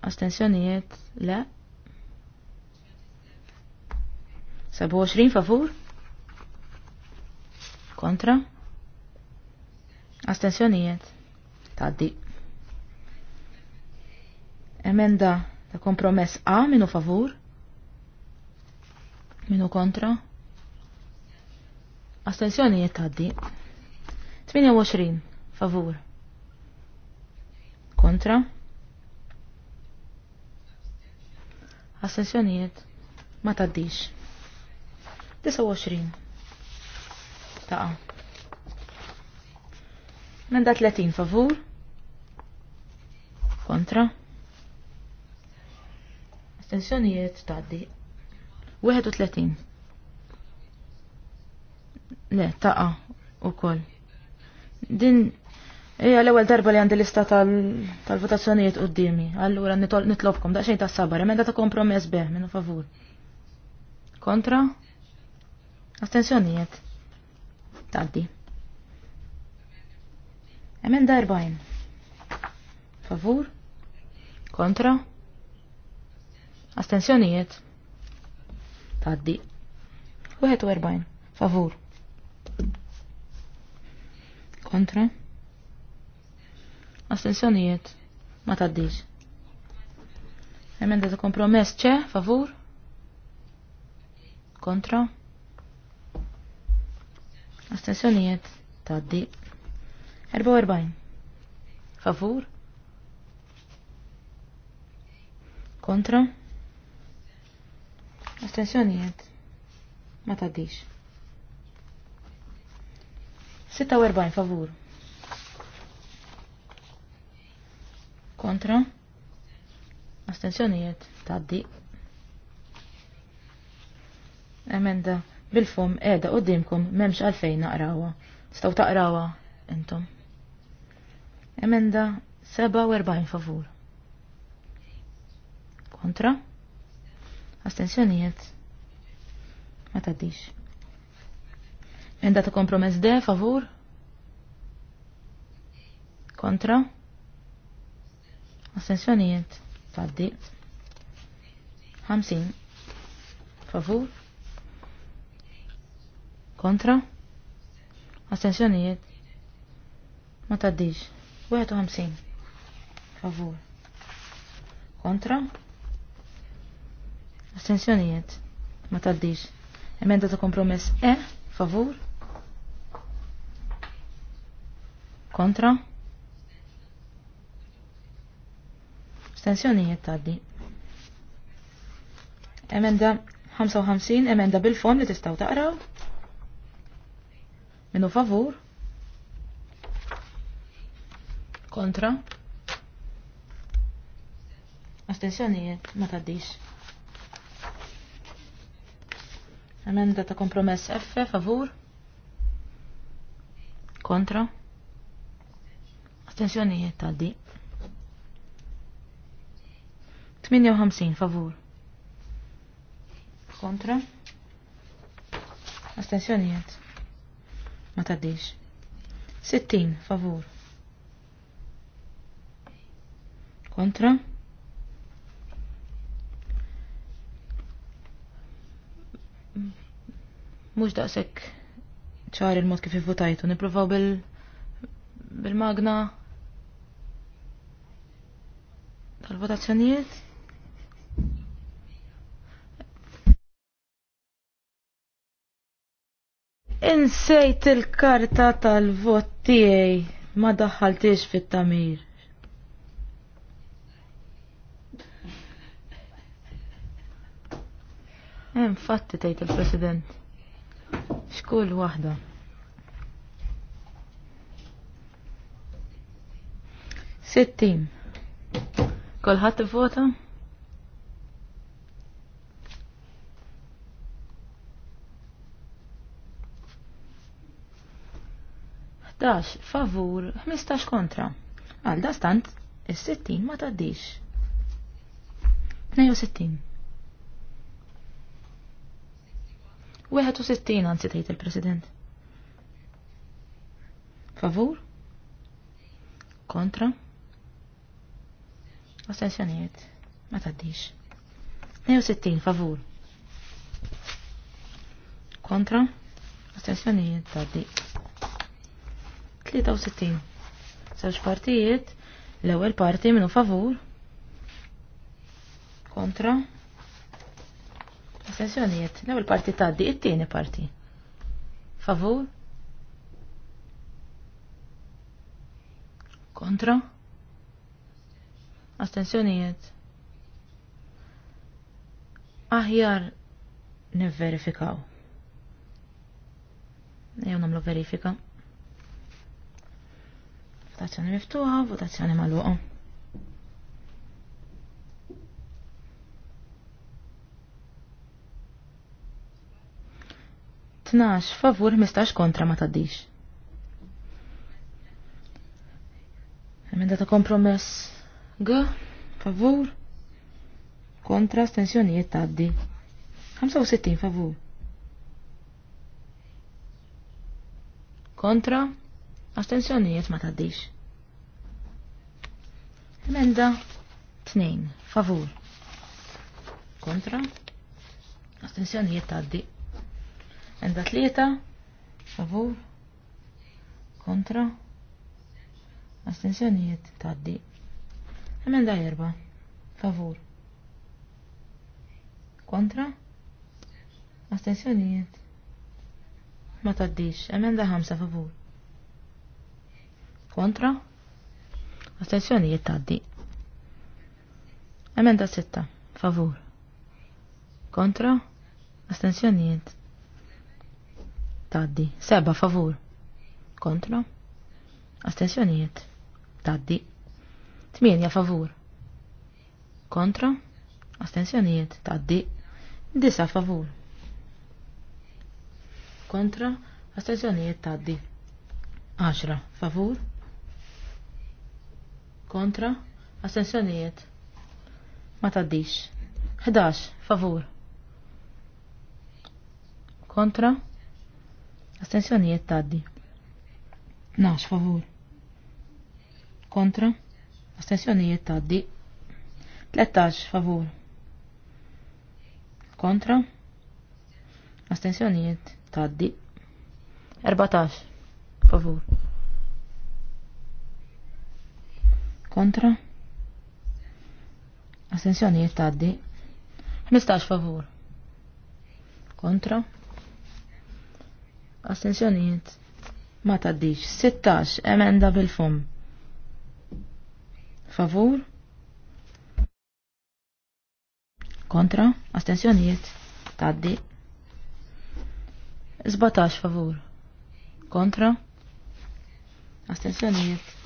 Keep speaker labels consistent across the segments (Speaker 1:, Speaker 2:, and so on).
Speaker 1: astensjonijiet le 27 favur kontra astensjonijiet taddi emenda ta' kompromess A minu favur minu kontra astensjonijiet taddi 28 favur kontra Assenzjonijiet ma taddix. 29. Taqa. Menda 30 favur. Kontra. Astensjonijiet taddi. 31. Le, taqa u koll. Din Ija l-ewel darba li għandi lista tal-votazzjonijiet tal qoddimi. Allura nitlobkom daqxejn ta' sabar. Emenda ta' kompromess be, minnu favur. Kontra? Astenzjonijiet. Taddi. Emenda 40. Favur? Kontra? Astenzjoniet. Taddi. 41. Favur. Kontra? Astensjonijiet ma taddix. Emenda ta' kompromess ċe, favur? Kontra? Astensjonijiet taddi. 44. Favur? Kontra? Astensjonijiet ma taddix. 46 favur. kontra Astenzjonijiet? taddi. Emenda bil-fum edha qoddimkom memx għalfejn naqrawa. Staw taqrawa intom. Emenda 47 favur. Kontra? Astenzjonijiet. Ma taddix. Emenda ta' kompromess de favur? Kontra? Assenzjonijiet Faddi. 50 favur kontra Assenzjonijiet ma taddix. 51 favur kontra Assenzjonijiet ma taddix. Emenda ta' kompromess E favur kontra Stenzjonijiet taddi. Emenda 55, emenda bil-fom li tistaw taqraw. Minu favur. Kontra. Astenzjonijiet ma taddix. Emenda ta' kompromess F, favur. Kontra. Astenzjonijiet taddi. 58 favur. Kontra. Astensjonijiet. Ma taddix. 60 favur. Kontra. Mux daqsek ċar il-mod kif votajtu. Niprofaw bil bil-magna tal-votazzjonijiet. Insejt il-karta tal-vot tiegħi ma daħħaltiex fit-tamir. Infatti tgħid il-President. Xkull waħda.
Speaker 2: Sittin. Kolħat vota?
Speaker 1: Dax, favur, 15 kontra. Għal stant is-60 ma taddix. 62. 61 għansi tgħid il-President. Favur? Kontra? Astensjonijiet. Ma taddix. 62 favur. Kontra? Ostensjoniet, taddix. 63. sewġ partijiet, l-ewwel parti minnu favur. Kontra. Sessjonijiet, l-ewwel parti tgħaddi, it-tieni parti. Favur? Kontra? Astensjonijiet. Aħjar nivverifikaw. Jew nagħmlu verifika. Votazzjoni miftuħa, votazzjoni maluqa. Tnax favur mistax kontra ma taddix. Emenda ta' kompromess G, favur, kontra stensjonijiet taddi. 65 favur. Kontra, Astenzjonijiet ma taddix. Emenda 2. Favur. Kontra. Astenzjonijiet taddi. Emenda 3. Favur. Kontra. Astenzjonijiet taddi. Emenda 4. Favur. Kontra. Astenzjonijiet ma taddix. Emenda 5. Favur kontra, astensjonijiet taddi. Emenda sitta. favur, kontra, astensjonijiet taddi. Seba' favur, kontra, astensjonijiet taddi. Tmienja. favur, kontra, astensjonijiet taddi. Disa favur, kontra, astensjonijiet taddi. 10, favur, kontra, astensjonijiet, ma taddix. 11, favur, kontra, astensjonijiet taddi. 12, favur, kontra, astensjonijiet taddi. 13, favur, kontra, astensjonijiet taddi. 14, favur kontra assenzjonijiet taddi 15 favur kontra jitt. ma taddix 16 emenda bil-fum favur kontra jitt. taddi 17 favur kontra jitt.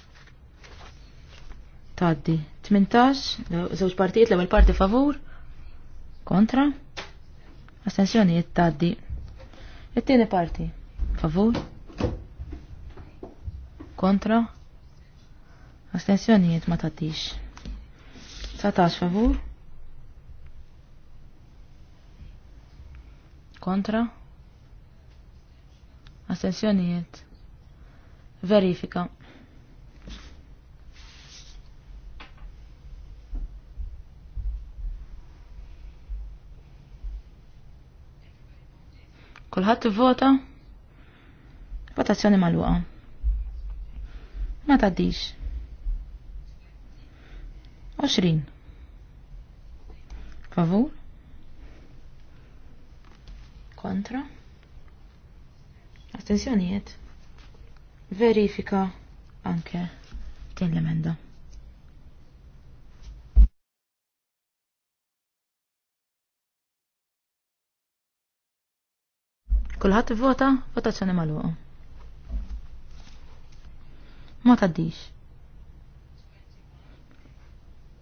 Speaker 1: Taddi. 18, żewġ partijiet l-ewwel parti favur. Kontra. Astensjoni taddi. It-tieni parti. Favur. Kontra. Astensjonijiet ma taddix. 19 favur. Kontra. Astensjonijiet. Verifika.
Speaker 2: Kulħadd ivvota?
Speaker 1: Votazzjoni magħluqa. Ma tgħaddix. 20. Favur? Kontra? Attenzjonijiet. Verifika anke din l-emenda. Kulħadd vota, votazzjoni magħluqa. Ma taddix.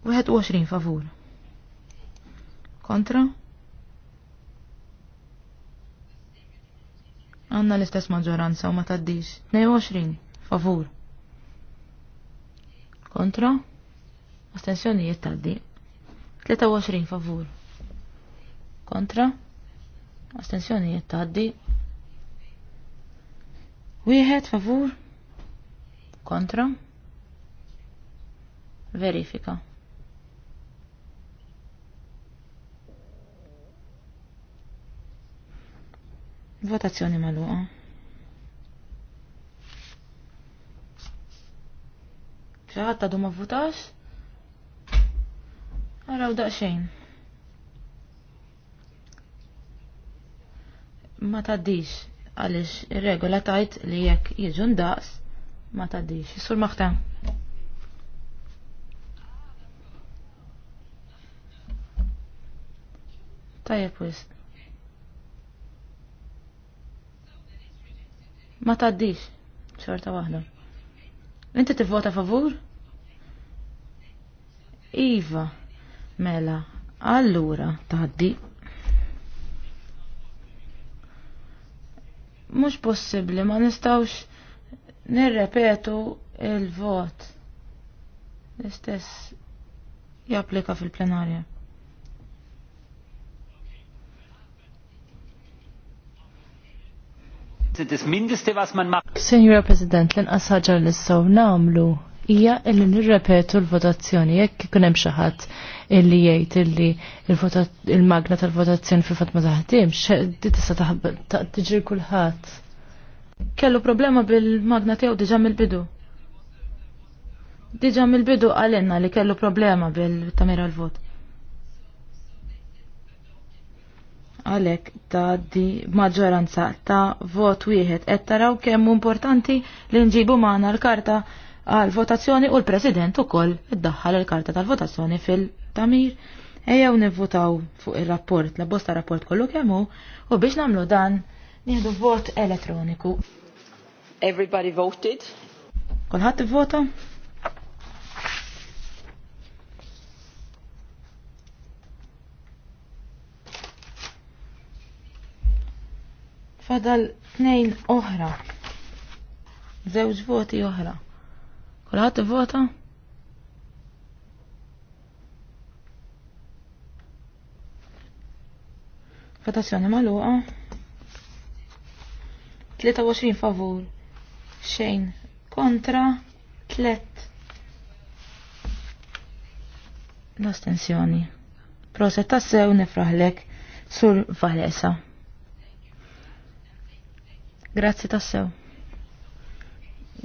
Speaker 1: 21 favur. Kontra? Għanna l-istess maġġoranza u ma taddix. 22 favur. Kontra? Astensjonijiet taddi. 23 favur. Kontra? Astensjonijiet taddi. Wieħed favur kontra verifika. Votazzjoni maluqa. ċaħat għadu ma votax? Għaraw daqxejn. Ma taddix għaliex ir-regola tajt li jekk jiġu ndaqs ma tgħaddix. Sur maħta. Tajjeb wis. Ma tgħaddix xorta waħda. Inti tivvota favur? Iva, mela, allura tgħaddi. mhux possibbli ma nistgħux nirrepetu il-vot. L-istess japplika fil-plenarja.
Speaker 3: Das Senjura
Speaker 2: President, l-inqas ħaġa li nistgħu nagħmlu hija illi nirrepetu l-votazzjoni jekk ikun hemm xi ħadd illi jgħid illi il-magna tal-votazzjoni fil fat ma taħdimx, di tista' tiġri kulħadd. Kellu problema bil-magna tiegħu diġà mill-bidu.
Speaker 1: Diġà mill-bidu għalinna li kellu problema bil-tamira l-vot. għalek ta' di maġġoranza ta' vot wieħed qed taraw kemm importanti li nġibu magħna l-karta għal votazzjoni u l-President ukoll iddaħħal il-karta tal-votazzjoni fil-tamir. Ejjew nivvotaw fuq ir-rapport, la bosta rapport kollu kemm hu, u biex nagħmlu dan nieħdu vot elettroniku. Everybody voted. Kulħadd ivvota? Fadal tnejn oħra. Zewġ voti oħra. Kulħadd vota Votazzjoni magħluqa. 23 favur. Xejn kontra 3 l-astensjoni. Proset tassew nefraħlek sur Valesa. Grazzi tassew.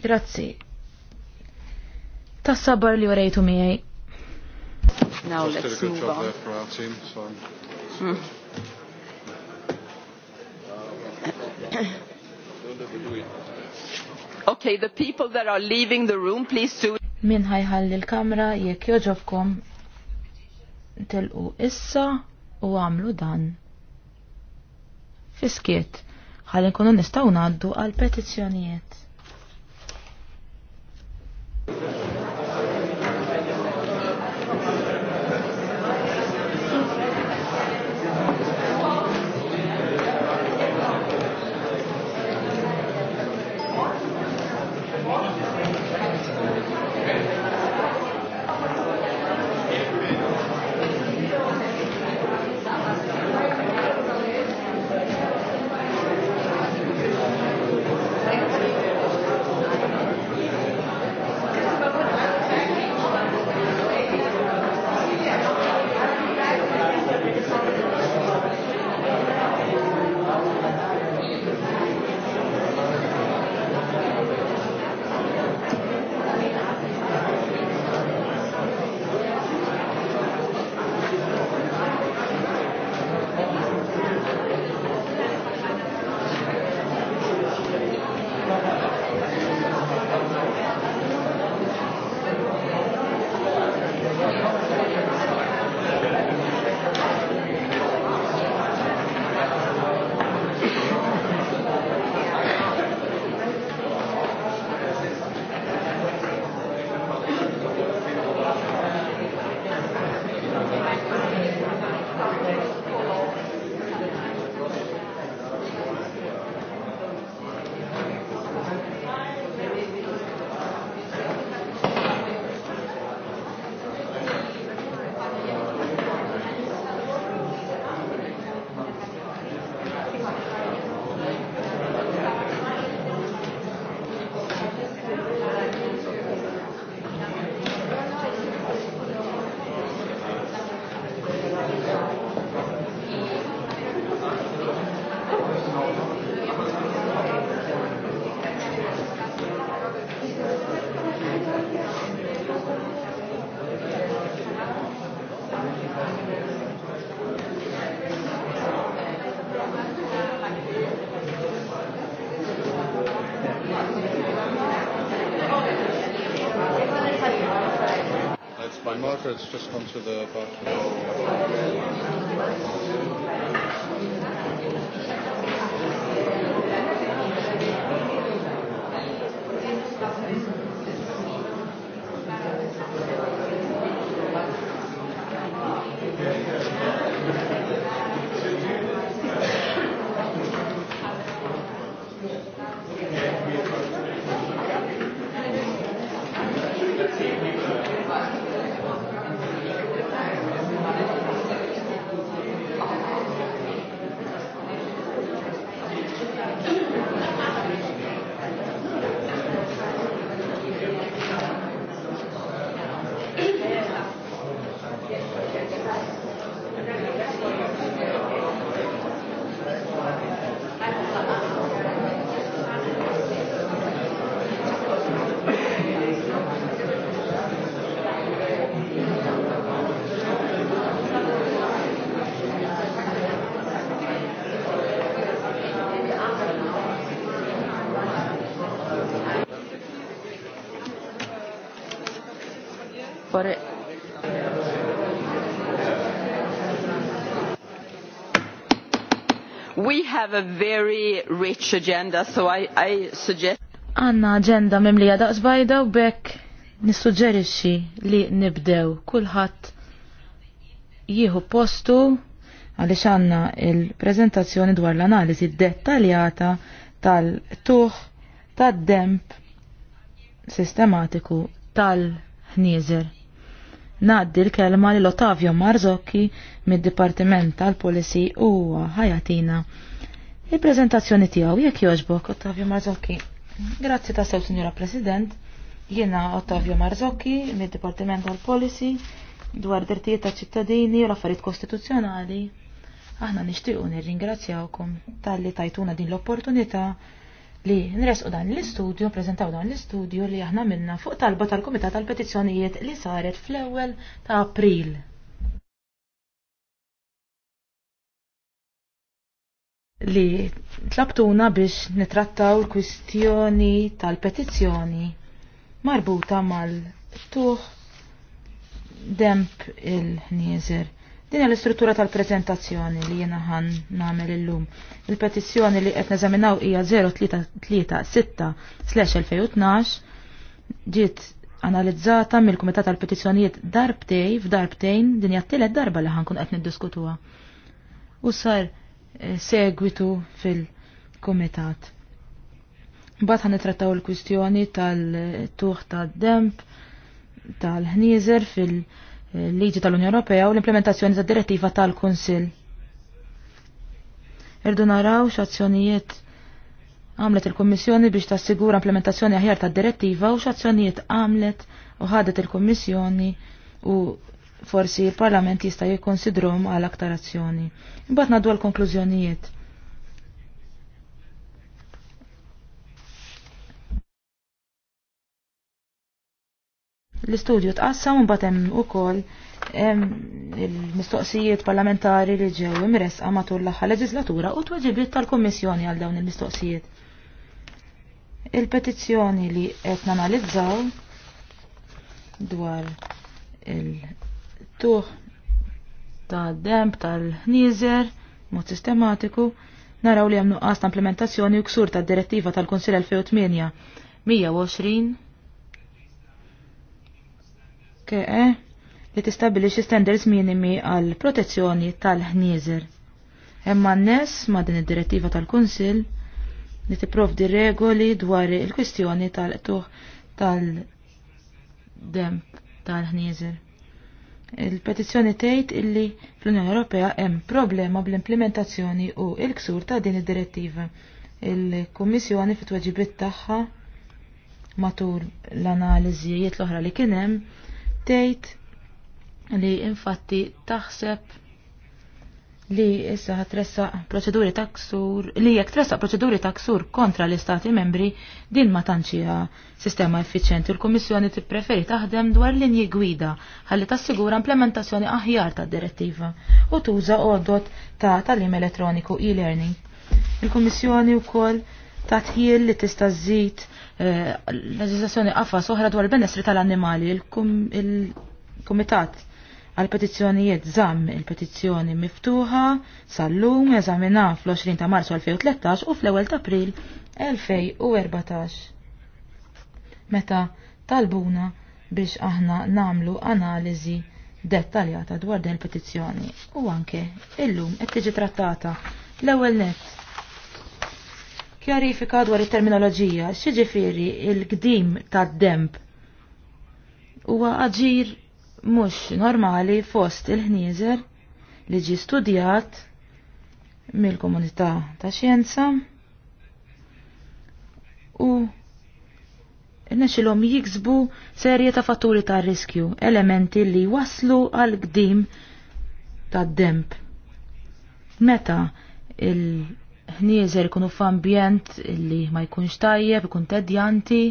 Speaker 1: Grazzi tas sabar li warejtu miegħi. Now let's move on.
Speaker 2: Hmm.
Speaker 3: okay, the people that are leaving the room, please do.
Speaker 1: Min ħajħalli l-kamra jekk joġobkom telqu issa u għamlu dan. Fiskiet, ħalli nkunu nistaw ngħaddu għal petizzjonijiet. just gone to the bathroom.
Speaker 3: have a very rich agenda, so I, I suggest...
Speaker 1: Għanna agenda mimlija daqsbajda u bekk nissuġġerixxi li nibdew kulħadd jieħu postu għaliex għandna il-preżentazzjoni dwar l-analiżi dettaljata tal-tuħ tad-demp sistematiku tal-ħnieżer. Naddi l-kelma li otavio Marzocchi mid-Dipartiment tal-Polisi huwa ħajatina il-prezentazzjoni tiegħu jekk jogħġbok Ottavio Marzocchi. Grazzi ta' sew Sinjora President. Jiena Ottavio Marzocchi mid-Dipartiment tal-Policy dwar dirtijiet ta' ċittadini u l-affarijiet kostituzzjonali. Aħna nixtiequ nirringrazzjawkom tal-li tajtuna din l-opportunità li nresqu dan l-istudju, prezentaw dan l-istudju li aħna minna fuq talba tal-Komitat tal-Petizzjonijiet li saret fl-ewwel ta' April li tlabtuna biex nitrattaw l-kwistjoni tal-petizzjoni marbuta mal-tuħ demp il-nieżer. Din l-istruttura tal-prezentazzjoni li jena ħan namel illum. Il-petizzjoni li qed neżaminaw hija 0336 2012 ġiet analizzata mill-Kumitat tal-Petizzjonijiet darbtej f'darbtejn din hija t-tielet darba li ħankun qed niddiskutuha. U sar Eh, segwitu fil-komitat. Mbagħad ħanitrattaw il-kwistjoni tal-tuħ tad-demp tal ħnizer fil-liġi tal-Unjoni Ewropea u l-implementazzjoni tad-direttiva tal-Kunsill. Irdu naraw x'azzjonijiet għamlet il-Kommissjoni biex tassigura implementazzjoni aħjar tad-direttiva u x'azzjonijiet għamlet u ħadet il-Kommissjoni u forsi il-Parlament jista' jikkonsidrom għal aktar azzjoni. Imbagħad ngħaddu għal konklużjonijiet. L-istudju tqassam imbagħad hemm ukoll il-mistoqsijiet parlamentari li ġew imresqa matul l-aħħar leġislatura u tweġibiet tal-Kummissjoni għal dawn il-mistoqsijiet. Il-petizzjoni li qed nanalizzaw dwar il ftuħ ta' demp tal-ħnieżer mod sistematiku naraw li hemm nuqqas ta' implementazzjoni u ksur tad direttiva tal-Kunsill 2008 120 KE li tistabilixi standards minimi għal protezzjoni tal-ħnieżer. Hemm n nies ma' din id-direttiva tal-Kunsill li tipprovdi regoli dwar il-kwistjoni tal-qtuħ tal-demp tal-ħnieżer. Il-petizzjoni tgħid illi fl-Unjoni Ewropea hemm problema bl-implementazzjoni u l-ksur ta' din id-direttiva. Il-Kummissjoni fit-tweġibiet tagħha matul l-analiżijiet l-oħra li kien hemm tgħid li infatti taħseb li issa tressa proċeduri ta' ksur, li jekk tressa proċeduri ta' ksur kontra l-istati membri din ma tantxija sistema l Il-Kummissjoni tippreferi taħdem dwar linji gwida ħalli tassigura implementazzjoni aħjar ta' direttiva u tuża għodot ta' tal-im elettroniku e-learning. Il-Kummissjoni wkoll ta' tħil li tista' żżid eh, leġiżlazzjoni għafas oħra dwar l benessri tal-annimali. Il-Kumitat għal petizzjonijiet zamm il-petizzjoni miftuħa sal-lum jazamina fl-20 ta' Marzu 2013 u fl-1 ta' April 2014. Meta talbuna biex aħna namlu analiżi dettaljata dwar din il-petizzjoni u anke illum qed tiġi trattata l-ewwel nett Kjarifika dwar it-terminoloġija, xi il gdim tad-demb huwa aġir mhux normali fost il-ħnieżer li ġi studijat mill-komunità ta' xjenza u nexilhom jiksbu serje ta' fatturi ta' riskju, elementi li waslu għal gdim ta' demp. Meta il-ħnieżer kunu f'ambjent li ma jkunx tajjeb, ikun tedjanti,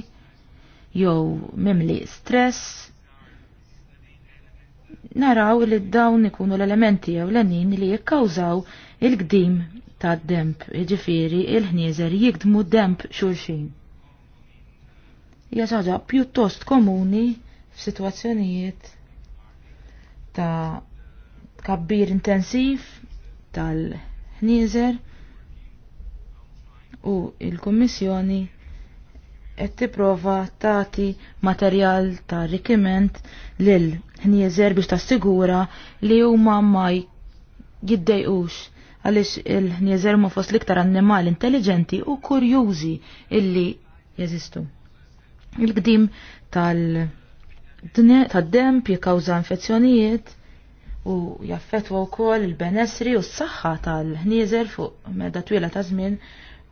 Speaker 1: jew mimli stress, naraw li dawn ikunu l-elementi jew l-enin li jikkawżaw il-gdim ta' demp, ġifiri il-ħnieżer jikdmu demp xulxin. Hija ħaġa pjuttost komuni f'sitwazzjonijiet ta' kabbir intensiv tal-ħnieżer u il-Kummissjoni qed tipprova tagħti materjal ta' rikiment lil ħnieżer biex tassigura li huma ma jiddejqux għaliex il-ħnieżer ma fost liktar annimali intelligenti u kurjużi illi jeżistu. Il-gdim tal-demp jikkawża infezzjonijiet u jaffetwa wkoll il-benessri u s-saħħa tal-ħnieżer fuq medda twila ta' żmien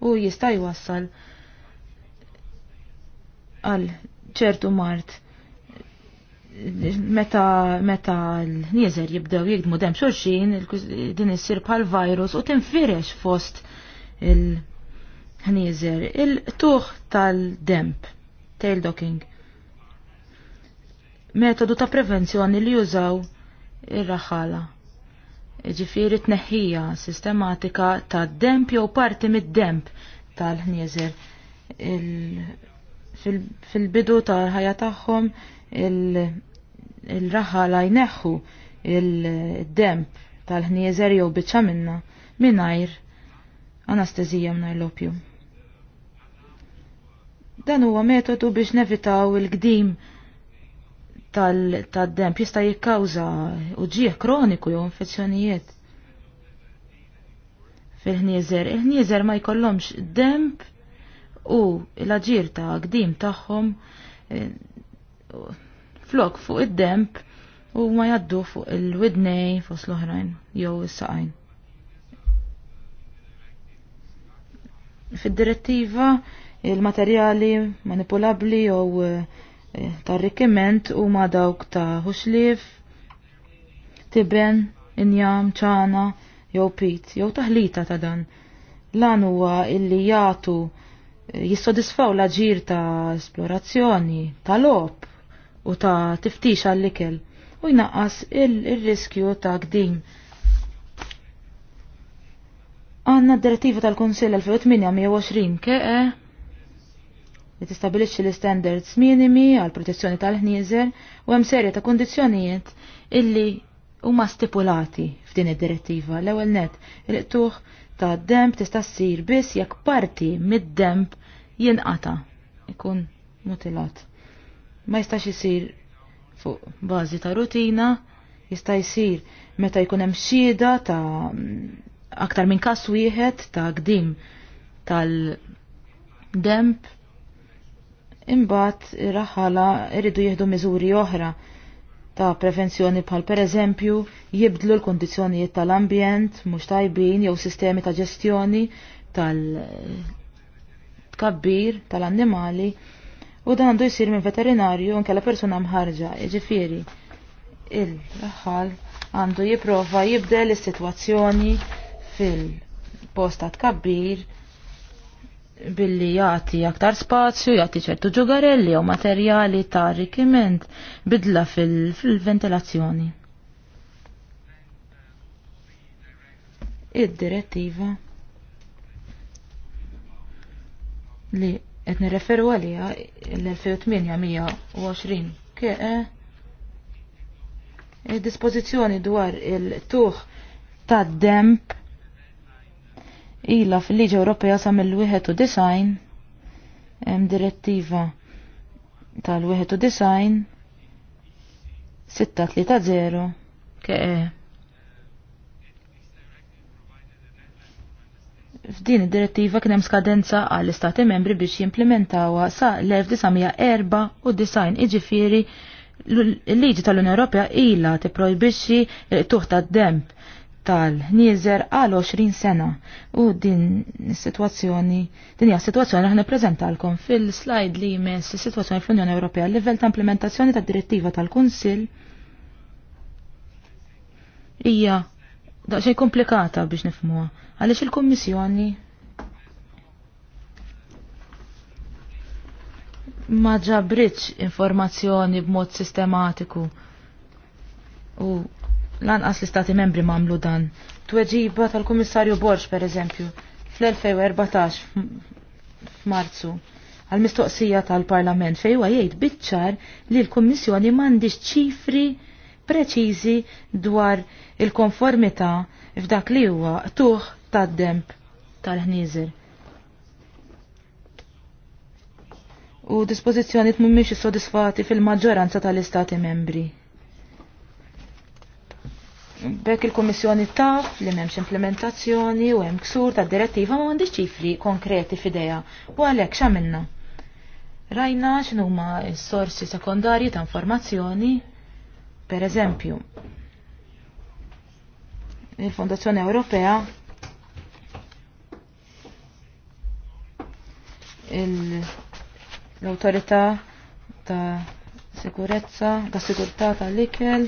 Speaker 1: u jista' jwassal għal ċertu mart meta meta l-nieżer jibdew jikdmu dem xulxin din issir bħal virus u tinfirex fost il-nieżer il-tuħ tal-demp tail docking metodu ta' prevenzjoni li jużaw ir-raħala ġifiri tneħħija sistematika ta' demp jew parti mid-demp tal-nieżer il- fil-bidu tal-ħajja tagħhom il-raħħa la jneħħu il-demp tal-ħnieżer jew biċċa minna mingħajr anastezija mingħajr l-opju. Dan huwa metodu biex nevitaw il-gdim tal-demp jista' jikkawża uġieħ kroniku jew infezzjonijiet fil ħniezer il ħniezer ma jkollhomx demp u l-aġir ta' gdim tagħhom eh, flok fuq id-demp u ma jaddu fuq il-widnej fuq l-oħrajn jew is-saqajn. Fid-direttiva il-materjali manipulabli jew eh, tar-rikiment u ma dawk ta' huxlif, tiben, injam, ċana, jew pit, jew taħlita ta' dan. Lan huwa illi jagħtu jissodisfaw l-ġir ta' esplorazzjoni, ta' lop u ta' tiftix għall-ikel u jnaqqas il-riskju il ta' gdim. Għanna d-direttiva tal-Konsil 2028 keqe eh, li tistabilixxi l-standards minimi għal protezzjoni tal-ħnieżer u hemm serje ta' kondizzjonijiet illi huma stipulati f'din id-direttiva. L-ewwel net il tuħ ta' demp tista' ssir biss jekk parti mid-demp jinqata ikun mutilat. Ma jistax isir fuq bażi ta' rutina, jista' jsir meta jkun hemm xhieda ta' aktar minn każ wieħed ta' qdim tal-demp imbagħad ir-raħala jieħdu miżuri oħra ta' prevenzjoni bħal per eżempju jibdlu l-kondizjonijiet tal-ambjent mhux tajbin jew sistemi ta' ġestjoni tal kabbir tal-annimali u dan għandu jsir minn veterinarju nkella persuna mħarġa, jiġifieri il ħal għandu jipprova jibdel is-sitwazzjoni fil posta tkabbir billi jagħti aktar spazju, jagħti ċertu ġugarelli u materjali ta' rikiment bidla fil-ventilazzjoni. Fil Id-direttiva li qed nirreferu għalija l-2820 il dispożizzjoni dwar il-tuħ tad-demp ila fil-liġi Ewropea sa mill-91 hemm direttiva tal-91 630 ke F'din id-direttiva kien hemm skadenza għall istati membri biex jimplementawha sa l-1994 iġifieri l-liġi tal-Unjoni Ewropea ilha tipprojbixxi tuħ tad-demp tal-nieżer għal 20 sena u din is-sitwazzjoni din hija sitwazzjoni aħna preżentalkom fil-slide li jmess is-sitwazzjoni fl-Unjoni Ewropea livell ta' implementazzjoni tad-direttiva tal-Kunsill hija daqsxejn komplikata biex nifhmuha għaliex il-Kummissjoni ma ġabritx informazzjoni b'mod sistematiku u lanqas l-istati membri mamlu dan. Tweġiba tal-Kummissarju Borx, per eżempju, fl-2014 f'Marzu għal-mistoqsija tal-Parlament fejn huwa jgħid biċċar li l-Kummissjoni m'għandix ċifri preċiżi dwar il-konformità f'dak li huwa tuħ tad-demp tal-ħnieżer. U dispożizzjonijiet mhumiex sodisfati fil-maġġoranza tal-Istati membri. Bekk il-Kommissjoni taf li m'hemmx implementazzjoni u hemm ksur ta' direttiva ma m'għandix ċifri konkreti f'idea u għalhekk x'għamilna. Rajna x'numa s-sorsi sekondarji ta' informazzjoni, per eżempju, il-Fondazzjoni Ewropea l-autorità ta' Sicurezza, ta' sigurtà tal-ikel,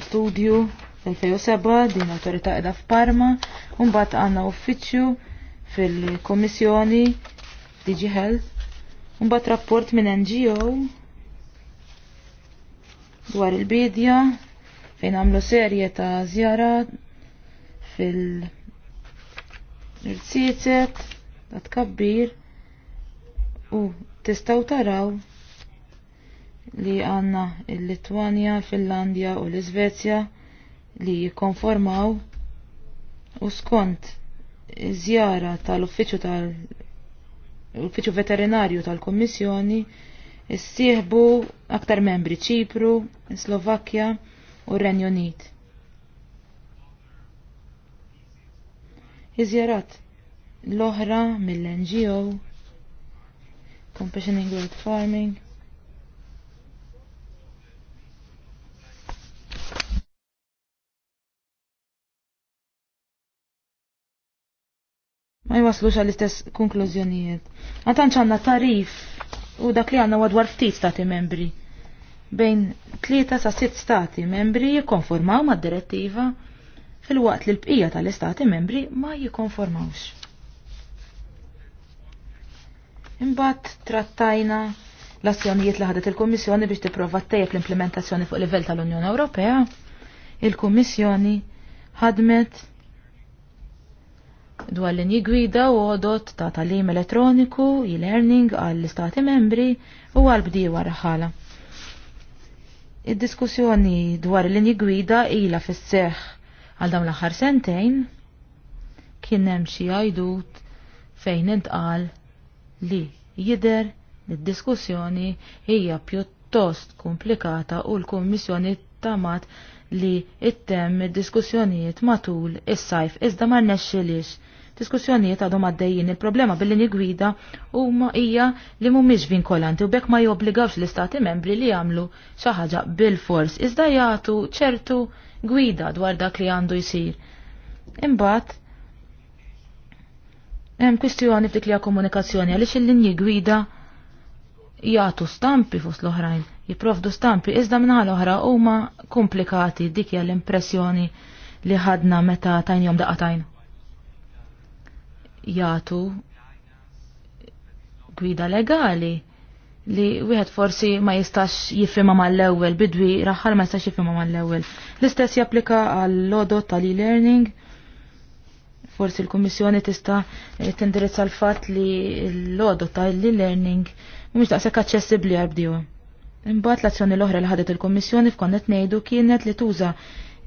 Speaker 1: studju 2007 din autorita edha f'Parma, mbagħad għandna uffiċċju fil-Komissjoni Digi Health, mbagħad rapport minn NGO dwar il-bidja fejn għamlu serje ta' zjara fil-irtsietet ta' tkabbir u testaw taraw li għanna il-Litwanja, Finlandja u l-Izvezja li jikonformaw u skont zjara tal-uffiċu tal-uffiċu veterinarju tal-Kommissjoni sieħbu aktar membri Ċipru, Slovakkja u Renju Unit. Iżjarat l-oħra mill-NGO Compassion in Farming ma jwaslux għall-istess konklużjonijiet. Għatan ċanna tarif u dak li għanna għadwar ftit stati membri. Bejn tlieta sa sitt stati membri jikonformaw ma' direttiva fil-waqt li l-bqija tal-istati membri ma jikonformawx. Imbat trattajna l-azzjonijiet li ħadet il-Kommissjoni biex tipprova tejjeb l-implementazzjoni fuq livell tal-Unjoni Ewropea. Il-Kommissjoni ħadmet dwar linji gwida u għodot ta' talim elettroniku, e-learning għall-istati membri u għal-bdiewa raħala. Id-diskussjoni dwar linji gwida ila fis għal dawn l-aħħar sentejn kien hemm xi għajdut fejn intqal li jider id-diskussjoni hija pjuttost komplikata u l-Kummissjoni tamat li ittem id-diskussjonijiet matul is-sajf iżda ma rnexxilix Diskussjonijiet għadhom għaddejjin il-problema bil nigwida u huma hija li mhumiex vinkolanti u bekk ma jobbligawx l-istati membri li jagħmlu xi ħaġa bil-fors iżda jagħtu ċertu gwida dwar dak li għandu jsir. Imbagħad hemm kwistjoni f'dik li komunikazzjoni għaliex il-linji gwida jagħtu stampi fost l-oħrajn, jipprovdu stampi iżda l oħra huma komplikati dik l-impressjoni li ħadna meta tajnjom daqatajn jagħtu gwida legali li wieħed forsi ma jistax jifhimha mal-ewwel bidwi raħal ma jistax jifhimha mal-ewwel. L-istess japplika għal lodo tal-e-learning. Forsi l-Kummissjoni tista' tindirizza l-fatt li l lodo tal tal-e-learning mhumiex daqshekk aċċessibbli għal bdiewa. Imbagħad l-azzjoni l-oħra li ħadet il-Kummissjoni f'konnet ngħidu kienet li tuża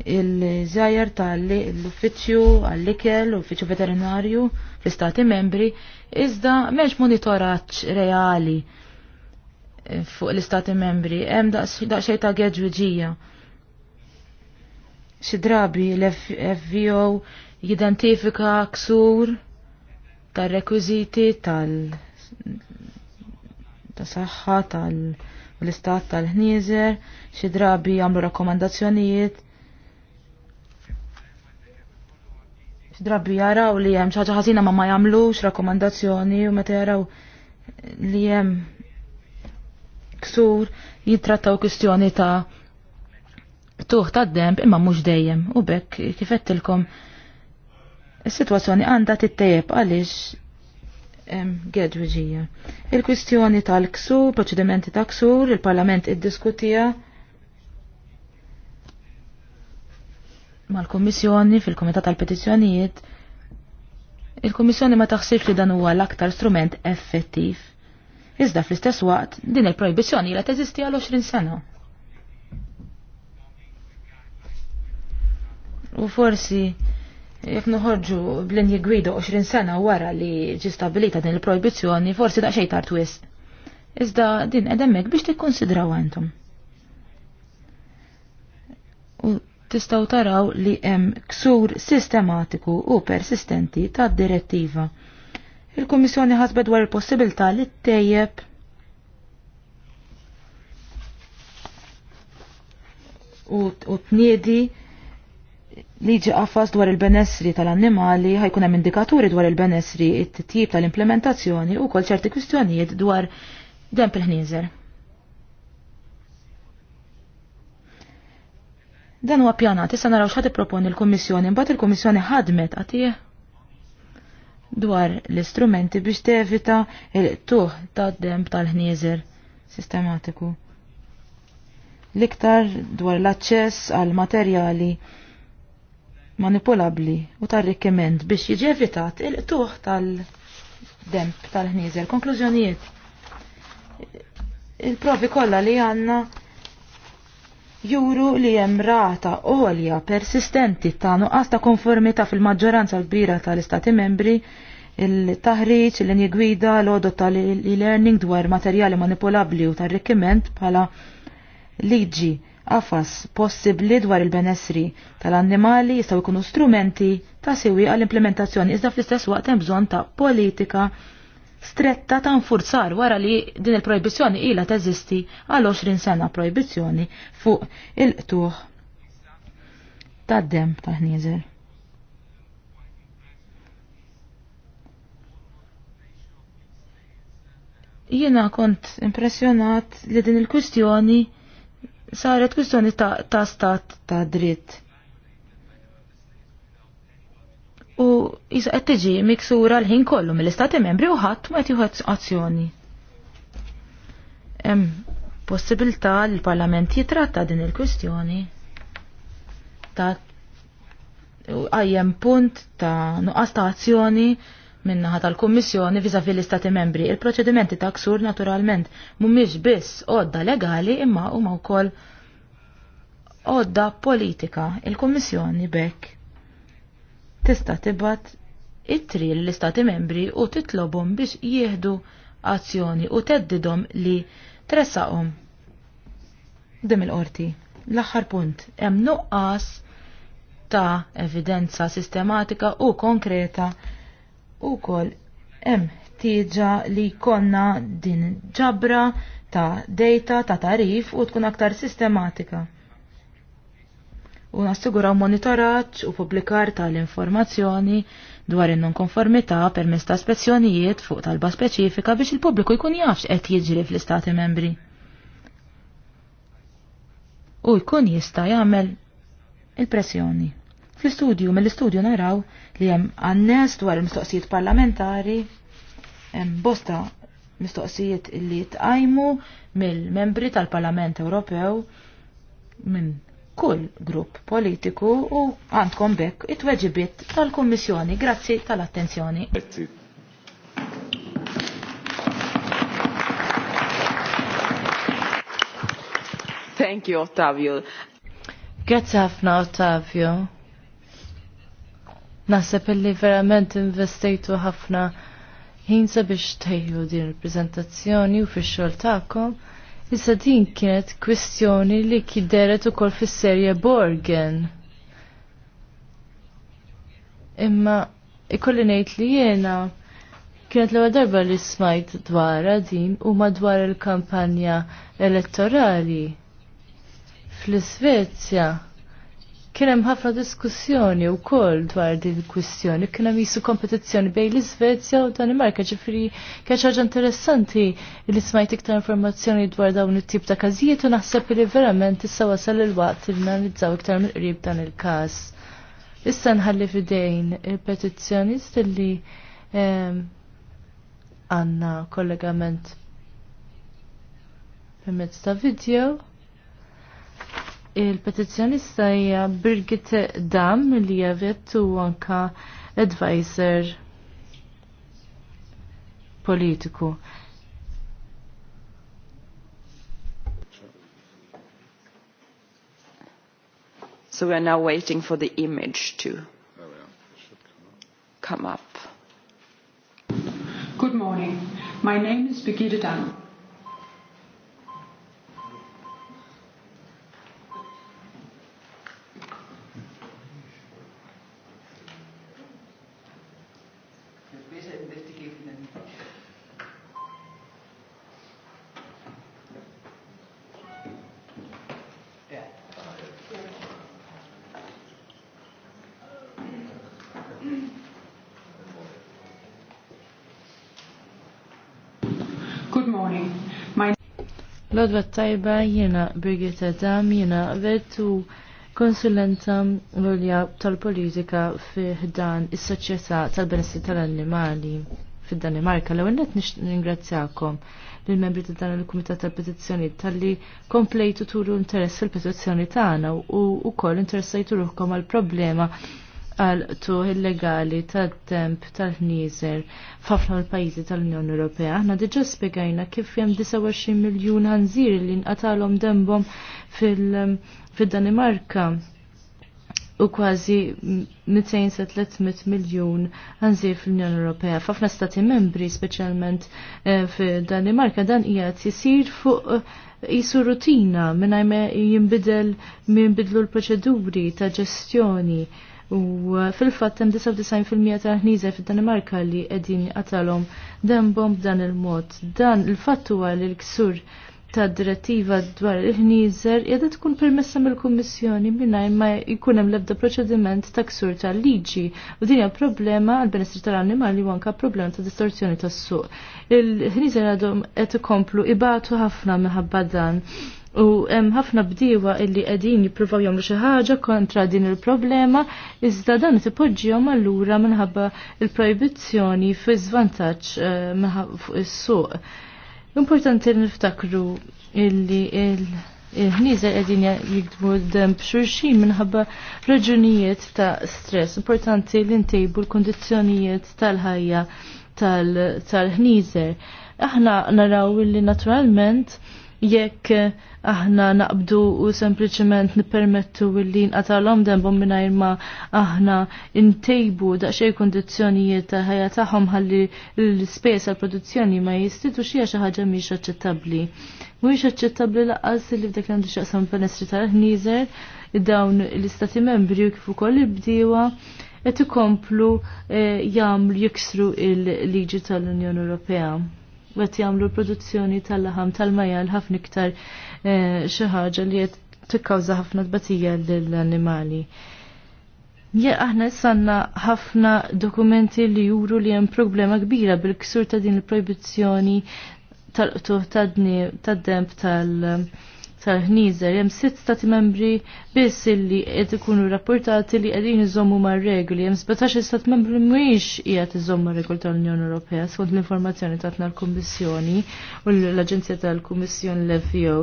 Speaker 1: il żajer tal-uffiċċju għall-ikel, uffiċċju veterinarju fl-istati membri, iżda m'hemmx monitoraġġ reali fuq l-istati membri, hemm daqsxejn ta' geġwiġija. Xi drabi l-FVO jidentifika ksur tar-rekwiżiti tal- ta' saħħa tal-istat tal ħnizer xi drabi jagħmlu rakkomandazzjonijiet Drabi jaraw li hemm xi ħazina ma ma jagħmlux rakkomandazzjoni u meta jaraw li hemm ksur jitrattaw kwistjoni ta' tuħ ta' demp imma mhux dejjem u bekk kifettilkom is-sitwazzjoni għandha tittejjeb għaliex gedwiġija. Il-kwistjoni tal-ksur, proċedimenti ta' ksur, il-Parlament iddiskutija mal-Kommissjoni fil-Komitat tal-Petizzjonijiet, il-Kommissjoni ma taħsibx li dan huwa l-aktar strument effettiv. Iżda fl-istess waqt din il-projbizzjoni la teżisti għal 20 sena. U forsi jekk noħorġu blin gwida 20 sena wara li ġi stabilita din il-projbizzjoni, forsi xejn tar twis. Iżda din qed hemmhekk biex tikkonsidraw għandhom tistaw taraw li hemm ksur sistematiku u persistenti tad direttiva. Il-Kummissjoni ħasbet dwar il-possibilità li ttejjeb u tniedi liġi għafas dwar il-benessri tal-annimali ħajkun hemm indikaturi dwar il-benessri it-tip tal-implementazzjoni u kol ċerti kwistjonijiet dwar demp il-ħnieżer. Dan huwa pjanat, issa naraw x'ħad proponi l-Kummissjoni, mbagħad il-Kummissjoni ħadmet għatih dwar l-istrumenti biex tevita il-tuħ ta' demb tal-ħnieżer sistematiku. L-iktar dwar l-aċċess għal materjali manipulabli u tar-rikkiment biex jiġi evitat il-tuħ tal-demb tal-ħnieżer. Konklużjonijiet. Il-provi kollha li għandna juru li hemm rata għolja persistenti ta' nuqqas ta' konformità fil-maġġoranza kbira tal-Istati membri il-taħriġ, il-linji gwida, l-odot tal-e-learning dwar materjali manipolabli u tar-rikkiment bħala liġi għafas possibbli dwar il-benessri tal-annimali jistgħu jkunu strumenti ta' siwi għall-implementazzjoni iżda fl-istess waqt hemm bżonn ta' politika stretta ta' nfurzar wara li din il-projbizjoni ila teżisti għal 20 sena projbizjoni fuq il-qtuħ ta' dem ta' ħnieżer. Jiena kont impressjonat li din il-kwistjoni saret kwistjoni ta', ta stat ta' dritt u jisa qed tiġi miksura l-ħin kollu mill-istati membri u ħadd ma qed jieħu azzjoni. Hemm possibilità li l-Parlament jitratta din il-kwistjoni ta' għajjem punt ta' nuqqas ta' azzjoni minnaħa tal-Kommissjoni vizavi l-Istati membri. Il-proċedimenti ta' ksur naturalment mumiex biss odda legali imma huma wkoll odda politika. Il-Kommissjoni bekk tista' tibgħat it-tri l-istati membri u titlobhom biex jieħdu azzjoni u teddidhom li tressaqhom. Dim il-qorti. L-aħħar punt hemm nuqqas ta' evidenza sistematika u konkreta u kol hemm tieġa li konna din ġabra ta' data ta' tarif u tkun aktar sistematika u nassiguraw monitoraġġ u publikar tal-informazzjoni dwar in-nonkonformità permess ta' spezzjonijiet fuq talba speċifika biex il-pubbliku jkun jafx qed jiġri fl-istati membri. U jkun jista' jagħmel il-pressjoni. Fl-istudju, mill-istudju naraw li hemm għannes dwar il-mistoqsijiet parlamentari, hemm bosta mistoqsijiet li tqajmu mill-membri tal-Parlament Ewropew minn kull grupp politiku u għandkom bekk it-weġibiet tal-Kommissjoni. Grazzi tal-attenzjoni.
Speaker 3: Thank you, Ottavio.
Speaker 2: Grazzi ħafna, Ottavio. Naseb li verament investejtu ħafna ħin sabiex tejju din il-prezentazzjoni u fix-xogħol tagħkom. Issa din kienet kwistjoni li kideret ukoll fis-serje Borgen. Imma ikolli ngħid li jiena kienet l-ewwel darba li smajt dwar din u madwar il-kampanja elettorali fl-Iżvezja Kien hemm ħafna diskussjoni wkoll dwar din il-kwistjoni, kien hemm jisu kompetizzjoni bejn l-Iżvezja u Danimarka, ġifieri kien ħaġa interessanti li smajt iktar informazzjoni dwar dawn it-tip ta' każijiet u naħseb li verament issa wasal il-waqt li nanalizzaw iktar mill-qrib dan il-każ. Issa nħalli fidejn il-petizzjonist li ehm, għanna kollegament permezz ta' video. Il-petizjonista hija Birgit Dam li hija vettu anka advisor politiku. So we are now waiting for the image
Speaker 3: to come up. Good morning. My name is Birgitte Dam.
Speaker 2: Lodwa tajba jena Birgit Dam jena vertu konsulenta l-olja tal-politika fi dan is-soċjetà tal-benessi tal-annimali fid-Danimarka. L-ewwel n-ingrazzjakom lill-membri ta' dan il-Kumitat tal-Petizzjoni tal-li komplejtu turu interess fil-petizzjoni tagħna u wkoll interessajtu ruħkom għal-problema għal tuħ illegali tal-temp tal ħnizer f'ħafna l-pajjiżi tal-Unjoni Ewropea. Aħna diġà spjegajna kif hemm 29 miljun ħanżir li nqatalhom dembhom fil-Danimarka u kważi 200-300 miljun għanżir fil-Unjoni Ewropea. F'ħafna stati membri, speċjalment eh, fil-Danimarka, dan qiegħed jisir fuq jisu eh, rutina minn jinbidel minn l-proċeduri ta' ġestjoni U uh, fil-fatt hemm 99% ta' ħnieżer fid-Danimarka li qegħdin dan bomb b'dan il-mod. Dan il-fatt huwa li l-ksur ta' direttiva dwar il-ħnieżer qiegħda tkun permessa mill-Kummissjoni mingħajr ma jkun hemm l-ebda proċediment ta' ksur tal-liġi. U din hija problema għall benestri tal-annimali u anke problema ta' distorsjoni tas-suq. Il-ħnieżer għadhom qed ikomplu ibatu ħafna minħabba dan. U hemm ħafna bdiewa illi qegħdin jippruvaw jagħmlu xi ħaġa kontra din il-problema, iżda dan tipoġġihom allura minħabba l projbizzjoni fi żvantaġġ eh, fuq is-suq. Importanti li niftakru illi il ħniża qegħdin jikdbu d-dem b'xulxin minħabba raġunijiet ta' stress. Importanti li ntejbu l-kondizzjonijiet tal-ħajja tal ħniżer Aħna naraw illi naturalment jekk aħna naqbdu u sempliciment nipermettu illi nqatalhom dembhom mingħajr ma aħna intejbu daqsxejn kondizzjonijiet ta' ħajja tagħhom ħalli l-ispejjeż għall-produzzjoni ma jistitu xi xi ħaġa mhix aċċettabbli. Mhuwiex aċċettabbli laqqas li f'dak li għandu penestri il tal-ħnieżer dawn l-istati membri u kif ukoll il-bdiewa qed ikomplu eh, jagħmlu jiksru il-liġi tal-Unjoni Ewropea għet jagħmlu l-produzzjoni tal-laħam tal l ħafna iktar eh, xi ħaġa li qed tikkawża ħafna tbatija lill-annimali. Ja, aħna sanna ħafna dokumenti li juru li hemm problema kbira bil-ksur ta' din il-proibizzjoni tal-qtuħ tad-demb tal-, -tal, -tal, -tal, -tal, -tal, -tal, -tal tal-ħnizer hemm sitt stati membri biss illi qed ikunu rapportati li qegħdin iżommu mar-regoli, hemm 17 stat membri mhuwiex qiegħed iżommu regoli tal-Unjoni Ewropea skont l-informazzjoni tatna l-Kummissjoni u l-Aġenzija tal-Kummissjoni l-FVO.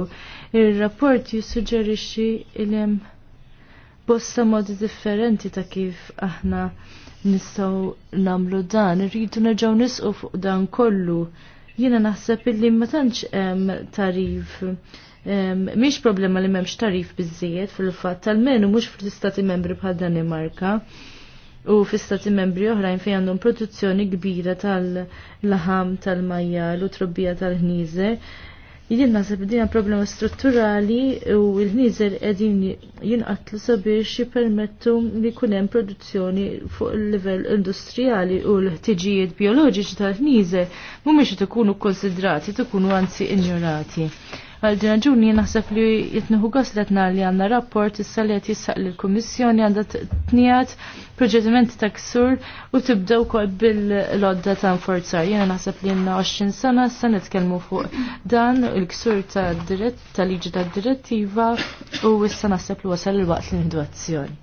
Speaker 2: E Ir-rapport jissuġġerixxi li hemm bosta modi differenti ta' kif aħna nistgħu nagħmlu dan, irridu nerġgħu nisqu fuq dan kollu. Jiena naħseb illi ma tantx hemm tarif miex problema li memx tarif bizzijiet fil-fat tal-menu mux fil-istati membri bħal Danimarka u fil-istati membri oħrajn fejn għandhom produzzjoni kbira tal-laħam tal-majjal u trobbija tal-ħnieżer. Jien naħseb dina problema strutturali u l-ħnieżer qegħdin jinqatlu sabiex jippermettu li jkun hemm produzzjoni fuq il-livell industrijali u l-ħtiġijiet bioloġiċi tal-ħnieżer mhumiex ikunu konsidrati, tkunu anzi injorati. Għal din Ġuni naħseb li jitnuħu goslet nar li għandna rapport issa li qed jissaq lill kummissjoni għandha tniet proċedimenti ta' ksur u tibdew kol bil-lodda ta' nforzar. Jiena naħseb li jenna 20 sena issa nitkellmu fuq dan il-ksur ta' dritt, ta' liġi ta' direttiva u issa naħseb li wasal il-waqt l-individuazzjoni.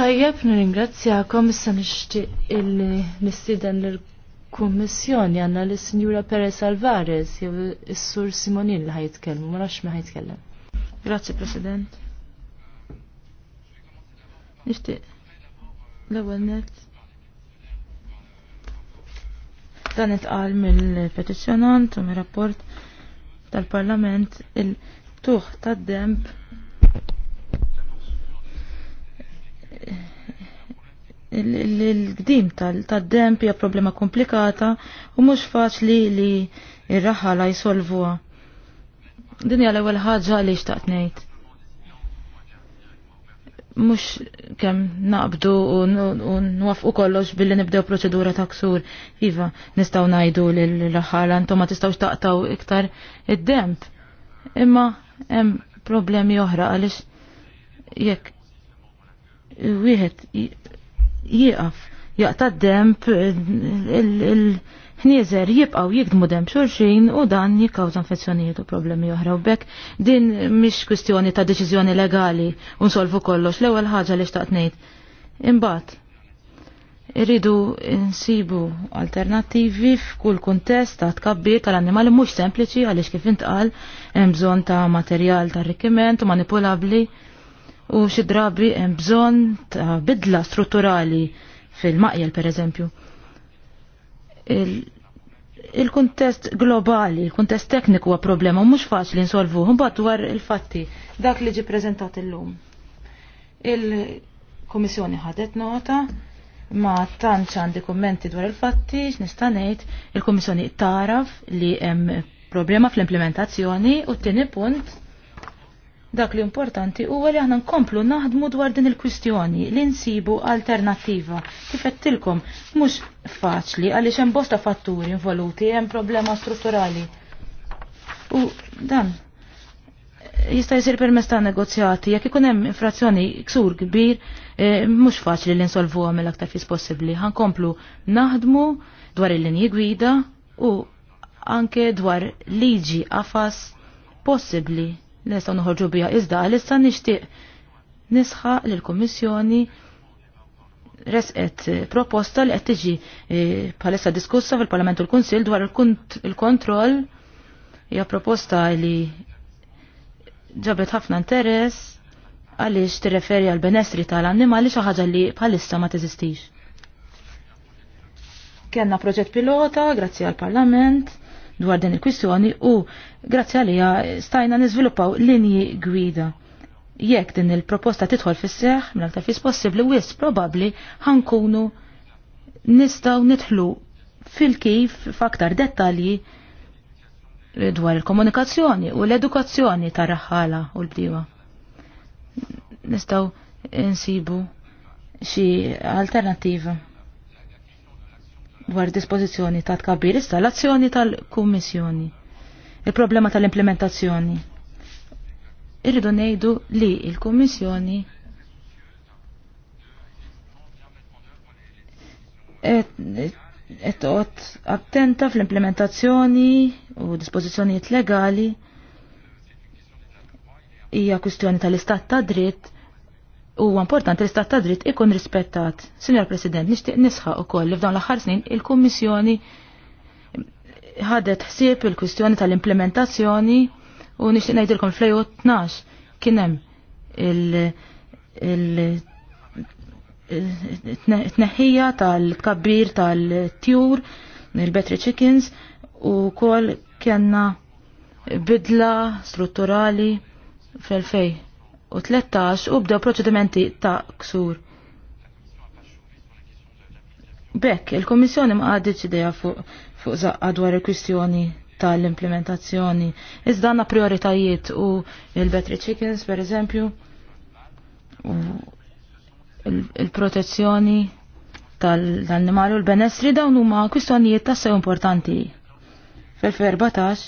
Speaker 2: Tajjeb, nirringrazzjakom issa nixtieq il-nistiden l kummissjoni għanna l sinjura Perez Alvarez jew s sur Simonin li ħajtkellmu, ma nafx ma ħajtkellem. Grazzi President. Nixtieq
Speaker 1: l-ewwel net. Dan itqal mill-petizzjonant u mir-rapport tal-Parlament il-tuħ tad-demb il gdim tal-demp hija problema komplikata u mhux faċli li ir-raħala jsolvuha. Din hija l-ewwel ħaġa li xtaqt ngħid. Mhux kemm naqbdu u nwafqu kollox billi nibdew proċedura ta' ksur. Iva, nistgħu ngħidu lill-raħala intom ma tistgħux taqtaw iktar id-demp. Imma hemm problemi oħra għaliex jekk wieħed jieqaf jaqta' demp il-ħnieżer jibqaw jikdmu demp xulxin u dan jikkawża infezzjonijiet u problemi oħra u bekk din mhix kwistjoni ta' deċiżjoni legali u nsolvu kollox l-ewwel ħaġa li xtaqt ngħid. Imbagħad irridu nsibu alternattivi f'kull kuntest ta' tkabbir tal-annimali mhux sempliċi għaliex kif intqal hemm bżonn ta' materjal ta' rikkiment u manipulabbli u xi drabi hemm bżonn ta' bidla strutturali fil-maqjel pereżempju. Il-kuntest il globali, il-kuntest tekniku huwa problema mhux faċli nsolvu, mbagħad dwar il-fatti dak li ġi preżentat illum. Il-Kummissjoni ħadet nota ma tantx għandi kummenti dwar il-fatti, x'nista' ngħid, il-Kummissjoni taraf li hemm problema fl-implementazzjoni u t-tieni punt Dak li importanti huwa li aħna nkomplu naħdmu dwar din il-kwistjoni li nsibu alternattiva. Kifettilkom mhux faċli għaliex hemm bosta fatturi involuti, hemm problema strutturali. U dan jista' jsir permezz ta' negozjati, jekk ikun hemm infrazzjoni ksur kbir, eh, mhux faċli li nsolvuhom mill-aktar fis possibbli. Ħankomplu naħdmu dwar il-linji gwida u anke dwar liġi għafas possibbli nistgħu noħorġu biha iżda għalissa nixtieq nisħa l kummissjoni resqet proposta li qed tiġi eh, bħalissa diskussa fil-Parlament u l-Kunsill dwar il-kontroll hija proposta li ġabet ħafna interess għaliex tirreferi għal benessri tal-annimali xi ħaġa li bħalissa ma teżistix. Kenna proġett pilota, grazzi għal Parlament, dwar din il-kwistjoni u grazzi għalija stajna nizviluppaw linji gwida. Jekk din il-proposta titħol fis-seħ, mill-aktar fis possibbli wis probabbli ħankunu nistgħu nidħlu fil-kif f'aktar dettalji dwar il-komunikazzjoni u l-edukazzjoni ta' raħħala u l-bdiewa. Nistgħu insibu xi alternativa dwar dispożizzjoni ta' tkabbir installazzjoni l-azzjoni tal-Kummissjoni. Il-problema tal-implementazzjoni. Irridu ngħidu li il-Kummissjoni qed attenta fl-implementazzjoni u dispożizzjonijiet legali hija kwistjoni tal-istat ta' dritt u importanti l-istat ta' dritt ikun rispettat. Signor President, nixtieq nisħa ukoll li f'dawn l-aħħar snin il-Kummissjoni ħadet ħsieb il-kwistjoni tal-implementazzjoni u nixtieq ngħidilkom fl-2012 kien hemm il-tneħħija tal-tkabbir tal-tjur, il-Betri Chickens u wkoll kienna bidla strutturali fl-2000 u 13 u bdew proċedimenti ta' ksur. Bekk, il komissjoni ma għaddiċ ideja fuq fu dwar il-kwistjoni tal-implementazzjoni. Iżda għanna prioritajiet u il betri Chickens, per eżempju, u il-protezzjoni tal-annimali u l-benessri dawn huma kwistjonijiet tas-sew importanti. fil ferbatax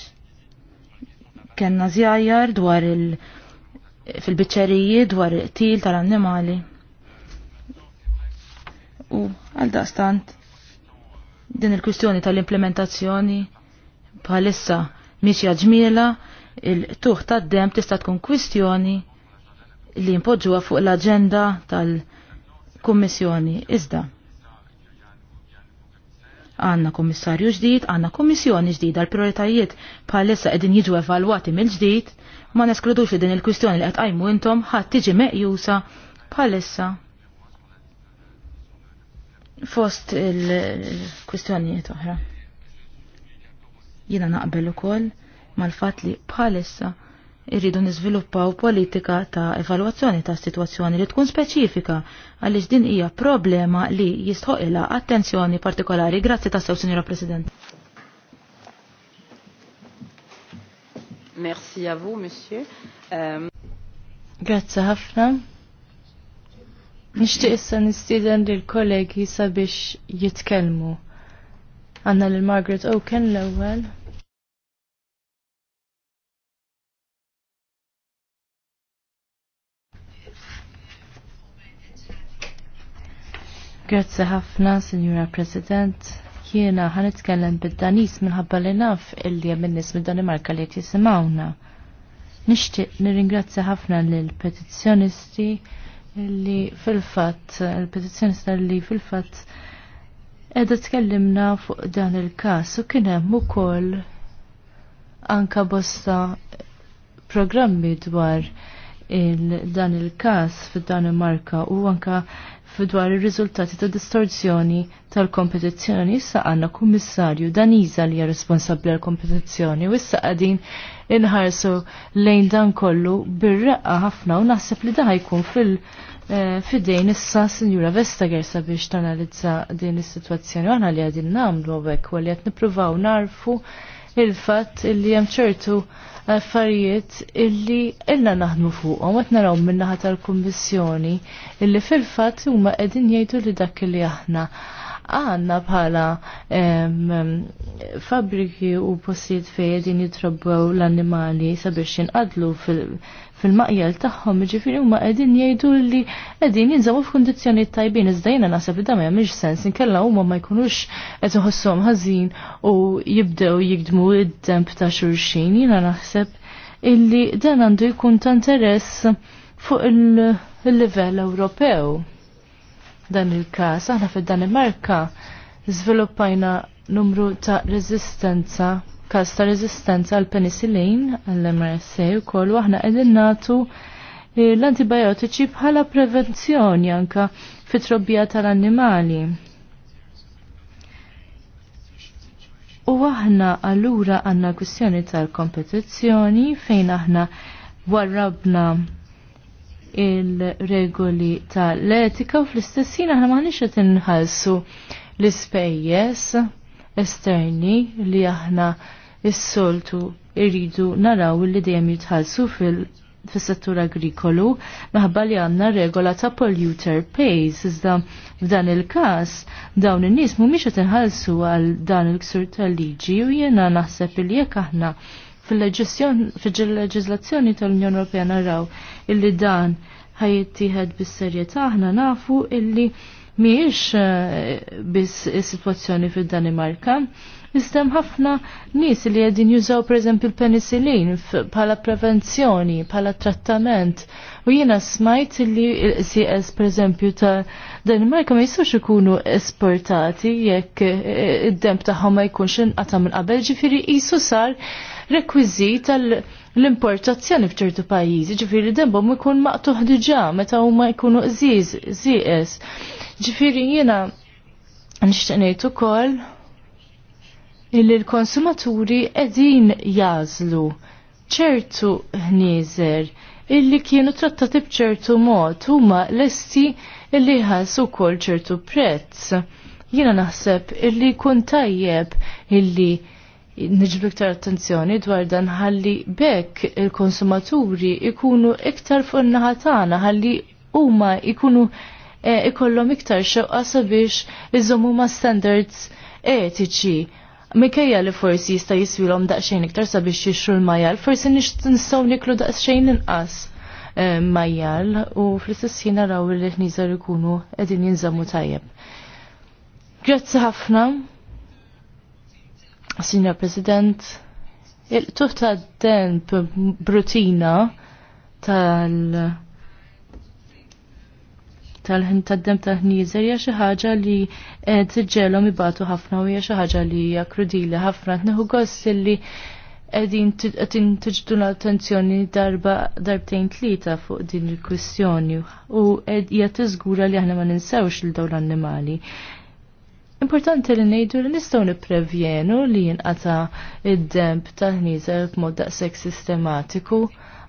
Speaker 1: kena zjajjar dwar il- fil-biċċeriji dwar il-qtil tal-annimali. U għal daqstant din il-kwistjoni tal-implementazzjoni bħalissa miċja ġmiela il-tuħ tad-dem tista' tkun kwistjoni li impoġġuha fuq l-aġenda tal-Kummissjoni. Iżda, Għanna komissarju ġdid, għanna komissjoni ġdida, l-prioritajiet bħalissa għedin jiġu evalwati mill-ġdid, ma neskludux li din il-kwistjoni li għetqajmu intom ħat tiġi meqjusa bħalissa fost il-kwistjonijiet oħra. Jina naqbel ukoll mal-fat li bħalissa irridu niżviluppaw politika ta' evalwazzjoni ta' situazzjoni li tkun speċifika għaliex din hija problema li jistħoqilha attenzjoni partikolari. Grazzi ta' sew, Sinjora President.
Speaker 3: Merci a vous, monsieur.
Speaker 2: Um... Grazzi ħafna. Nixtieq issa nistieden lil kollegi sabiex jitkellmu. Għandna lil Margaret Oaken l-ewwel. Grazzi ħafna, Signora President. Jiena ħan itkellem bid-Danis minħabba li naf illi hemm nies mid-Danimarka li qed jisimgħuna. Nixtieq nirringrazzja ħafna lill petizzjonisti li fil-fatt il-petizzjonista li fil-fatt qiegħda tkellimna fuq dan il-każ u kien hemm ukoll anka bosta programmi dwar il dan il-każ fid-Danimarka u anka dwar ir-riżultati ta' distorzjoni tal-kompetizzjoni issa għandna kummissarju Daniza li hija responsabbli għall kompetizzjoni u issa qegħdin inħarsu lejn dan kollu bir-reqqa ħafna u naħseb li daħ jkun fil- eh, fidejn issa Sinjura Vestager sabiex tanalizza din is-sitwazzjoni aħna li għadin nagħmlu għek u li qed nippruvaw narfu il-fatt li hemm ċertu affarijiet illi illa naħdmu fuqhom qed naraw min-naħa tal-Kummissjoni illi fil-fatt huma qegħdin jgħidu li dak li aħna għanna bħala fabriki u postijiet fejedin jitrabbaw jitrobbew l-annimali sabiex jinqadlu fil- fil-maqjel tagħhom ġifieri huma qegħdin jgħidu li qegħdin jinżamu f'kundizzjoni tajbin iżda jiena naħseb li dan m'hemmx sens inkella huma ma jkunux qed iħossuhom ħażin u jibdew jikdmu id-demb ta' xulxin jiena naħseb illi dan għandu jkun ta' interess fuq il-livell Ewropew. Dan il-każ aħna fid-Danimarka żviluppajna numru ta' rezistenza kas ta' rezistenza għal penicillin għall-MRSA u koll waħna qegħdin nagħtu eh, l-antibiotiċi bħala prevenzjoni anka fit-trobbija tal-annimali. U aħna allura għanna kwistjoni tal-kompetizzjoni fejn aħna warrabna il-regoli tal-etika u fl istessina aħna maħniex qed inħallsu l-ispejjeż esterni li aħna is-soltu irridu naraw li dejjem jitħallsu fil- fis-settur agrikolu minħabba li għandna regola ta' polluter pays iżda f'dan il-każ dawn in-nies mhumiex qed inħallsu għal dan il-ksur tal-liġi u jiena naħseb li jekk aħna fil-leġiżlazzjoni tal-Unjoni Ewropea naraw illi dan ħajjittieħed bis-serjetà aħna nafu illi mhijiex eh, biss is-sitwazzjoni fid-Danimarka Iżda ħafna nies li qegħdin jużaw pereżempju l-penicillin bħala prevenzjoni, bħala trattament. U jiena smajt li l-CS pereżempju ta' Danimarka ma jistgħux ikunu esportati jekk eh, id-demp tagħhom ma jkunx inqata' minn qabel, ġifieri qisu sar rekwiżit tal- l-importazzjoni f'ċertu pajjiżi, ġifieri dembhom ikun maqtuħ diġà meta huma jkunu żiż, żieqes. Ġifiri jiena nixtieq ngħid ukoll illi l-konsumaturi edin jazlu ċertu ħnieżer illi kienu trattati bċertu mod huma lesti illi ħassu kol ċertu prezz. Jiena naħseb illi kun tajjeb illi nġibu iktar attenzjoni dwar dan ħalli bekk il-konsumaturi ikunu iktar fuq naħatana ħalli huma ikunu eh, ikollhom iktar xewqa sabiex iżommu ma standards etiċi Mikejja li forsi jista' jiswilom daqsxejn iktar sabiex jixru l-majjal, forsi nistaw niklu daqsxejn inqas eh, majjal u fl-istess ħin naraw li l li ikunu qegħdin jinżammu tajjeb. Grazzi ħafna, Signor President, il-tuħ ta' den brutina tal- tal-ħin tad-dem tal-ħnieżer hija xi ħaġa li eh, tiġġelhom ibatu ħafna u hija xi ħaġa li hija krudili ħafna. Tneħu gost illi qegħdin tiġdu l-attenzjoni darba darbtejn tlieta fuq din il-kwistjoni u hija tiżgura li aħna ma ninsewx lil dawn l-annimali. Importanti li ngħidu li nistgħu nipprevjenu li jinqata id-demp tal-ħnieżer b'mod daqshekk sistematiku.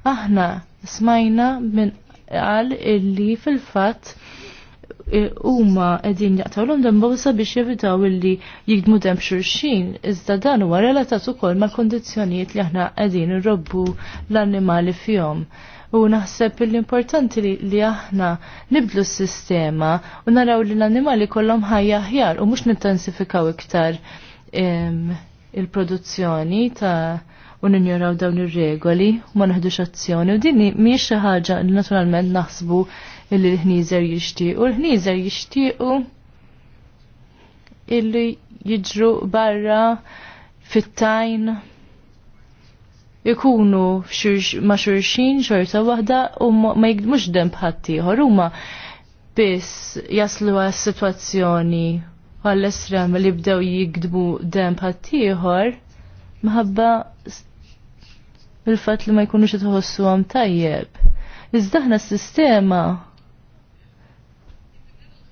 Speaker 2: Aħna smajna minn qal illi fil-fatt e, huma qegħdin jaqtawlhom dembosa biex jevitaw illi jikdmu dem xurxin, iżda dan huwa relatat ukoll ma' kondizzjonijiet li aħna qegħdin irrobbu l-annimali fihom. U naħseb l-importanti li aħna nibdlu s-sistema u naraw li l-annimali kollhom ħajja aħjar u mhux nintensifikaw iktar il-produzzjoni ta' u ninjoraw dawn ir-regoli u ma naħdux azzjoni u din mhijiex xi ħaġa li naturalment naħsbu illi l-ħnieżer jixtiequ. L-ħnieżer jixtiequ illi jiġru barra fit-tajn ikunu ma xurxin xorta waħda u ma jgdmux dem bħattijħor u ma biss jaslu għas situazzjoni għall-esrem li bdew jikdbu dem bħattijħor maħabba bil-fat li ma jkunux jitħossu għam tajjeb. Iżdaħna s-sistema.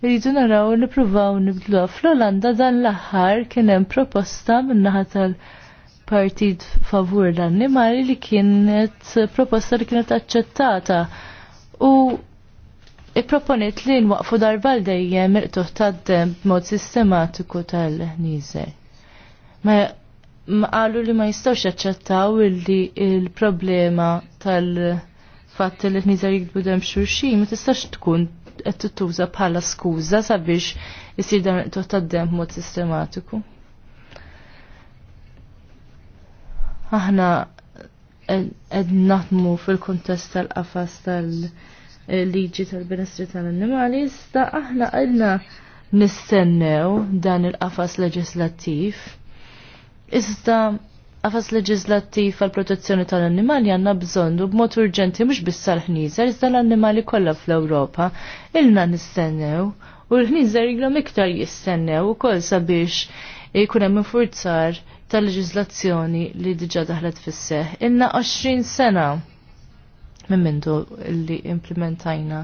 Speaker 2: Rridu naraw li provaw nibdluha fl-Olanda dan l-aħħar kien hemm proposta min-naħa tal-Partit Favur l-Annimali li kienet proposta li kienet aċċettata. U i-proponiet li nwaqfu darba l dejjem il tad mod b'mod sistematiku tal-ħnieżer. Ma qalu li ma jistawx jaċċettaw illi il-problema tal-fatt li nizar jikbu dem xurxin ma tistax tkun qed tittuża bħala skuża sabiex isir dan iqtod tad-dem mod sistematiku. Aħna qed naħdmu fil-kuntest tal-qafas tal-liġi tal benestri tal-annimali, iżda aħna qedna nistennew dan il-qafas leġislattiv Iżda għafas leġizlattiv għal protezzjoni tal-annimali għanna bżonnu b'mod urġenti mux bissa ħnizer iżda l-annimali kollha fl-Ewropa. Ilna nistennew u l-ħnizer ilhom iktar jistennew ukoll sabiex jkun hemm infurzar tal-leġizlazzjoni li diġà daħlet fis-seħ. Ilna 20 sena minn mintu li implementajna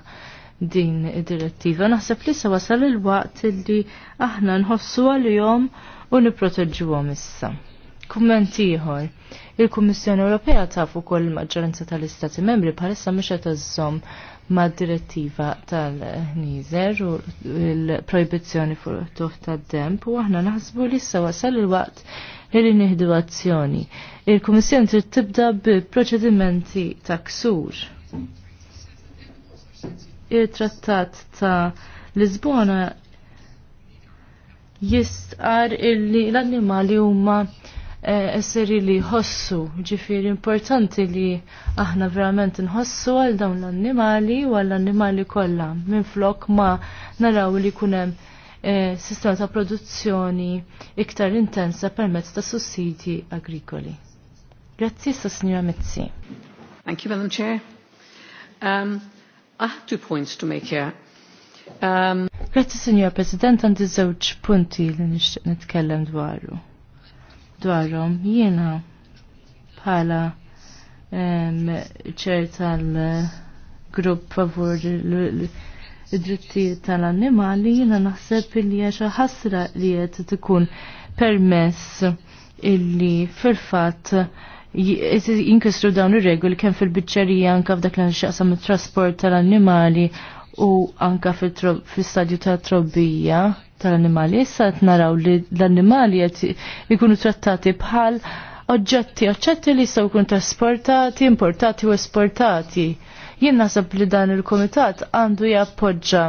Speaker 2: din id-direttiva. Naħseb li sa wasal il-waqt li aħna nħossu għal-jom u għom issa. Kumment ieħor, il-Kummissjoni Ewropea taf ukoll il-maġġoranza tal-Istati Membri bħalissa mhux għazzom ma' mad-direttiva tal-ħnieżer u l-projbizzjoni fuq tuħ tad-demp u aħna naħsbu li issa wasal il-waqt li nieħdu azzjoni. Il-Kummissjoni trid tibda bi proċedimenti ta' ksur. Il-trattat ta' Lisbona jistqar illi l-annimali huma eh, esseri li ħossu, ġifiri importanti li aħna verament nħossu għal dawn l-annimali u għall annimali kollha minn flok ma naraw li kunem eh, sistema ta' produzzjoni iktar intensa permezz ta' sussidji agrikoli. Grazzi sa' signora Mezzi. Thank you, Madam Chair. Um, I have two points to make here. Um, Grazzi, Signor President, għandi żewġ punti li nixtieq nitkellem dwaru. Dwarhom jiena bħala ċer tal-grupp favur id-drittijiet tal-annimali jiena naħseb li hija ħasra li qed tkun permess illi fil-fatt jinkisru dawn ir-regoli kemm fil-biċċerija anke f'dak l-anxaqsam it-trasport tal-annimali u anka fil-stadju ta' trobbija tal-animali. Issa qed naraw li l-animali qed ikunu trattati bħal oġġetti, oġġetti li jistgħu jkunu trasportati, importati u esportati. Jien naħseb li dan il-komitat għandu jappoġġa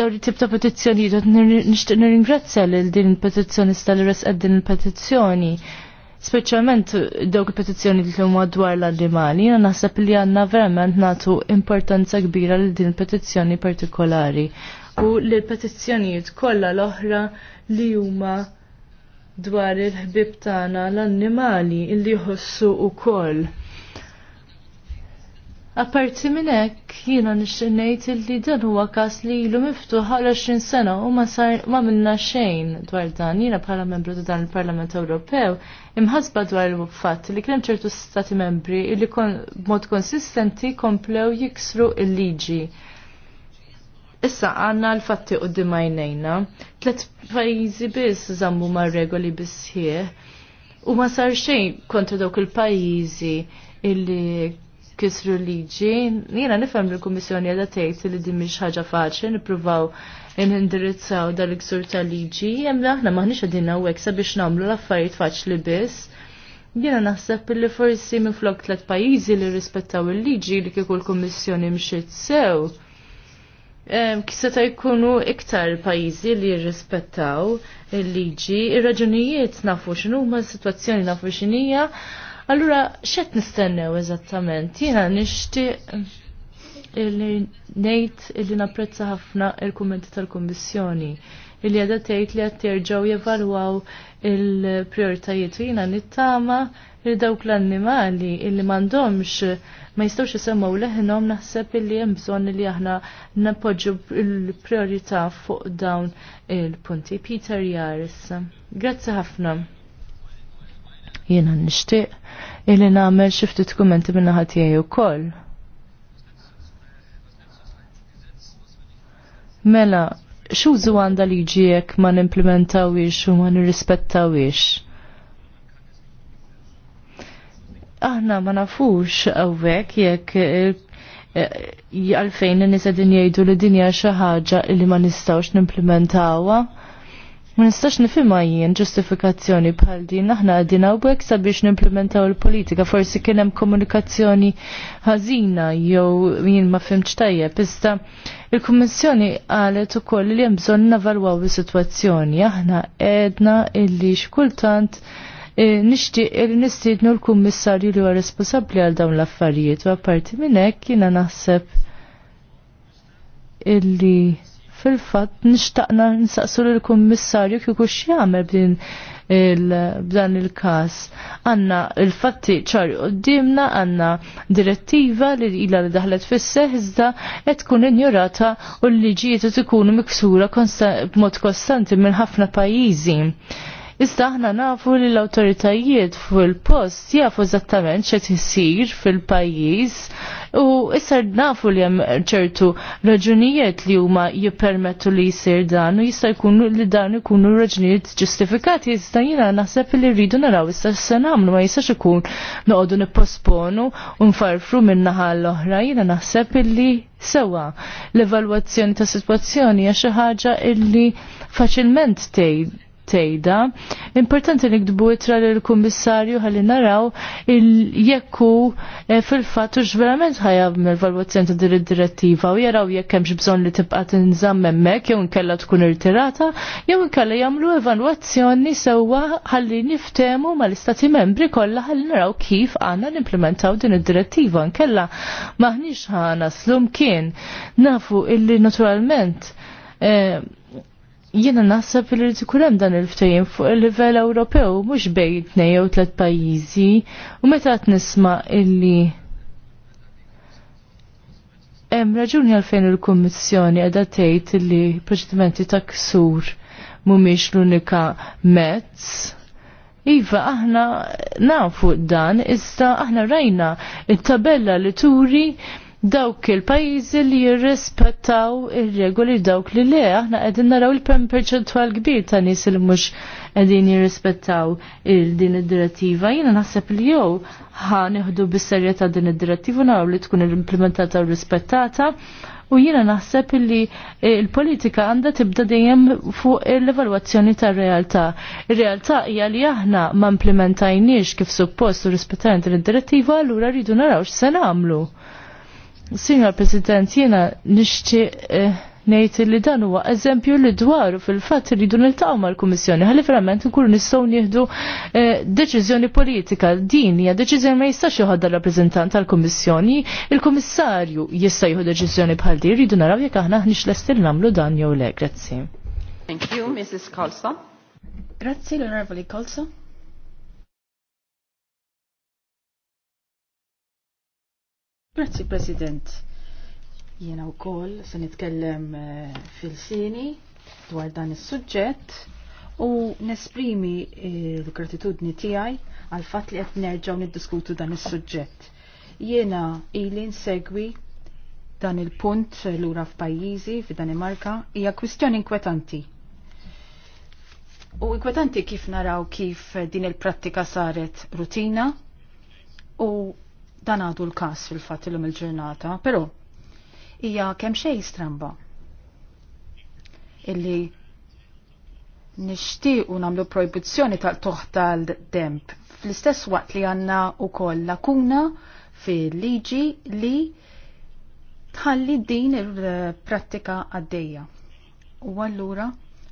Speaker 2: daw li tip ta' petizzjonijiet nixtieq nirringrazzja lil din il-petizzjonista li resqed din il-petizzjoni. il petizzjoni speċjalment dawk il-petizzjoni li huma dwar l-annimali, jiena naħseb li għandna verament nagħtu importanza kbira lil din petizzjoni partikolari u li l-petizzjonijiet kollha l-oħra li huma dwar il-ħbib tagħna l-annimali li jħossu wkoll Apparti minn hekk jiena nixtieq ngħid li dan huwa każ li ilu miftuħ għal 20 sena u ma sar ma minna xejn dwar dan. Jiena bħala membru ta' dan il-Parlament Ewropew imħasba dwar il-fatt li kien ċertu stati membri li kon, b'mod konsistenti komplew jiksru il-liġi. Issa għanna l-fatti u dimajnejna. Tlet pajjiżi biss żammu mar regoli bisħieħ u ma sar xejn kontra dawk il-pajjiżi illi kisru liġi. Jiena nifhem li l-Kummissjoni qiegħda tgħid li din mhix ħaġa faċli nippruvaw nindirizzaw dal-iksur tal-liġi, hemm aħna maħniex u għeksa biex nagħmlu l-affarijiet faċli biss. Jiena naħseb li forsi minflok tliet pajjiżi li rispettaw il-liġi li kieku l-Kummissjoni mxiet sew. ta' jkunu iktar pajizi li jirrispettaw il-liġi, ir-raġunijiet nafu xinu, ma situazzjoni nafu x'inija Allura, xet nistennew eżattament? Jina nishtiq illi nejt illi napprezza ħafna il-kommenti tal-Kommissjoni illi għada tgħid li qed jevalwaw il-prioritajiet jina nittama li dawk l-annimali illi m'għandhomx ma jistgħux isemmaw leħinhom naħseb illi hemm bżonn li aħna nappoġġu l prijorità fuq dawn il-punti. Peter Jaris. Grazzi ħafna jiena nixtieq illi nagħmel xi ftit minna minn u tiegħi wkoll. Mela, zu għandha liġi jekk ma nimplementawiex u ma nirrispettawiex? Aħna ma nafux hawnhekk jekk eh, għalfejn n-nisa dinja jgħidu li dinja xi ħaġa li ma nistgħux nimplementawha. Ma nistax nifhimha jien ġustifikazzjoni bħal din aħna u bwek sabiex nimplementaw il-politika, forsi kien hemm komunikazzjoni ħażina jew jien ma fimx tajjeb, iżda il-Kummissjoni qalet ukoll li hemm bżonn navalwaw is-sitwazzjoni. Aħna qedna illi x'kultant eh, nixtieq li nistiednu l-Kummissarju li huwa responsabbli għal dawn l-affarijiet u apparti minn hekk jiena naħseb illi fil-fatt nixtaqna nsaqsu l-Kummissarju kieku xiamer b'din b'dan il-kas. Għanna il-fatti ċar qoddimna għanna direttiva li ila li daħlet fis seħzda iżda qed tkun injorata u l-liġijiet tkunu miksura b'mod kostanti minn ħafna pajjiżi. Iżda aħna nafu li l-autoritajiet fil-post jafu eżattament xed isir fil-pajjiż u issa nafu li hemm ċertu raġunijiet li huma jippermettu li jsir dan u jista' jkunu li dan ikunu raġunijiet ġustifikati iżda jiena naħseb li rridu naraw issa se nagħmlu ma jistax ikun noqogħdu nipposponu u nfarfru minn naħa l-oħra jiena naħseb li sewa l-evalwazzjoni ta' sitwazzjoni hija xi ħaġa illi faċilment tgħid tejda. Importanti li kdbu itra l-Kummissarju ħalli naraw jekku eh, fil fattu ux verament mill valwazzjoni ta' dir direttiva u jaraw jekk hemmx bżonn li tibqa' tinżamm hemmhekk jew inkella tkun irtirata jew inkella jagħmlu evalwazzjoni sewwa ħalli niftemu mal-istati membri kollha ħalli naraw kif għandna nimplementaw din id-direttiva nkella maħniex ħana slum kien nafu illi naturalment eh, jiena naħseb li rrid ikun hemm dan il-ftehim fuq il-livell Ewropew mhux bejn tnej jew tliet pajjiżi u meta qed nisma' illi hemm raġuni għalfejn il-Kummissjoni qiegħda tgħid li proċedimenti ta' ksur mhumiex l-unika mezz. Iva, aħna nafu dan, iżda aħna rajna it-tabella li turi dawk il-pajjiżi li jirrispettaw ir-regoli dawk li le aħna qegħdin naraw il-pem perċentual kbir ta' nies li mhux qegħdin jirrispettaw din id-direttiva. Jiena naħseb li jew ħa neħdu bis-serjetà din id-direttiva naraw li tkun implementata u rispettata u jiena naħseb li il-politika għandha tibda dejjem fuq l-evalwazzjoni tar-realtà. Ir-realtà hija li aħna ma implementajniex kif suppost u rispettajn din id-direttiva allura rridu naraw x'se nagħmlu. Signor President, jena nishti eh, nejti li dan huwa eżempju li dwaru fil-fatt li dun il-taw mal-Kummissjoni ħalli verament nkunu nistgħu nieħdu eh, deċiżjoni politika. Din hija deċiżjoni ma jistax joħodha rappreżentant tal-Kummissjoni, il-Kummissarju jista' jieħu deċiżjoni bħal din rridu naraw jekk aħna ħniex lestil nagħmlu dan jew le. Grazzi.
Speaker 3: Thank you, Mrs. Colson. Grazzi l-Onorevoli Colson. Grazzi, President. Jena u koll se nitkellem eh, fil-sini dwar dan is-suġġett u nesprimi eh, l-gratitudni tiegħi għal fatt li qed nerġgħu niddiskutu dan is-suġġett. Jiena ili nsegwi dan il-punt lura f'pajjiżi f'Danimarka hija kwistjoni inkwetanti. U inkwetanti kif naraw kif din il-prattika saret rutina u dan għadu l-kas fil-fat il il-ġurnata, pero hija kemm xejn stramba illi nixtiequ nagħmlu proibizzjoni tal toħ demp fl-istess waqt li għandna wkoll lakuna fil-liġi li tħalli din il-prattika għaddejja. U allura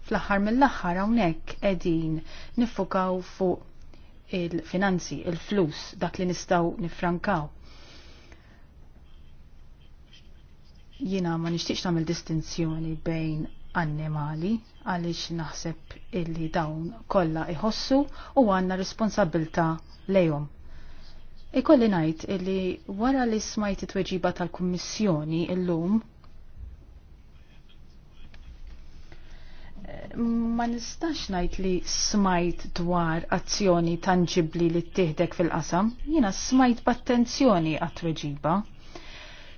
Speaker 3: fl-aħħar mill-aħħar hawnhekk qegħdin nifukaw fuq il-finanzi, il-flus, dak li nistaw nifrankaw. Jina ma nixtiex tagħmel distinzjoni bejn annimali għaliex naħseb illi dawn kollha iħossu u għandna responsabilta lejhom. Ikolli ngħid illi wara li smajt tweġiba tal-Kummissjoni lum ma nistax najt li smajt dwar azzjoni tangibli li t-tihdek fil-qasam, jina smajt b'attenzjoni għat reġiba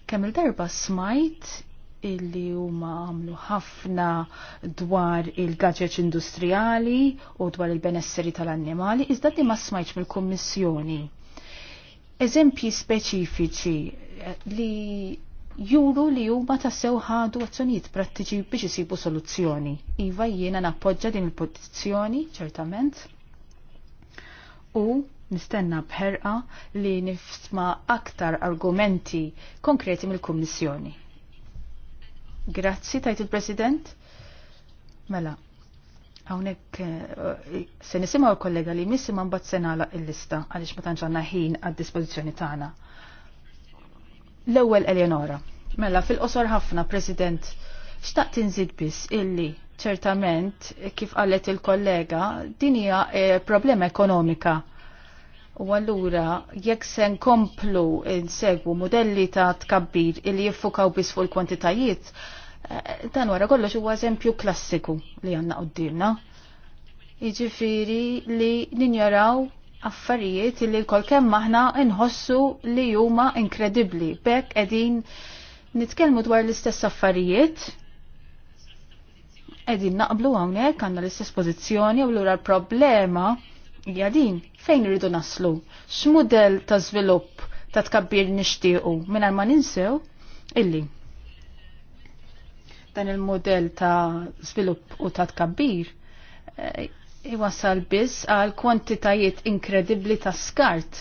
Speaker 3: Kemm il-darba smajt illi huma għamlu ħafna dwar il gadget industrijali u dwar il-benesseri tal-annimali, iżda di ma smajt mill-Kommissjoni. Eżempji speċifiċi li juru li huma tassew ħadu azzjonijiet prattiċi biex isibu soluzzjoni. Iva jiena nappoġġa din il pozizjoni ċertament, u nistenna bħerqa li nifsma aktar argumenti konkreti mill-Kummissjoni. Grazzi, tajt il-President. Mela, Għawnek, eh, se nisimaw kollega li missima bat senala il-lista, għalix ma tanġanna ħin għad dispozizjoni tagħna. L-ewwel Eleonora. Mela fil-qosor ħafna, President, xtaqt tinżid biss illi ċertament kif qalet il-kollega din hija e, problema ekonomika. U allura jekk se nkomplu nsegwu modelli ta' tkabbir illi jiffukaw biss fuq il-kwantitajiet, e, dan wara kollox huwa eżempju klassiku li għandna qoddimna. Jiġifieri li ninjaraw affarijiet li l-kol kem aħna nħossu li huma inkredibbli. Bek qegħdin nitkellmu dwar l-istess affarijiet. Qegħdin naqblu hawnhekk għandna l-istess pożizzjoni u lura l-problema hija din fejn irridu naslu. X'mudell ta' żvilupp ta' tkabbir nixtiequ mingħajr ma ninsew illi dan il-modell ta' svilupp u ta' tkabbir eh, iwasal biss għal kwantitajiet inkredibbli ta' skart.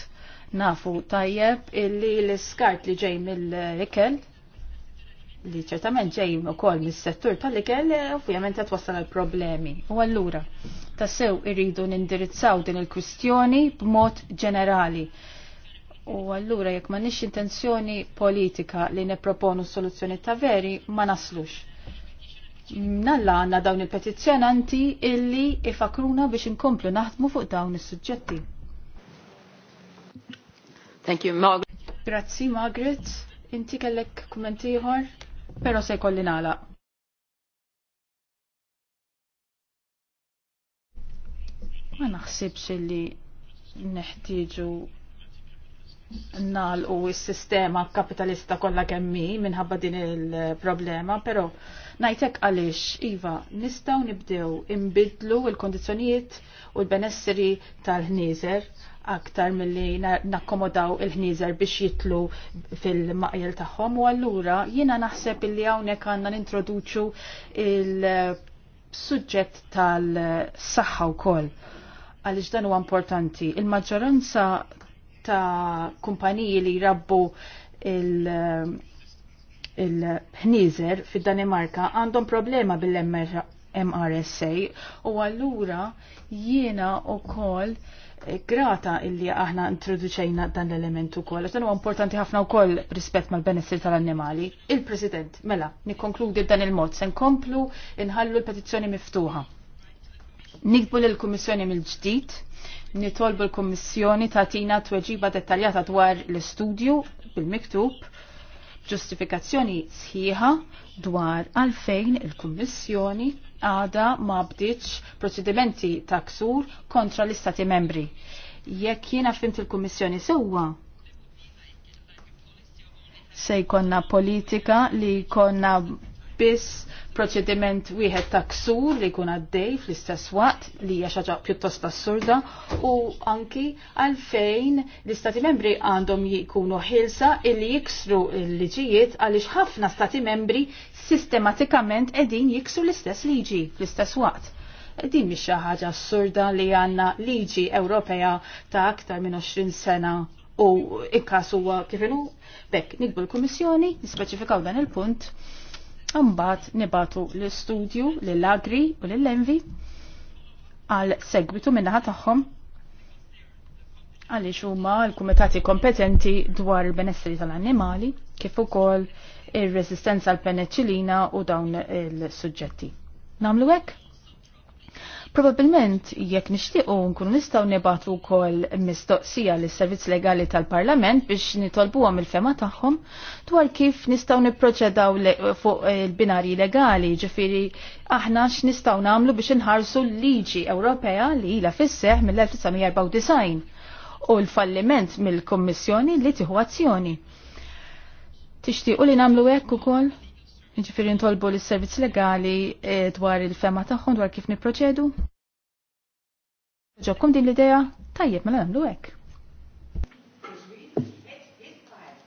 Speaker 3: Nafu tajjeb illi l-skart li ġej mill-ikel li ċertament ġej ukoll mis-settur tal-ikel ovvjament qed wassal għal problemi. U allura tassew irridu nindirizzaw din il-kwistjoni b'mod ġenerali. U allura jekk ma nix intenzjoni politika li neproponu soluzzjoni ta' veri ma naslux. Nalla għanna dawn il-petizzjonanti illi ifakruna biex inkomplu naħdmu fuq dawn is-suġġetti. Thank you, Margaret. Grazzi, Margaret. Inti kellek kommentiħor, ieħor, però se jkolli nagħlaq. Ma naħsibx li neħtieġu u s-sistema kapitalista kollha kemm minħabba din il-problema, però Najtek għalix, Iva, nistaw nibdew imbidlu il kondizjoniet u l-benesseri tal-ħnizer aktar mill-li nakkomodaw il-ħnizer biex jitlu fil-maqjel tagħhom u allura jiena naħseb illi hawnhekk għandna nintroduċu il-suġġett tal-saħħa wkoll. Għaliex dan huwa importanti. Il-maġġoranza ta' kumpaniji li jrabbu il- il-ħnieżer fid-Danimarka għandhom problema bil-MRSA u allura jiena wkoll eh, grata illi aħna introduċejna dan l-elementu kol. Dan huwa importanti ħafna wkoll rispett mal-benessir tal-annimali. Il-President, mela, nikkonkludi dan il-mod, se nkomplu inħallu l-petizzjoni miftuħa. Nikbu l-Kummissjoni mill-ġdid, nitolbu l-Kummissjoni tatina tweġiba dettaljata dwar l-istudju bil-miktub ġustifikazzjoni sħiħa dwar għalfejn il-Kummissjoni għada ma bdiċ proċedimenti ta' ksur kontra l-Istati membri. Jekk jiena fimt il-Kummissjoni sewwa, se jkonna politika li konna biss proċediment wieħed ta' ksur li jkun għaddej fl-istess waqt li hija xaġa pjuttost assurda u anki għalfejn l-istati membri għandhom jikunu ħilsa illi jiksru l-liġijiet għaliex ħafna stati membri sistematikament edin jiksu l-istess liġi fl-istess waqt. Din mhix xi ħaġa assurda li għandna liġi Ewropea ta' aktar minn 20 sena u ikkas huwa kif inhu bekk nikbu l-Kummissjoni nispeċifikaw dan il-punt Mbagħad nibatu l-istudju lill-Agri u lill-Envi għal segwitu minnaħa tagħhom għaliex huma l-kumitati kompetenti dwar il-benessri tal-annimali kif ukoll ir-resistenza għal penicillina u dawn il-suġġetti. Namlu hekk? Probabilment jekk nixtiequ nkunu nistgħu nibatu wkoll mistoqsija lis servizz legali tal-Parlament biex nitolbuhom il-fema tagħhom dwar kif nistgħu nipproċedaw fuq il-binarji legali, ġifieri aħna x'nistgħu nagħmlu biex inħarsu l-liġi Ewropea li ilha fisseħ mill-1994 u l-falliment mill-Kommissjoni li tieħu azzjoni. Tixtiequ li nagħmlu hekk ukoll? Ġifiri ntolbu l servizz legali eh, dwar il-fema tagħhom dwar kif niproċedu? Ġobkom din l-idea? Tajjeb, mela namlu hekk.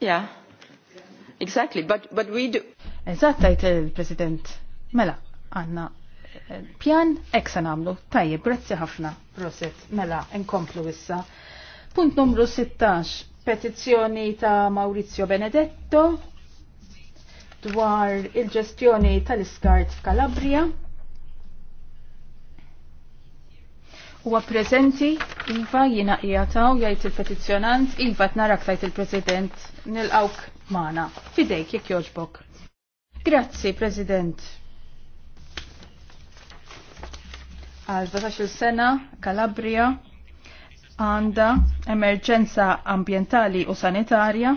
Speaker 3: Yeah. Exactly, but, but we do... Eżatt tajt il-President. Mela, għanna eh, pjan eksa namlu. Tajjeb, grazzi ħafna, Roset. Mela, nkomplu issa. Punt numru 16, petizzjoni ta' Maurizio Benedetto dwar il-ġestjoni tal-iskart f'Kalabria. Huwa preżenti, Iva jiena qiegħataw jgħid il-petizzjonant, Iva tnarak tajt il-President nilqawk Mana, Fidejk jekk jogħġbok. Grazzi, President. Għal 12 sena, Kalabria għanda emerġenza ambientali u sanitarja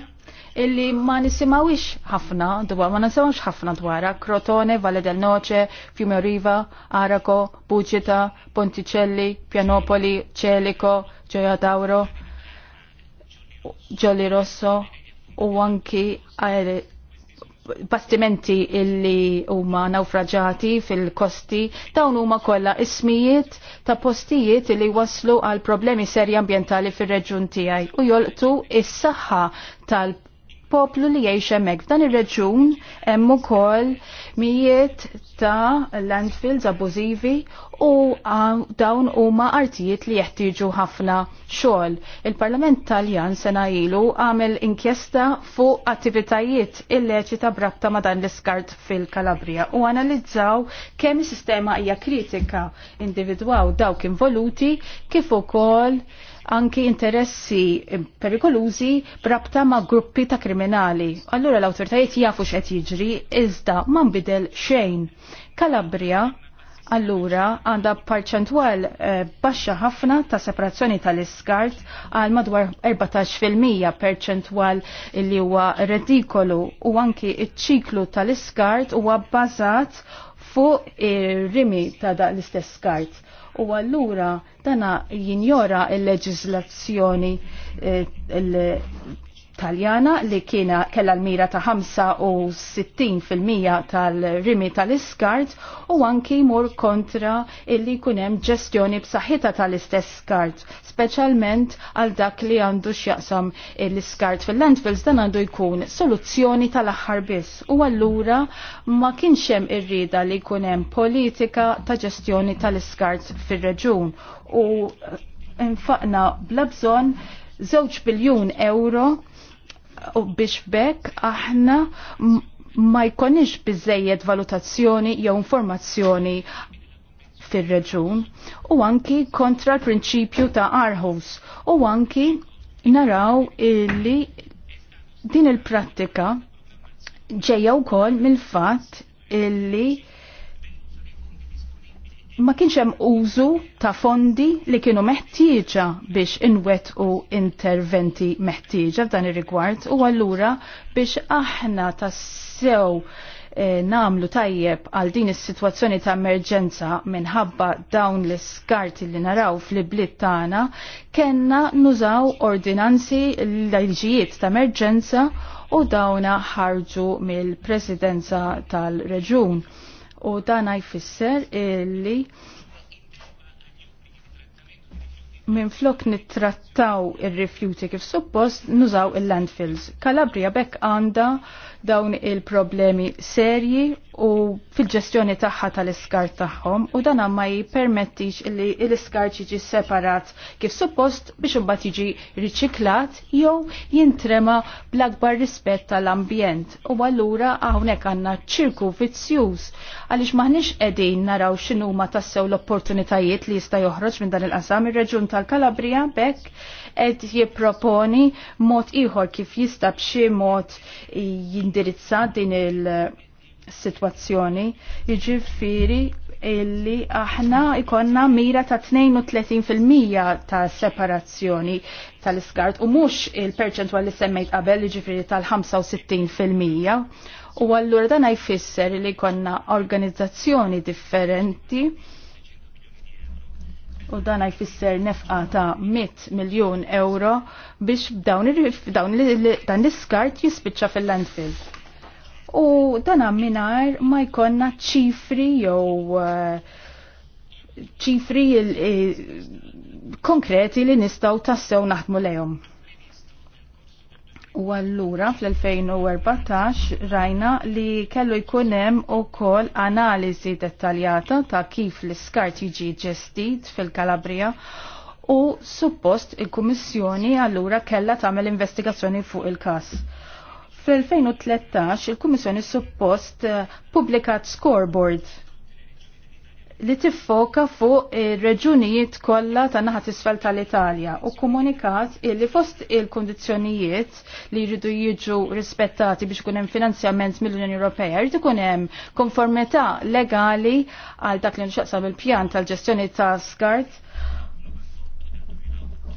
Speaker 3: illi ma nisimawix ħafna dwar, ma nisimawix ħafna dwarha Crotone, Valle del Noce, Fiume Riva, Arako, Bucita, Ponticelli, Pianopoli, Celico, Gioia Tauro, Gioli Rosso u anki eh, bastimenti illi huma naufraġati fil-kosti dawn huma kollha ismijiet ta' postijiet illi waslu għal problemi serji ambjentali fir-reġjun tiegħi u jolqtu is-saħħa tal poplu li jgħix mek F'dan ir-reġun hemm ukoll mijiet ta' landfills abużivi u dawn huma artijiet li jeħtieġu ħafna xogħol. Il-Parlament Taljan sena ilu għamel inkjesta fuq attivitajiet illeċita brabta ma' dan l-iskart fil-Kalabria u analizzaw kemm is-sistema hija kritika individwaw dawk involuti kif ukoll anki interessi perikolużi brabta ma' gruppi ta' kriminali. Allura l-autoritajiet jafu x'qed jiġri iżda ma nbidel xejn. Kalabria allura għandha parċentwal eh, baxxa ħafna ta' separazzjoni tal-iskart għal madwar 14% perċentwal li huwa redikolu u anki iċ-ċiklu tal-iskart huwa bbażat fuq ir-rimi ta' dak l-istess skart u allura dana jinjora il-leġislazzjoni eh, Taljana li kiena kella l-mira ta' 65% tal-rimi tal-iskart u anki mur kontra illi kunem ġestjoni b'saħħita tal-istess skart, specialment għal dak li għandu x'jaqsam l-iskart fil-landfills dan għandu jkun soluzzjoni tal-aħħar biss u allura ma kienx hemm irrida li kunem politika ta' ġestjoni tal-iskart fir-reġun u eh, infaqna bla bżonn 2 biljun euro u biex bekk aħna ma jkonix bizzejjed valutazzjoni jew informazzjoni fir-reġun u anki kontra l-prinċipju ta' Arhus u anki naraw illi din il-prattika ġejja wkoll mill-fatt illi ma kienx hemm użu ta' fondi li kienu meħtieġa biex inwet u interventi meħtieġa f'dan ir-rigward u allura biex aħna tassew eh, namlu tajjeb għal din is-sitwazzjoni ta' emerġenza minħabba dawn l-iskarti li naraw fl ibliet tagħna kenna nużaw ordinanzi l-liġijiet ta' emerġenza u dawna ħarġu mill-presidenza tal-reġun u dan jfisser illi minn flok nittrattaw ir-rifjuti kif suppost nużaw il-landfills. Kalabria bekk għanda dawn il-problemi serji u fil-ġestjoni tagħha tal iskar tagħhom u dan ma jippermettix li l iskar jiġi separat kif suppost biex imbagħad jiġi riċiklat jew jintrema bl-akbar rispett tal-ambjent. U allura hawnhekk għandna ċirku vizzjuż għaliex maħniex qegħdin naraw x'inhuma tassew l-opportunitajiet li jista' joħroġ minn dan il-qasam ir-Reġjun tal-Kalabrija bekk qed jipproponi mod ieħor kif jista' b'xi mod jin indirizza din il-situazzjoni, iġifiri illi aħna ikonna mira ta' 32% ta' separazzjoni tal-iskart u mux il-perċentwal li semmejt qabel ġifiri tal-65%. U għallura dan jfisser li konna organizzazzjoni differenti u dan jfisser nefqa ta' 100 miljon euro biex dawn dan l-iskart jispiċċa fil-landfill. U dan minar ma jkonna ċifri jew eh, ċifri eh, konkreti li nistaw tassew naħdmu lejhom. U allura fl-2014 rajna li kellu jkunem u kol analizi dettaljata ta' kif l-iskart jiġi ġestit fil-Kalabria u suppost il-Kummissjoni allura kella tagħmel investigazzjoni fuq il-kas. Fl-2013 il-Kummissjoni suppost eh, publikat scoreboard li tiffoka fuq ir-reġunijiet kollha ta' naħat isfel tal-Italja u komunikat li fost il kondizjonijiet li jridu jiġu rispettati biex ikun hemm finanzjament mill-Unjoni Ewropea jrid ikun hemm konformità legali għal dak li nxaqsam il-pjan tal-ġestjoni ta' skart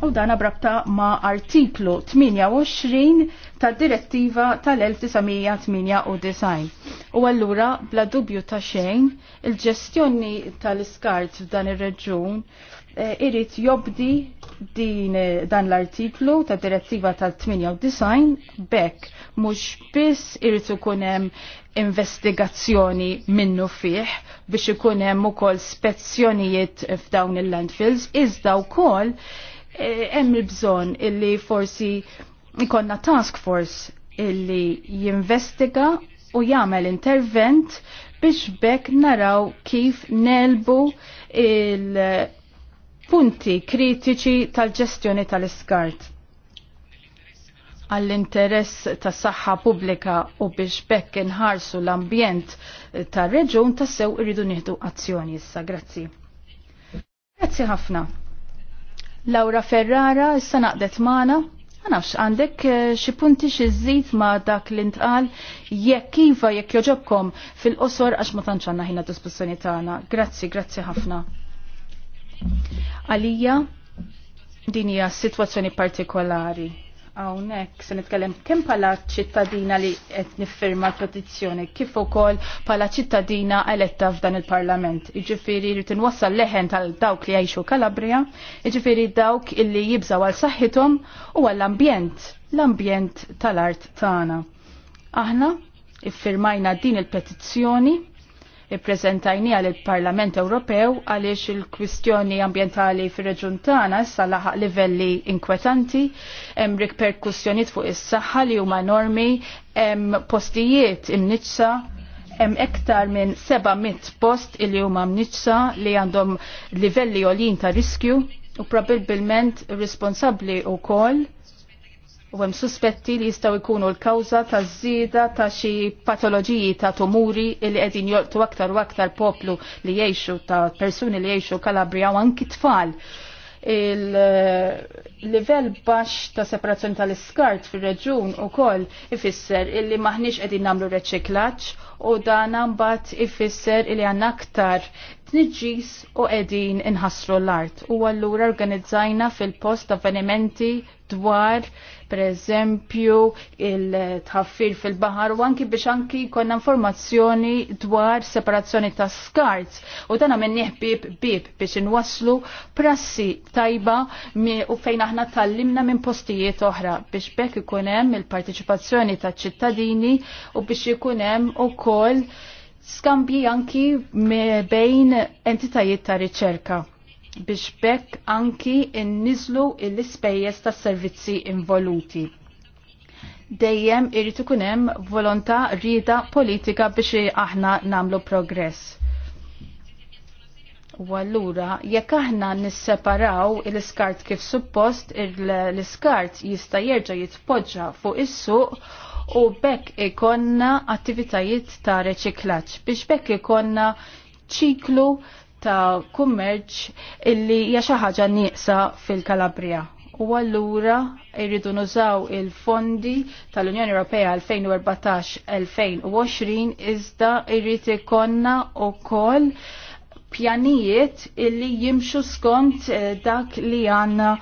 Speaker 3: u dan abrabta ma' artiklu 28 tad-direttiva tal-1998. U allura, bla dubju ta' xejn, il-ġestjoni tal-iskart f'dan ir-reġun eh, irrit jobdi din eh, dan l-artiklu ta' direttiva tal-98 bekk mhux biss irrit ikun hemm investigazzjoni minnu fiħ biex ikun hemm ukoll spezzjonijiet f'dawn il-landfills iżda wkoll eh, hemm il-bżonn illi forsi ikonna task force illi jinvestiga u jagħmel intervent biex bekk naraw kif nelbu il-punti kritiċi tal-ġestjoni tal-iskart għall-interess tas saħħa pubblika u biex bekk inħarsu l-ambjent tar reġun tassew irridu nieħdu azzjoni issa. Grazzi. Grazzi ħafna. Laura Ferrara issa naqdet Mana. Ma nafx, għandek eh, xi punti xi żid ma dak li ntqal jekk iva jekk joġobkom fil-qosor għax ma tantx għandna ħina dispozzjoni tagħna. Grazzi, grazzi ħafna. Għalija din hija sitwazzjoni partikolari Hawnhekk se nitkellem kemm bħala ċittadina li qed niffirma l-petizzjoni kif ukoll bħala ċittadina eletta f'dan il-Parlament. Jiġifieri li inwassal leħen tal dawk li jgħixu Kalabria, jiġifieri dawk illi jibżaw għal saħħithom u għall-ambjent, l-ambjent tal-art tagħna. Aħna iffirmajna din il-petizzjoni ippreżentajni għal il-Parlament Ewropew għaliex il-kwistjoni ambientali fir-reġun tagħna issa laħaq livelli inkwetanti, hemm rikperkussjonijiet fuq is-saħħa li huma normi, hemm postijiet imniċċa, hemm iktar minn 700 post li huma mniċċa li għandhom livelli għolin ta' riskju u probabbilment responsabbli wkoll u hemm suspetti li jistgħu jkunu l-kawża taż-żieda ta' xi patoloġiji ta' tumuri li qegħdin jolqtu aktar u aktar poplu li jgħixu ta' persuni li jgħixu Kalabria u anki tfal. Il-livell baxx ta' separazzjoni tal-iskart fir-reġun ukoll ifisser illi maħniex qegħdin nagħmlu reċiklaġġ u dan mbagħad ifisser illi għandna aktar tniġġis u qegħdin inħassru l-art. U allura organizzajna fil-post avvenimenti dwar per eżempju il-tħaffir fil-bahar u anki biex anki konna informazzjoni dwar separazzjoni ta' skarts u dan minniħ bib bib biex nwaslu prassi tajba u fejn aħna tallimna minn postijiet oħra biex bekk ikunem il-partiċipazzjoni ta' ċittadini u biex ikunem u koll skambji anki bejn entitajiet ta' riċerka biex bekk anki innizlu l-ispejjeż tas-servizzi involuti. Dejjem irrid ikun hemm volontà rida politika biex aħna nagħmlu progress. U allura jekk aħna nisseparaw l-iskart kif suppost, l-iskart jista' jerġa' jitpoġġa fuq is-suq u bekk ikonna attivitajiet ta' reċiklaġġ biex bekk ikonna ċiklu ta' kummerċ illi hija xi ħaġa nieqsa fil-Kalabria. U allura irridu nużaw il-fondi tal-Unjoni Ewropea 2014-2020 iżda irrid ikonna wkoll pjanijiet illi jimxu skont eh, dak li għanna eh,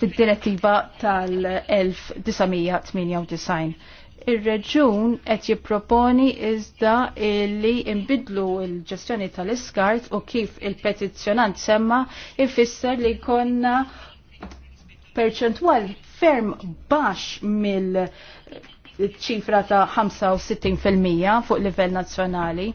Speaker 3: fid-direttiva tal-1998. Ir-reġun qed jipproponi iżda li imbidlu l-ġestjoni tal-iskart u kif il-petizzjonant semma ifisser li konna perċentwal ferm baħx mill ċifra ta' 65% fuq livell nazzjonali.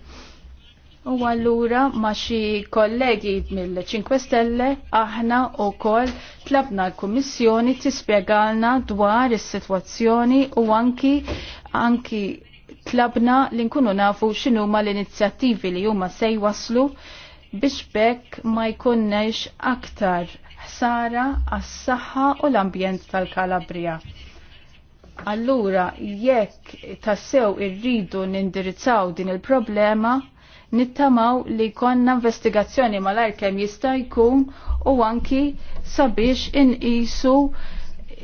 Speaker 3: U allura ma xi kollegi mill-5 Stelle aħna wkoll tlabna l-Kummissjoni tispjegalna dwar is-sitwazzjoni u anki anki tlabna li nkunu nafu x'inhuma l-inizjattivi li huma se waslu biex bekk ma jkunnex aktar ħsara għas-saħħa u l-ambjent tal-Kalabria. Allura jekk tassew irridu nindirizzaw din il-problema, nittamaw li konna investigazzjoni malajr ar kem jista' jkun u anki sabiex inqisu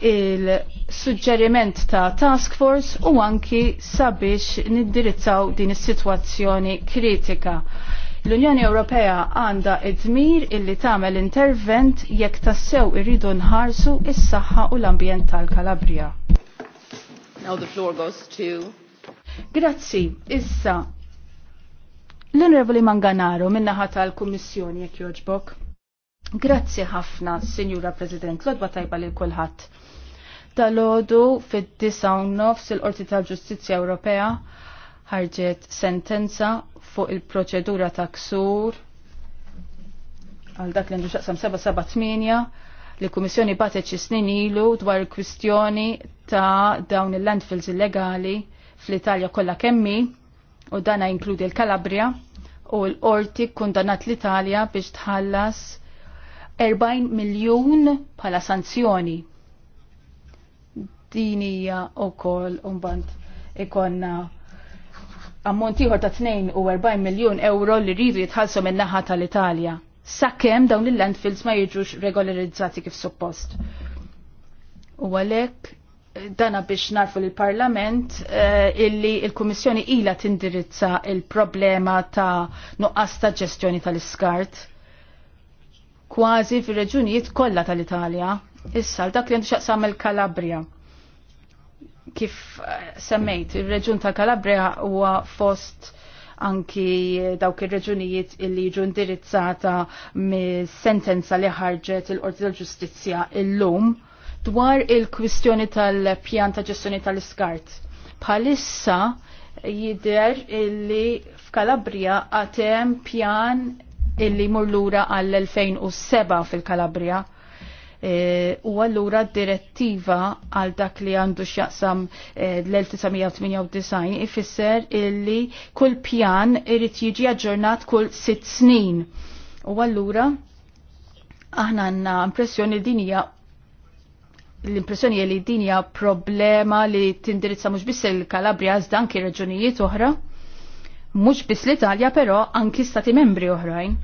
Speaker 3: il-suġġeriment ta' task force u anki sabiex niddirizzaw din is-sitwazzjoni kritika. L-Unjoni Ewropea għandha id-dmir illi tagħmel intervent jekk tassew irridu nħarsu is-saħħa u l-ambjent tal-Kalabria. Now the floor goes to Grazzi, issa L-Onorevoli Manganaro minnaħa tal-Kummissjoni jekk joġbok. Grazzi ħafna, Sinjura President, l-odba tajba li kulħadd. Dalodu fid-disa nofs il-Qorti tal-Ġustizzja Ewropea ħarġet sentenza fuq il-proċedura ta' ksur għal dak l għandu xaqsam 778 li kummissjoni batet snin ilu dwar il-kwistjoni ta' dawn il-landfills illegali fl-Italja kollha kemmi u dana jinkludi l-Kalabria u l-Orti kundanat l-Italja biex tħallas 40 miljun pala sanzjoni. Din hija wkoll mbagħad ikonna ammontiħor ta' u 40 miljon euro li rridu jitħallsu minn naħa tal-Italja. Sakkem dawn il-landfills ma jiġux regolarizzati kif suppost. U għalek dana biex narfu l parlament eh, illi il-Kummissjoni ila tindirizza il-problema ta' nuqqas ta' ġestjoni tal-iskart. Kważi fil-reġunijiet kollha tal-Italja, issa dak li xaqsam il-Kalabria. Kif eh, semmejt, il-reġun ta' Kalabria huwa fost anki dawk ir-reġunijiet illi jiġu indirizzata mis-sentenza li ħarġet il-Qorti tal-Ġustizzja illum. lum dwar il-kwistjoni tal-pjan ta' ġestjoni tal-iskart. Palissa jider illi f'Kalabria għatem pjan illi murlura għall-2007 fil-Kalabria. E, u għallura direttiva għal dak li għandu xjaqsam e, l-1998 ifisser illi kull pjan irrit jiġi aġġornat kull sitt snin. U għallura aħna għanna impressjoni dinija l-impressjoni li din hija problema li tindirizza mhux biss il-Kalabria iżda anki reġunijiet oħra, mhux biss l-Italja però anki stati membri oħrajn.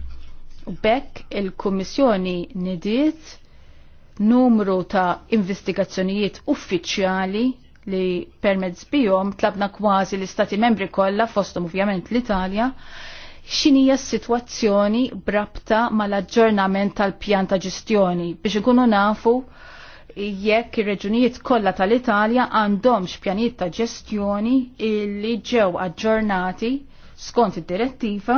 Speaker 3: U bekk il-Kummissjoni nidiet numru ta' investigazzjonijiet uffiċjali li permezz bihom tlabna kważi l-Istati membri kollha fostom ovvjament l-Italja xinija s sitwazzjoni brabta mal-aġġornament tal-pjan ta' ġestjoni biex ikunu nafu jekk ir-reġunijiet kollha tal-Italja għandhomx pjanijiet ta' ġestjoni illi ġew aġġornati skont id-direttiva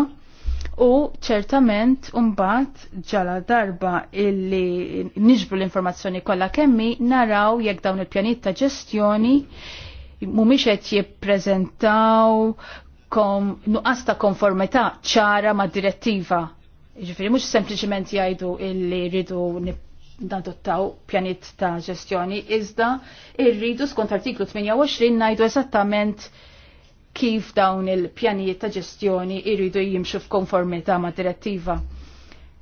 Speaker 3: u ċertament mbagħad ġala darba illi niġbru l-informazzjoni kollha kemmi naraw jekk dawn il-pjanijiet ta' ġestjoni mhumiex qed jippreżentaw kom, nuqqas ta' konformità ċara mad direttiva Ġifiri, mux sempliciment jajdu illi rridu nadottaw pjanit ta' ġestjoni, iżda irridu skont artiklu 28 najdu eżattament kif dawn il-pjanijiet ta' ġestjoni irridu jimxu f'konformità ma' direttiva.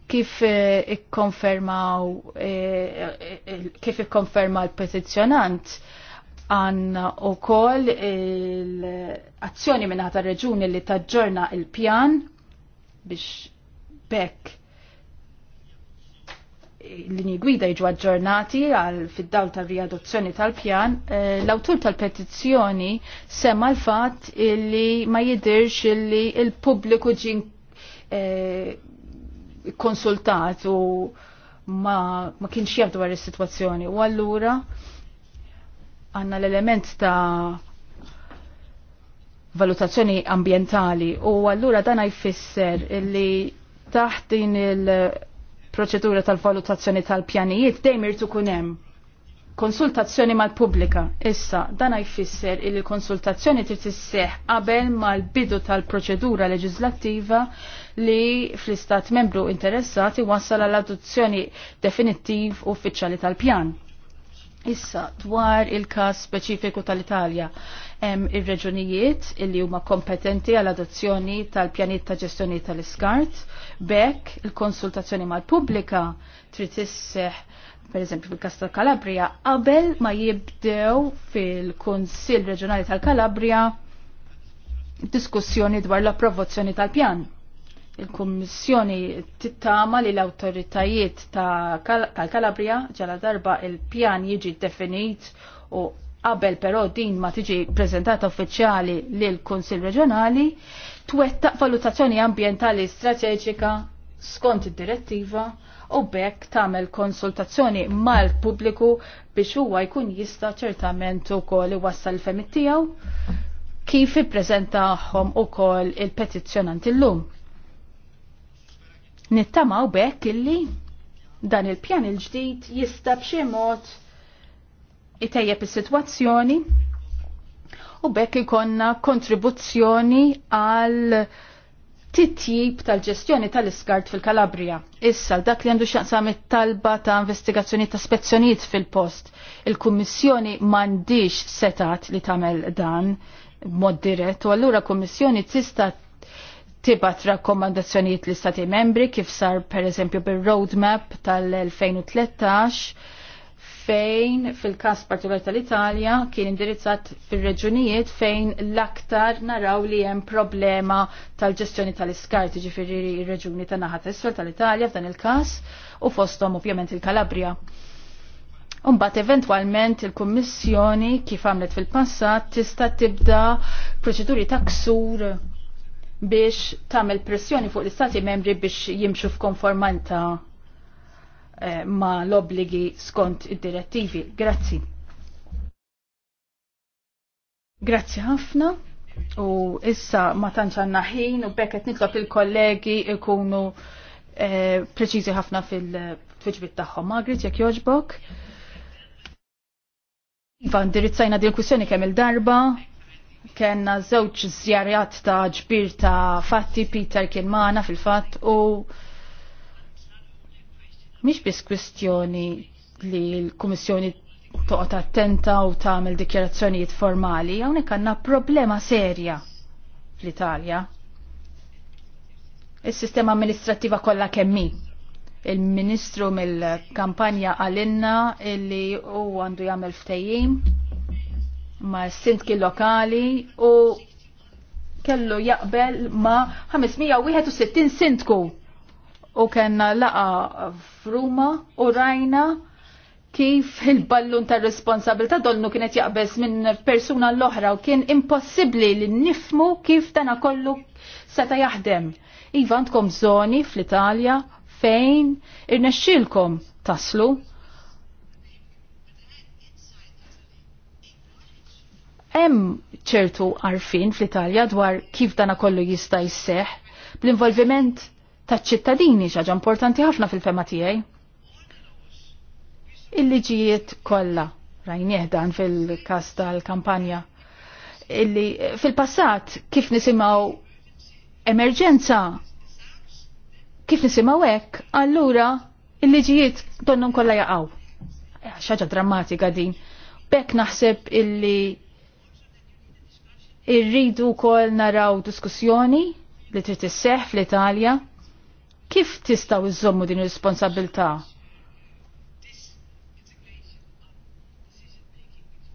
Speaker 3: Kif eh, ikkonfermaw, eh, eh, kif ikkonferma l-petizjonant għanna u kol l-azzjoni minna ta' reġuni li taġġorna il-pjan biex bekk linji gwida jiġu aġġornati għal fid-dawl tal-riadozzjoni tal-pjan, eh, l-awtur tal-petizzjoni semma l-fat illi ma jidirx illi il-pubbliku ġin eh, konsultat u ma, kienx jaf dwar is-sitwazzjoni. U allura għanna l-element ta' valutazzjoni ambientali u allura dan jfisser illi taħt din il- proċedura tal-valutazzjoni tal-pjanijiet dejjem irtu kun hemm konsultazzjoni mal-pubblika. Issa, dan jfisser il konsultazzjoni trid tisseħ qabel mal-bidu tal-proċedura leġislattiva li fl-istat membru interessati wassal għal adozzjoni definittiv uffiċjali tal-pjan. Issa, dwar il-kas speċifiku tal-Italja, hemm ir-reġunijiet il li huma kompetenti għall adozzjoni tal-pjanijiet ta' ġestjoni tal-iskart Bekk il-konsultazzjoni mal-pubblika trid isseħ per eżempju fil-Kas tal-Kalabria qabel ma jibdew fil-Kunsill Reġjonali tal-Kalabria diskussjoni dwar l-approvazzjoni tal-pjan il kummissjoni tittama li l-autoritajiet tal-Kalabria ġala darba il-pjan jiġi definit u qabel però din ma tiġi prezentata uffiċjali lil kunsill Reġjonali, twettaq valutazzjoni ambientali strateġika skont id-direttiva u bekk tagħmel konsultazzjoni mal-pubbliku biex huwa jkun jista' ċertament ukoll iwassal il-femit tiegħu kif ippreżentahom ukoll il-petizzjonant illum. Nittamaw bekk illi dan il-pjan il-ġdid jista' b'xi mod itejjeb is-sitwazzjoni u bekk ikonna kontribuzzjoni għal titjib tal-ġestjoni tal-iskart fil-Kalabria. Issa, dak li għandu xaqsam it-talba ta' investigazzjoni ta' spezzjoniet fil-post. Il-Kummissjoni mandiġ setat li tamel dan mod dirett, u allura Kummissjoni tista' tibat rakkomandazzjonijiet l-Istati membri kif sar per eżempju bil-roadmap tal-2013 fejn fil-kas partikolari tal-Italja kien indirizzat fil-reġunijiet fejn l-aktar naraw li hemm problema tal-ġestjoni tal iskarti ġifiri il-reġuni ta' naħat tal-Italja f'dan il-kas u fostom ovvjament il-Kalabria. Umbat eventualment il-Kummissjoni kif għamlet fil-passat tista' tibda proċeduri ta' ksur biex tagħmel pressjoni fuq l-Istati membri biex jimxu f'konformanta Eh, ma l-obligi skont id-direttivi. Grazzi. Grazzi ħafna. U issa ma tanċanna ħin u bekket nitlob il-kollegi ikunu eh, preċizi ħafna fil-tweġbit tagħhom. Magrit, jekk joġbok. Iva, ndirizzajna din kwistjoni kemm il-darba, Kenna żewġ zjarjat ta' ġbir ta' fatti Peter kien fil-fatt u Mhix biss kwestjoni li l-Kummissjoni toqgħod attenta u tagħmel dikjarazzjonijiet formali, hawnhekk għandna problema serja fl-Italja. Is-sistema amministrattiva kollha kemm il-ministru mill-kampanja għalinna illi u għandu jagħmel ftejjim ma' sindki lokali u kellu jaqbel ma' 561 sindku u kena laqa fruma u rajna kif il-ballun ta' responsabilta dolnu kienet jaqbes minn persuna l-oħra u kien impossibli li nifmu kif dana kollu seta jaħdem. Iva għandkom zoni fl-Italja fejn irnexxilkom taslu. Hemm ċertu arfin fl-Italja dwar kif dana kollu jista' jisseħ bl-involviment taċ-ċittadini xaġa importanti ħafna fil-fema tiegħi. Il-liġijiet kollha rajnieh dan fil-każ tal-kampanja illi fil-passat kif nisimgħu emerġenza kif nisimgħu hekk, allura il-liġijiet donnhom kollha jaqgħu. Xaġa drammatika din. Bekk naħseb illi irridu kol naraw diskussjoni li trid isseħ fl-Italja Kif tistaw iżommu din ir-responsabilità?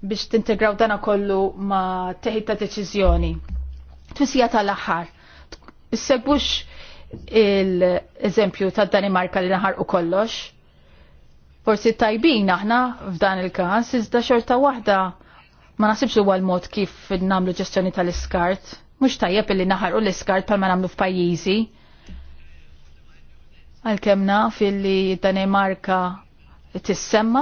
Speaker 3: biex tintegraw dana kollu ma teħid ta' deċiżjoni. Twisija tal-aħħar. Issegwux il-eżempju ta' Danimarka li naħar u kollox. Forsi tajbin aħna f'dan il-każ iżda xorta waħda ma nasibx huwa l-mod kif namlu ġestjoni tal-iskart. Mhux tajjeb illi naħar u l-iskart palma namlu f'pajjiżi. Għalkemm naf illi Danimarka tissemma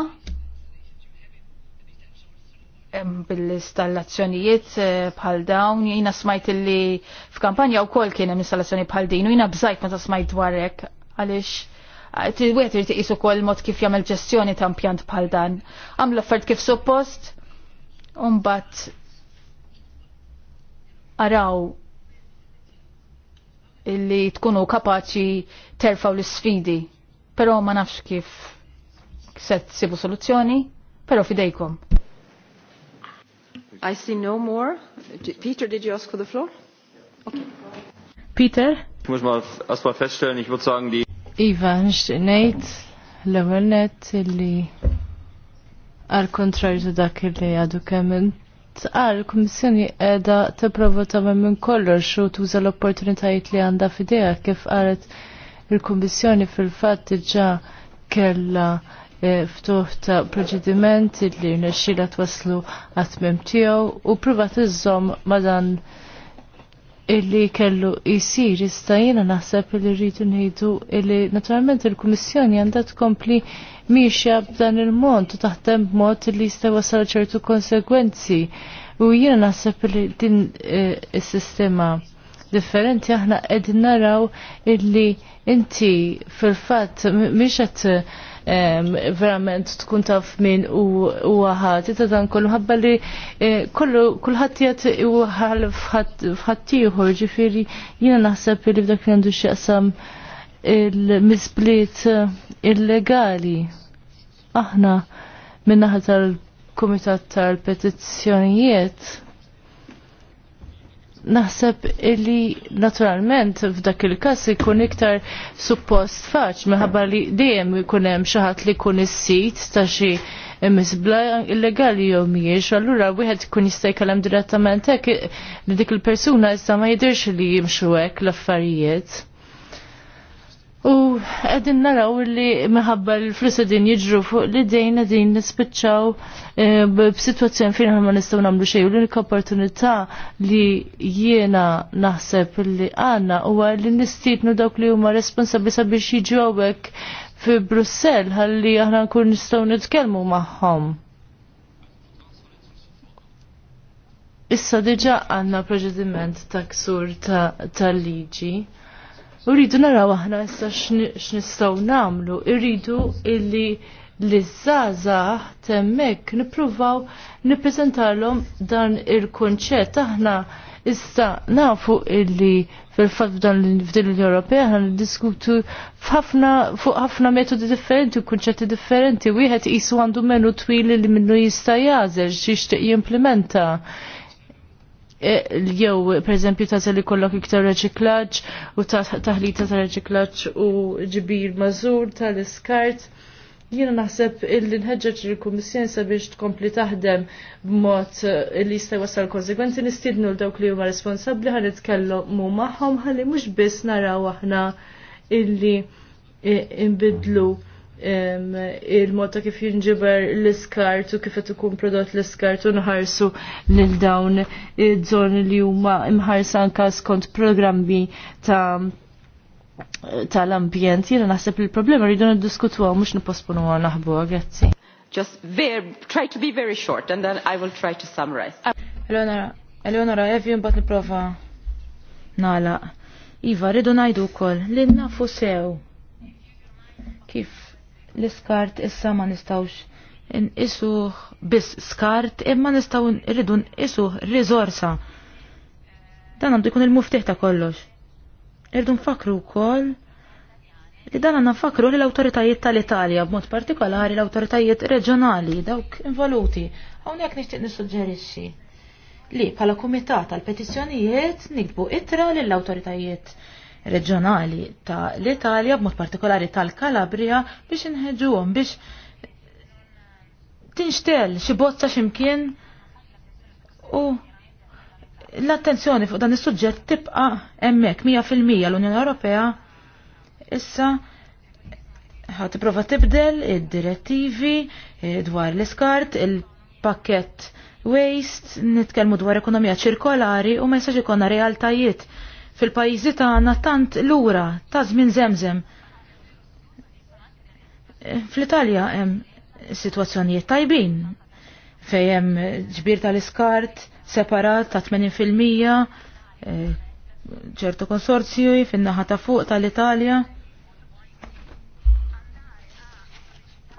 Speaker 3: bil-installazzjonijiet eh, bħal dawn, jina smajt illi f'kampanja u kol kienem installazzjoni bħal din, u jina bżajt ma ta' smajt dwarrek, għalix eh, t għet irti jisu kol mod kif jamel ġestjoni ta' impjant bħal dan. Għam l-offert kif suppost, bat araw illi tkunu kapaċi terfaw l-sfidi. Pero ma nafx kif se tsibu soluzzjoni, pero fidejkom. I see no more. Peter, did you ask for the floor? Okay. Peter? Ich muss feststellen, ich würde sagen, die...
Speaker 2: Iva, nishtiq nejt, l-ewel illi għal kontrarju dak illi għadu tqal kummissjoni qiegħda tipprova tagħmel minn kollox u tuża l-opportunitajiet li għandha f'idejha kif qalet il-kummissjoni fil-fatt diġà kellha e, ftuħ ta' proċediment li nexxila twaslu għatmim tiegħu u provat iżżomm ma' dan illi kellu jisir jista' jiena naħseb li rridu ngħidu illi naturalment il-Kummissjoni għandha tkompli miexja b'dan il mont u taħtem b'mod li jista' wasal ċertu konsegwenzi. U jiena naħseb li din e, is-sistema differenti aħna qegħdin naraw illi inti fil-fatt miex qed verament tkun taf min u għahat. Ita dan kollu ħabba li e, kollu kullħat jgħat u għal fħattijħor ġifiri jina naħseb li f'dak li għandu xieqsam il-misbliet illegali. Aħna minna tal-Komitat tal-Petizzjonijiet naħseb illi naturalment f'dak il-każ ikun iktar suppost faċ minħabba li dejjem ikun hemm xi ħadd li jkun is-sit ta' xi misbla illegali jew mhijiex, allura wieħed ikun jista' jkellem direttament hekk li dik il-persuna issa ma jidhirx li jimxu hekk l-affarijiet. U għedin naraw li meħabba l-flus għedin jġru fuq li dejn għedin nispiċċaw eh, b situazzjon fejn ma nistaw namlu xej. U l-unika opportunità li jiena naħseb li għanna u li nistitnu dawk li huma responsabli sabiex jiġu għawek fi Brussel għalli aħna nkun nistaw nitkelmu maħħom. Issa diġa għanna proġediment ta' ksur ta' liġi. Ta Uridu naraw aħna issa x'nistgħu nagħmlu, irridu illi l-żgħażagħ temmek nippruvaw nippreżentalhom dan il-kunċett aħna issa nafu illi fil-fatt f'dan l-Fdil Ewropea aħna diskutu f'ħafna fuq ħafna metodi differenti u kunċetti differenti wieħed qisu għandu menu twil li minnu jista' jażel xi jimplementa jew pereżempju ta' li kollok iktar reċiklaġġ u taħlita ta' reċiklaġġ u ġbir mażur tal-iskart. Jiena naħseb illi nħeġġeġ l kummissjoni sabiex tkompli taħdem b'mod eh, li jista' jwassal konsekwenzi nistiednu l dawk li huma responsabbli ħalli tkellmu magħhom ħalli mhux biss naraw aħna illi eh, inbidlu il-mod ta' kif jinġiber l-iskart u kif qed ikun prodott l-iskart u nħarsu lil dawn id żoni li huma imħarsa anka skont programmi ta' tal-ambjent. Jiena naħseb li l-problema rridu niddiskutuha mhux nipposponuha naħbuha, għazzi. Just very, try to be
Speaker 1: very short and then I will try to summarize. Eleonora, Eleonora, jef jimbat niprofa nala. Iva, rridu najdu kol, l-inna sew. Kif l-iskart issa ma nistawx isuħ biss skart imma nistaw irridu isuħ rizorsa. Dan għandu jkun il-muftiħ ta' kollox. Irridu nfakru wkoll li dan għanna nfakru li l-autoritajiet tal-Italja b'mod partikolari l-autoritajiet reġjonali dawk involuti. Hawnhekk nixtieq nissuġġerixxi li bħala kumitat tal-petizzjonijiet nikbu itra lill-autoritajiet reġjonali ta' l-Italja, b'mod partikolari tal-Kalabria, biex inħeġuhom biex tinxtel xi bozza x'imkien u l-attenzjoni fuq dan is-suġġett tibqa' hemmhekk mija fil-mija l-Unjoni Ewropea issa ħat prova tibdel id-direttivi eh, dwar l-iskart, il-pakket waste, nitkellmu dwar ekonomija ċirkolari u ma jistax ikonna realtajiet fil-pajjiżi tagħna tant lura ta' żmien żemżem. Fl-Italja hemm sitwazzjonijiet tajbin fejn hemm ġbir tal-iskart separat ta' 80% eh, ċertu konsorzju fin-naħa ta' fuq tal-Italja.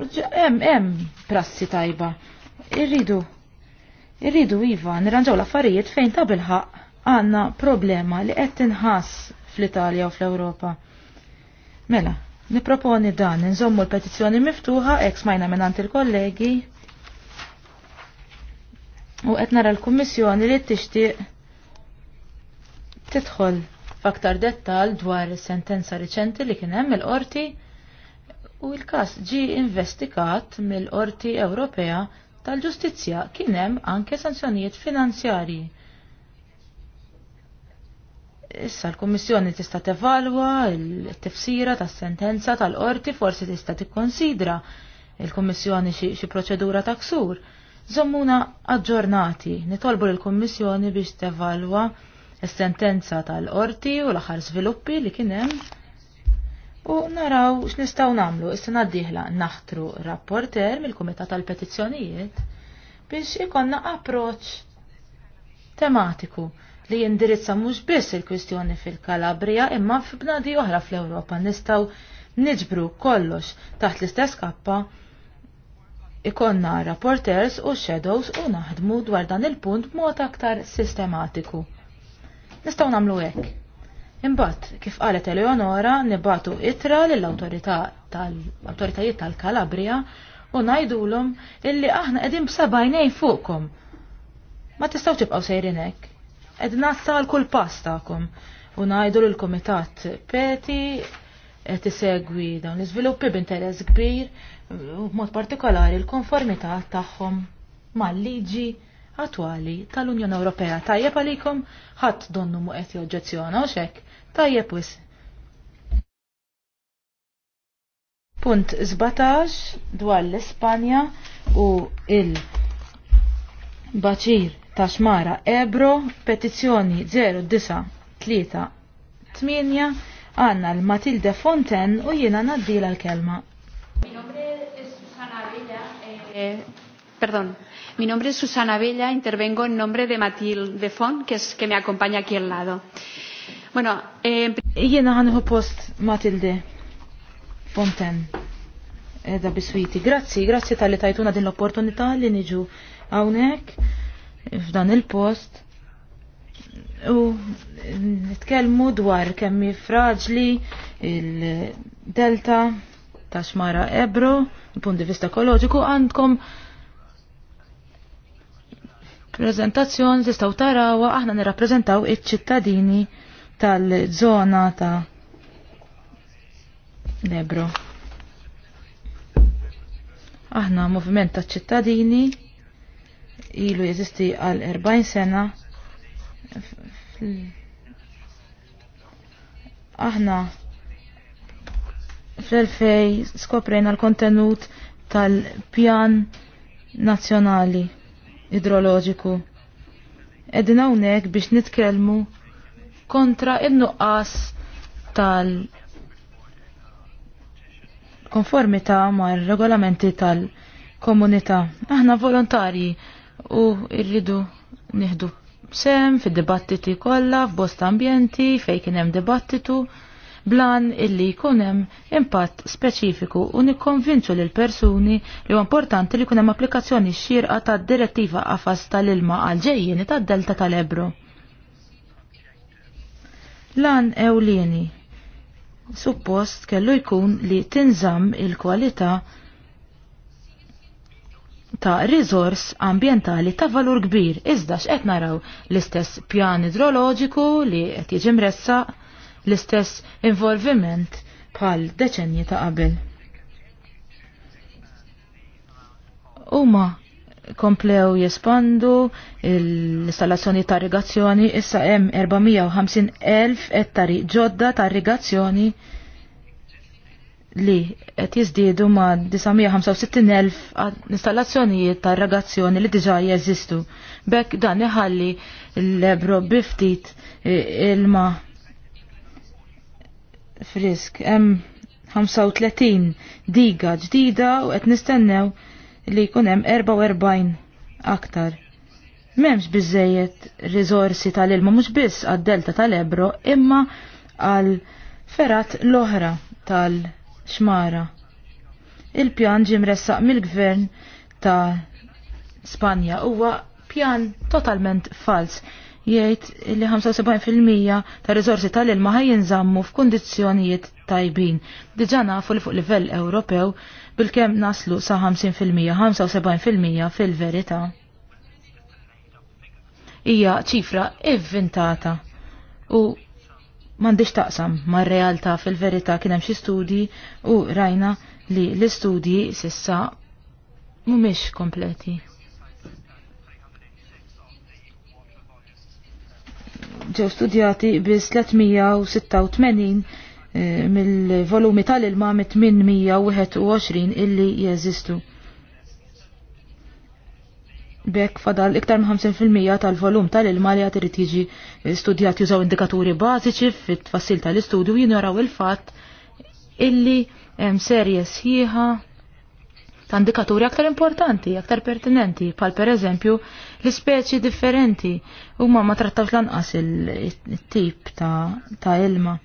Speaker 1: Hemm hemm prassi tajba. Irridu. Irridu, Iva, nirranġaw l-affarijiet fejn ta' ħaq għanna problema li qed tinħass fl-Italja u fl-Ewropa. Mela, niproponi dan, nżommu l-petizzjoni miftuħa, ek smajna minn il-kollegi, u qed nara l-Kummissjoni li tixtieq tidħol f'aktar dettal dwar sentenza riċenti li kien hemm il-qorti u l-każ ġi investigat mill-Qorti Ewropea tal-Ġustizzja kien hemm anke sanzjonijiet finanzjarji Issa l-Kummissjoni tista' tevalwa l-tifsira tas-sentenza tal-qorti forsi tista' tikkonsidra il-Kummissjoni xi proċedura ta' ksur. Żommuna aġġornati, nitolbu l-Kummissjoni biex tevalwa s-sentenza tal-qorti u l-aħħar sviluppi li kien hemm. U naraw x'nistgħu nagħmlu is-sena d naħtru rapporter mill-Kumitat tal-Petizzjonijiet biex ikonna approċċ tematiku li jindirizza mhux biss il-kwistjoni fil-Kalabria imma f'bnadi oħra fl-Ewropa nistgħu niġbru kollox taħt l-istess kappa ikonna rapporters u shadows u naħdmu dwar dan il-punt b'mod aktar sistematiku. Nistgħu nagħmlu hekk. Imbagħad, kif qalet Eleonora, nibatu itra lill-awtorità tal-awtoritajiet tal-Kalabria u ngħidulhom illi aħna qegħdin b'sebajnej fuqkom. Ma tistgħu tibqgħu sejrin hekk Ed nassa l-kull pass ta'kom u najdu l-komitat peti qed segwi dawn l-iżviluppi b'interess kbir u b'mod partikolari l-konformità tagħhom mal-liġi attwali tal-Unjoni Ewropea. Tajjeb għalikom ħadd donnu mu qed joġġezzjona u xek. Tajjeb wis. Punt 17 dwar l-Ispanja u il-Baċir ta' Xmara Ebro, petizzjoni 0938 għanna l-Matilde Fonten u jiena naddila l-kelma. Eh, perdón, mi nombre es Susana Bella, intervengo en nombre de Matilde Font, que es que me acompaña aquí al lado. Bueno, eh, jiena għanħu post Matilde Fonten. Edha biswiti. Grazzi, grazzi tal-li tajtuna din l-opportunità li niġu għawnek f'dan il-post u nitkellmu dwar kemm fraġli il-delta ta' xmara Ebro, punt di vista ekoloġiku għandkom prezentazzjoni tistgħu tarawha aħna nirrappreżentaw iċ-ċittadini tal-żona ta' Ebro. Aħna moviment ta' ċittadini ilu jeżisti għal 40 sena aħna fl-2000 skoprejna l-kontenut tal-pjan nazzjonali idroloġiku. Edin hawnhekk biex nitkellmu kontra in-nuqqas tal- konformità ma' regolamenti tal-komunità. Aħna volontarji u rridu nieħdu sem fid-dibattiti kollha f'bost ambjenti fejn kien hemm dibattitu blan illi jkun hemm impatt speċifiku u nikkonvinċu lil persuni li huwa importanti li jkun hemm applikazzjoni xirqa' tad-direttiva qafas tal-ilma għal ġejjieni tad-delta tal-Ebro. Lan ewlieni suppost kellu jkun li tinżamm il-kwalità ta' rizors ambientali ta' valur kbir, iżda x'qed naraw l-istess pjan idroloġiku li qed jiġi mressa l-istess involviment bħal deċenji ta' qabel. Huma komplew jespandu l-installazzjoni ta' irrigazzjoni issa hemm 450 elf ettari ġodda ta' irrigazzjoni li qed jiżdiedu ma' 965,000 installazzjonijiet ta' irrigazzjoni li diġà jeżistu. Bekk dan iħalli l-ebro biftit ilma frisk. Hemm 35 diga ġdida u qed nistennew li jkun hemm 44 aktar. M'hemmx biżejjed riżorsi tal-ilma mhux biss għad-delta tal-Ebro imma għal ferat l-oħra tal-Ebro xmara. Il-pjan ġim ressaq mill-gvern ta' Spanja huwa pjan totalment fals jgħid li 75% ta' riżorsi tal-ilma ħajjin jinżammu f'kundizzjonijiet tajbin. Diġà nafu li fuq livell Ewropew bil-kemm naslu sa' 50%, 75% fil-verità. Hija ċifra ivvintata u mandiċ taqsam ma' realtà fil-verità kien hemm xi studji u rajna li l-istudji sissa mhumiex kompleti. ġew studjati bi 386 eh, mill-volumi tal-ilma mit 821 illi jeżistu. Bek fadal iktar minn 50% tal-volum tal-ilma li għat irid jiġi studjat jużaw indikaturi bażiċi fit-tfassil tal-istudju jinoraw il-fatt illi hemm serje sħiħa ta' indikaturi aktar importanti, aktar pertinenti, pal per eżempju l-speċi differenti huma ma trattawx lanqas il-tip ta', ilma.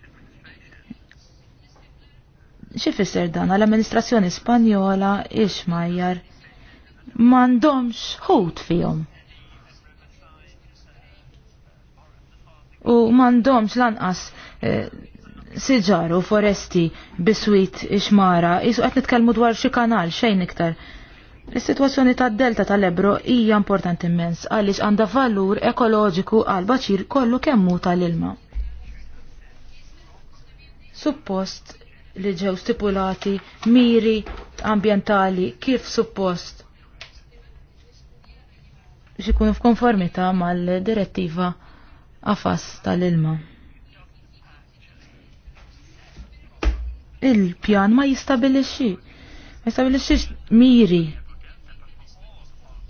Speaker 1: X'ifisser dan għall-amministrazzjoni Spanjola ix majjar mandomx ħut fihom. U mandomx lanqas eh, siġar u foresti biswit ixmara, isu qed nitkellmu dwar xi kanal xejn iktar. Is-sitwazzjoni tad-delta tal-Ebro hija importanti immens għaliex għandha valur ekoloġiku għal baċir kollu kemmu tal-ilma. Suppost li ġew stipulati miri ambientali kif suppost biex ikunu f'konformità mal-direttiva AFAS tal-ilma. Il-pjan ma jistabilixxi. Ma jistabilixi miri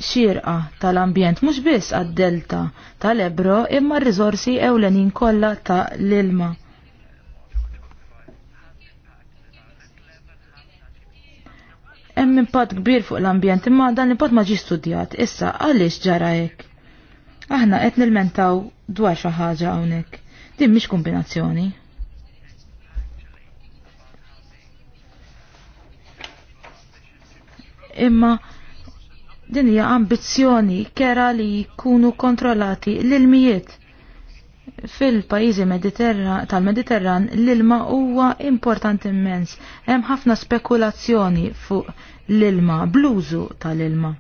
Speaker 1: xirqa tal-ambjent mhux biss għad-delta tal-Ebro imma r rizorsi ewlenin kollha ta' l-ilma. hemm impatt kbir fuq l-ambjent imma dan l-impatt ma ġi studjat. Issa għaliex ġara hekk? Aħna qed nilmentaw dwar xi ħaġa hawnhekk. Din mhix kombinazzjoni. Imma din hija ambizzjoni kera li jkunu kontrollati lil mijiet fil-pajizi tal-Mediterran l-ilma huwa importanti immens. Hemm ħafna spekulazzjoni fuq l-ilma, bluzu tal-ilma.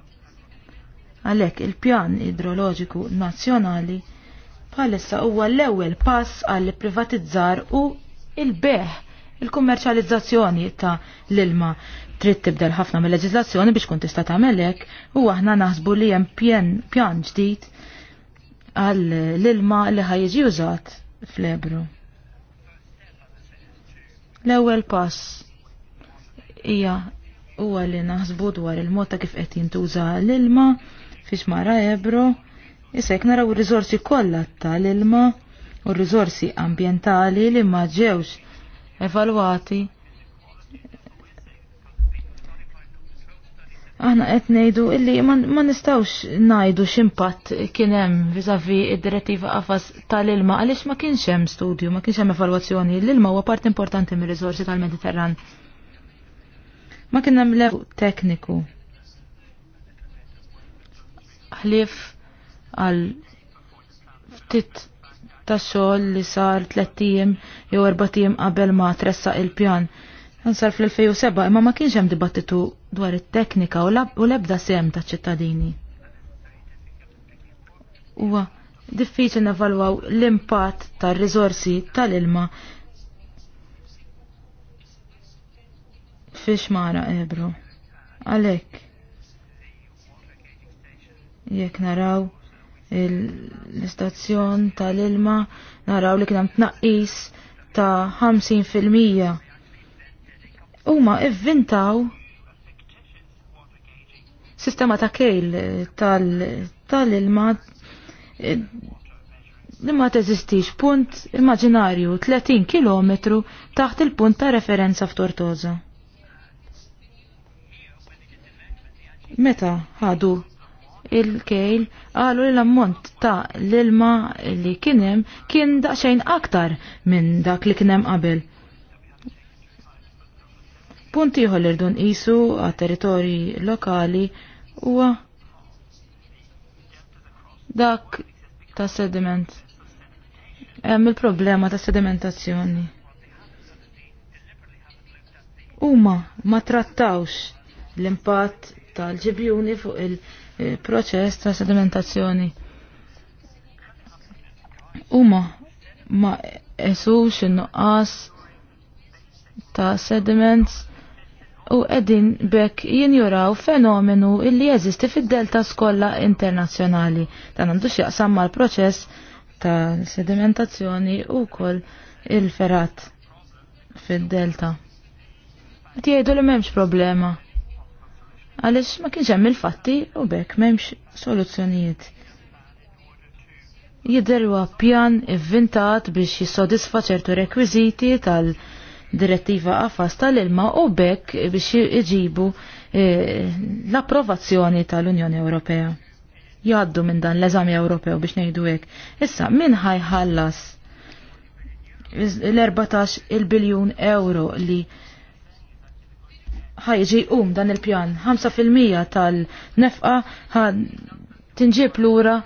Speaker 1: Għalhekk il-pjan idroloġiku nazzjonali bħalissa huwa l-ewwel pass għall privatizzar u il-beħ il-kummerċjalizzazzjoni ta' l-ilma. Trid tibdel ħafna mill-leġiżlazzjoni biex kun tista' tagħmel hekk u aħna naħsbu li hemm pjan ġdid għal l-ilma li ħajġi użat fl-Ebru. L-ewwel pass hija huwa li naħsbu dwar il-mod ta' kif qed jintuża l-ilma fiex mara ebru, issa jekk naraw r-rizorsi kollha tal-ilma u r rizorsi ambjentali li ma ġewx evalwati Aħna qed ngħidu illi ma nistgħux ngħidu x'impatt kien hemm viżavi id-direttiva qafas tal-ilma għaliex ma kienx hemm studju, ma kienx hemm evalwazzjoni. L-ilma huwa part importanti mir-riżorsi tal-Mediterran. Ma kien hemm lew tekniku. Ħlief għal ftit ta' xogħol li sar tliet ijiem jew erba' ijiem qabel ma tressaq il-pjan. Nsar fl-2007 imma ma kienx hemm dibattitu dwar it-teknika u l-ebda sem ta' ċittadini. Huwa diffiċli nevalwaw l-impatt tar rizorsi tal-ilma fiex mara ebru. Għalhekk jekk naraw l-istazzjon tal-ilma naraw li kien hemm tnaqqis ta' 50 fil-mija. Huma sistema ta' kejl tal-ilma eh, li ma teżistix punt immaġinarju 30 km taħt il-punt ta' referenza f'Tortoza. Meta ħadu il-kejl qalu li l-ammont ta' l-ilma li kienem kien daqsxejn aktar minn dak li kienem qabel. Punt ieħor li rdun għat territorji lokali huwa dak ta' sediment. Hemm il-problema ta' sedimentazzjoni. Huma ma trattawx l-impatt tal-ġibjuni fuq il-proċess ta' sedimentazzjoni. Huma ma esux in-nuqqas ta' sediments u edin bekk jinjuraw fenomenu illi jeżisti fid-delta skolla internazzjonali dan għandu xjaqsam mal proċess ta' sedimentazzjoni u kol il-ferat fid-delta. Għet jgħidu li memx problema. Għalix ma kienx hemm il-fatti u bekk memx soluzzjonijiet. Jidderwa pjan ivvintat biex jissodisfa ċertu rekwiziti tal- direttiva għafas tal-ilma u bekk biex iġibu eh, l-approvazzjoni tal-Unjoni Ewropea. Jaddu minn dan l-eżami Ewropew biex ngħidu hekk. Issa min ħajħallas l-14 il-biljun euro li ħajġi um dan il-pjan. 5% tal-nefqa tinġib lura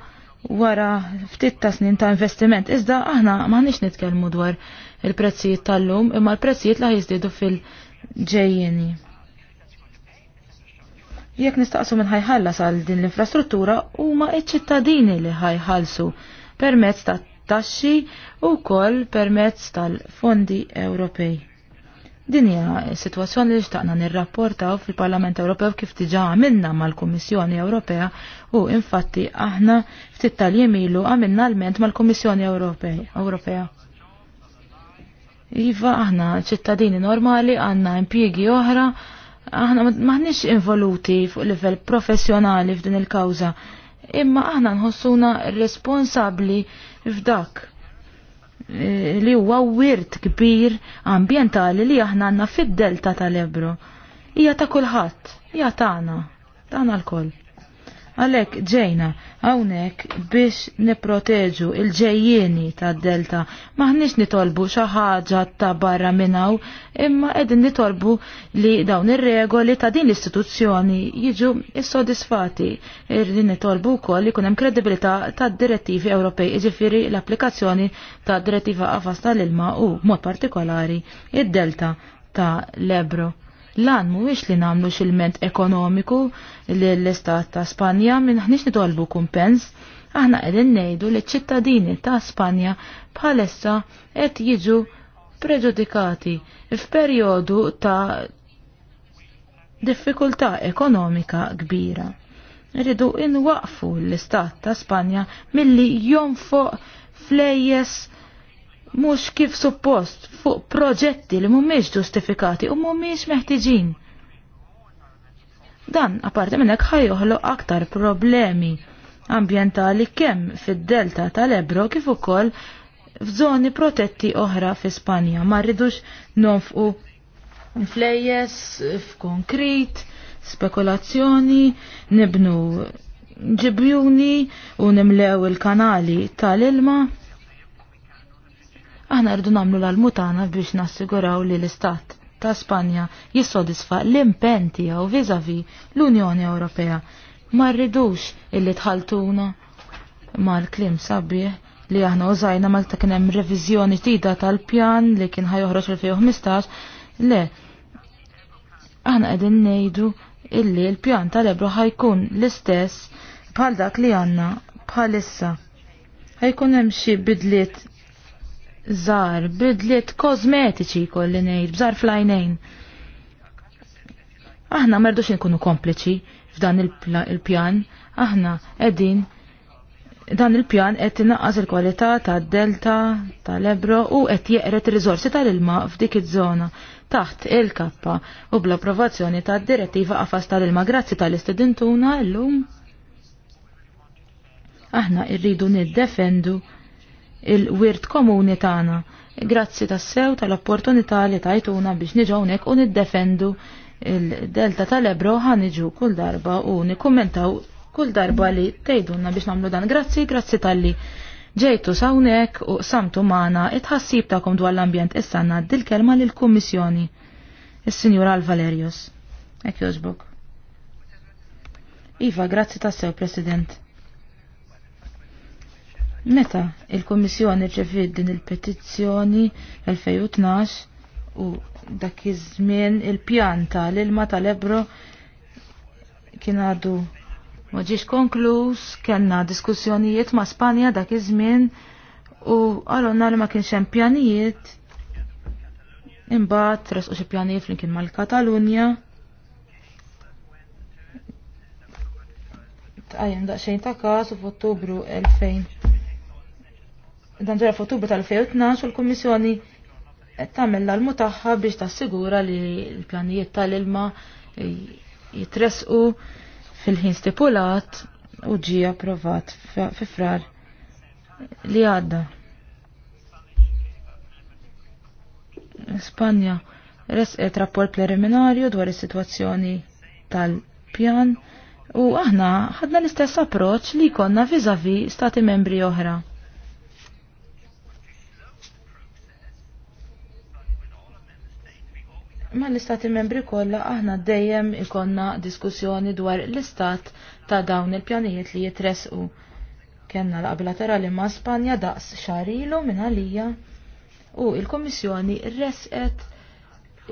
Speaker 1: wara ftit ta' snin ta' investiment. Iżda aħna maħniex nitkellmu dwar il-prezzijiet tal-lum imma l-prezzijiet la jiżdiedu fil-ġejjeni. Jekk nistaqsu minn ħajħallas għal din l-infrastruttura huma iċ-ċittadini li ħajħallsu permezz ta' taxxi u koll permezz tal-fondi Ewropej. Din hija sitwazzjoni li xtaqna nirrapportaw fil-Parlament Ewropew kif diġà għamilna mal-Kummissjoni Ewropea u infatti aħna ftit tal-jemilu għamilna l-ment mal-Kummissjoni Ewropea. Iva, aħna ċittadini normali, għanna impjiegi oħra, aħna maħnix involuti fuq livell professjonali f'din il-kawza, imma aħna nħossuna responsabli f'dak e, li huwa wirt kbir ambientali li aħna għanna fid-delta tal-Ebro. Hija ta' kulħadd, hija tagħna, tagħna l-koll. Għalek ġejna għawnek biex niproteġu il-ġejjeni ta' delta maħnix nitolbu xaħġa ta' barra minnaw imma edin nitolbu li dawn ir-regoli ta' din l-istituzzjoni jiġu is-sodisfati irri nitolbu kol li kunem kredibilità ta' direttivi Ewropej iġifiri l-applikazzjoni ta' direttiva għafas tal-ilma u mod partikolari id-delta ta' lebro. ebro Lan mhuwiex li nagħmlu xilment ekonomiku l-Istat ta' Spanja minn ħniex nitolbu kumpens, aħna qegħdin ngħidu li ċ-ċittadini ta' Spanja bħalissa qed jiġu preġudikati f'perjodu ta' diffikultà ekonomika kbira. Rridu inwaqfu l-Istat ta' Spanja milli jonfoq flejjes mhux kif suppost fuq proġetti li mhumiex ġustifikati u mhumiex meħtieġin. Dan apparti minn hekk ħajjoħloq aktar problemi ambjentali kemm fid-delta tal-Ebro kif ukoll f'żoni protetti oħra fi Spanja. Ma rridux nonfqu flejjes f'konkrit, spekulazzjoni, nibnu ġibjuni u nimlew il-kanali tal-ilma Aħna rridu nagħmlu l-mutana biex nassiguraw li l-Istat ta' Spanja jissodisfa l-impen tiegħu viżavi l-Unjoni Ewropea. Ma rridux illi tħaltuna mal-klim sabiħ li aħna użajna mal ta' kien hemm reviżjoni tida tal-pjan li kien ħajoħroġ fil-2015. Le, aħna qegħdin ngħidu illi l-pjan tal-ebru ħajkun l-istess bħal dak li għandna bħalissa. Ħajkun hemm xi bidliet Zar, bidliet kozmetiċi kolli ngħid, bżar flajnejn. Aħna merdux inkunu kompliċi f'dan il-pjan, aħna qegħdin dan il-pjan qed inaqqas il-kwalità tad-delta tal-ebro u qed jeqret ir-riżorsi tal-ilma f'dik iż-żona taħt il-kappa u bl-approvazzjoni tad-direttiva qafas tal-ilma grazzi tal-istudentuna llum. Aħna rridu niddefendu il-wirt komuni tagħna. Grazzi tassew tal-opportunità li tajtuna biex niġu u niddefendu il-delta tal-Ebro ħaniġu kull darba u nikkummentaw kull darba li tgħidulna biex nagħmlu dan. Grazzi, grazzi tal-li ġejtu sawnek u samtu maħna itħassib ta'kom dwar l-ambjent issa ngħaddi kelma li lill-Kummissjoni. il sinjur Al-Valerius. Ek Iva, grazzi tassew, President. Meta il kommissjoni ġevid din il-petizzjoni 2012 u dak iż-żmien il-pjan l ilma tal-Ebro kien għadu ma ġiex konkluż, kellna diskussjonijiet ma' Spanja dak iż-żmien u għalonna li ma kienx hemm pjanijiet imbagħad resqu xi pjanijiet flimkien mal-Katalunja. Tqajjem daqsxejn ta' kas u f'Ottubru 2000 dan ġara f'Ottubru tal-2012 u l-Kummissjoni qed tagħmel l-almu tagħha biex tassigura li l-planijiet tal-ilma jitresqu fil-ħin stipulat u ġie approvat fi frar li għadda. Spanja resqet rapport preliminarju dwar is-sitwazzjoni tal-pjan u aħna ħadna l-istess approċ li konna vizavi stati membri oħra. Ma l-istati membri kollha aħna dejjem ikonna diskussjoni dwar l-istat ta' dawn il-pjanijiet li jitresqu. Kenna l bilaterali ma' Spanja daqs xarilu minn għalija u il komissjoni resqet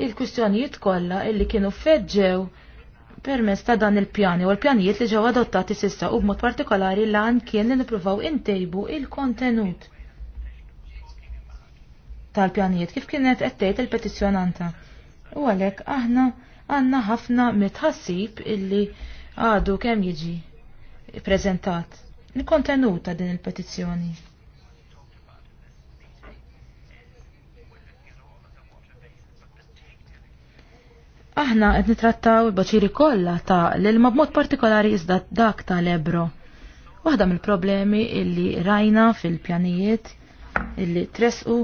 Speaker 1: il-kwistjonijiet kollha illi kienu feġġew permess ta' dan il-pjani u l-pjanijiet li ġew adottati sissa u b'mod partikolari lan kien li nippruvaw intejbu il-kontenut tal-pjanijiet kif kienet qed tgħid il-petizzjonanta. il petizjonanta il petizzjonanta U għalek aħna għanna ħafna mitħassib illi għadu kem jiġi prezentat. Nikontenuta din il petizjoni Aħna qed nitrattaw il-baċiri kollha ta' l-ilma b'mod partikolari iżda dak ta' ebro Waħda mill-problemi illi rajna fil-pjanijiet illi tresqu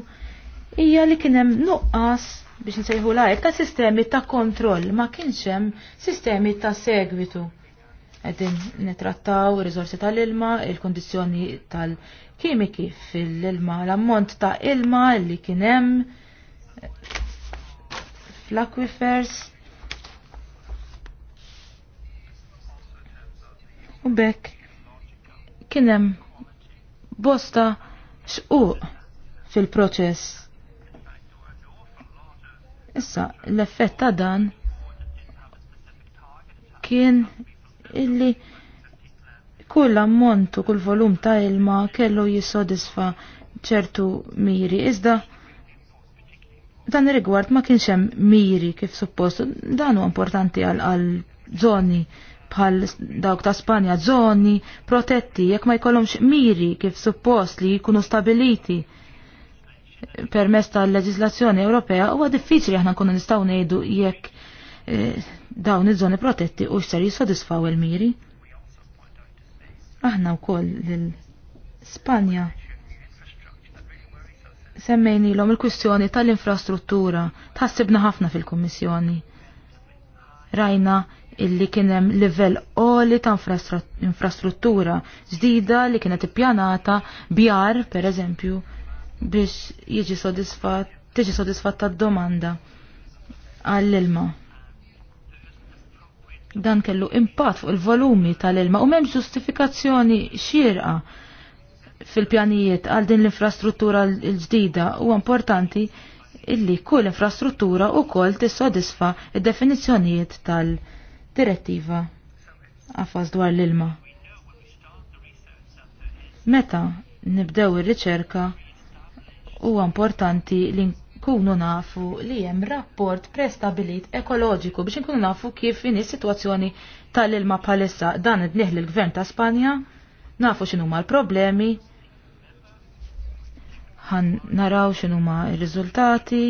Speaker 1: hija li kien hemm nuqqas biex nsejħu lajk ta' sistemi ta' kontroll, ma kienx hemm sistemi ta' segwitu. Għedin netrattaw ir-riżorsi tal-ilma, il kondizjoni tal-kimiki fil-ilma, l-ammont ta' ilma li kien hemm fl-aquifers. U bekk kien hemm bosta xquq fil-proċess Issa, l-effett ta' dan kien illi kull ammontu, kull volum ta' ilma kellu jissodisfa ċertu miri. Iżda, dan rigward ma kienx hemm miri kif suppost, dan huwa importanti għal żoni bħal dawk ta' Spanja, żoni protetti, jekk ma jkollhomx miri kif suppost li jkunu stabiliti permess tal-leġislazzjoni Ewropea huwa diffiċli aħna nkunu nistgħu ngħidu jekk eh, dawn iż-żoni protetti u x'ser jissodisfaw il-miri. Aħna wkoll l-Spanja semmejnilhom il-kwistjoni tal-infrastruttura tħassibna ħafna fil-Kummissjoni. Rajna illi kienem livell qoli ta' infrastruttura ġdida li kienet ippjanata bjar, per eżempju, biex jiġi sodisfat, tiġi sodisfatta d-domanda għall-ilma. Dan kellu impatt fuq il-volumi tal-ilma u memx ġustifikazzjoni xirqa fil-pjanijiet għal din l-infrastruttura l-ġdida u importanti illi kull infrastruttura u kol tissodisfa il definizzjonijiet tal-direttiva għafas dwar l-ilma. Meta nibdew ir-riċerka Huwa importanti li nkunu nafu li hemm rapport prestabilit ekoloġiku biex nkunu nafu kif in is-sitwazzjoni tal-ilma bħalissa dan id l-Gvern ta' Spanja, nafu x'inhuma l-problemi, ħan naraw x'inhuma r-riżultati,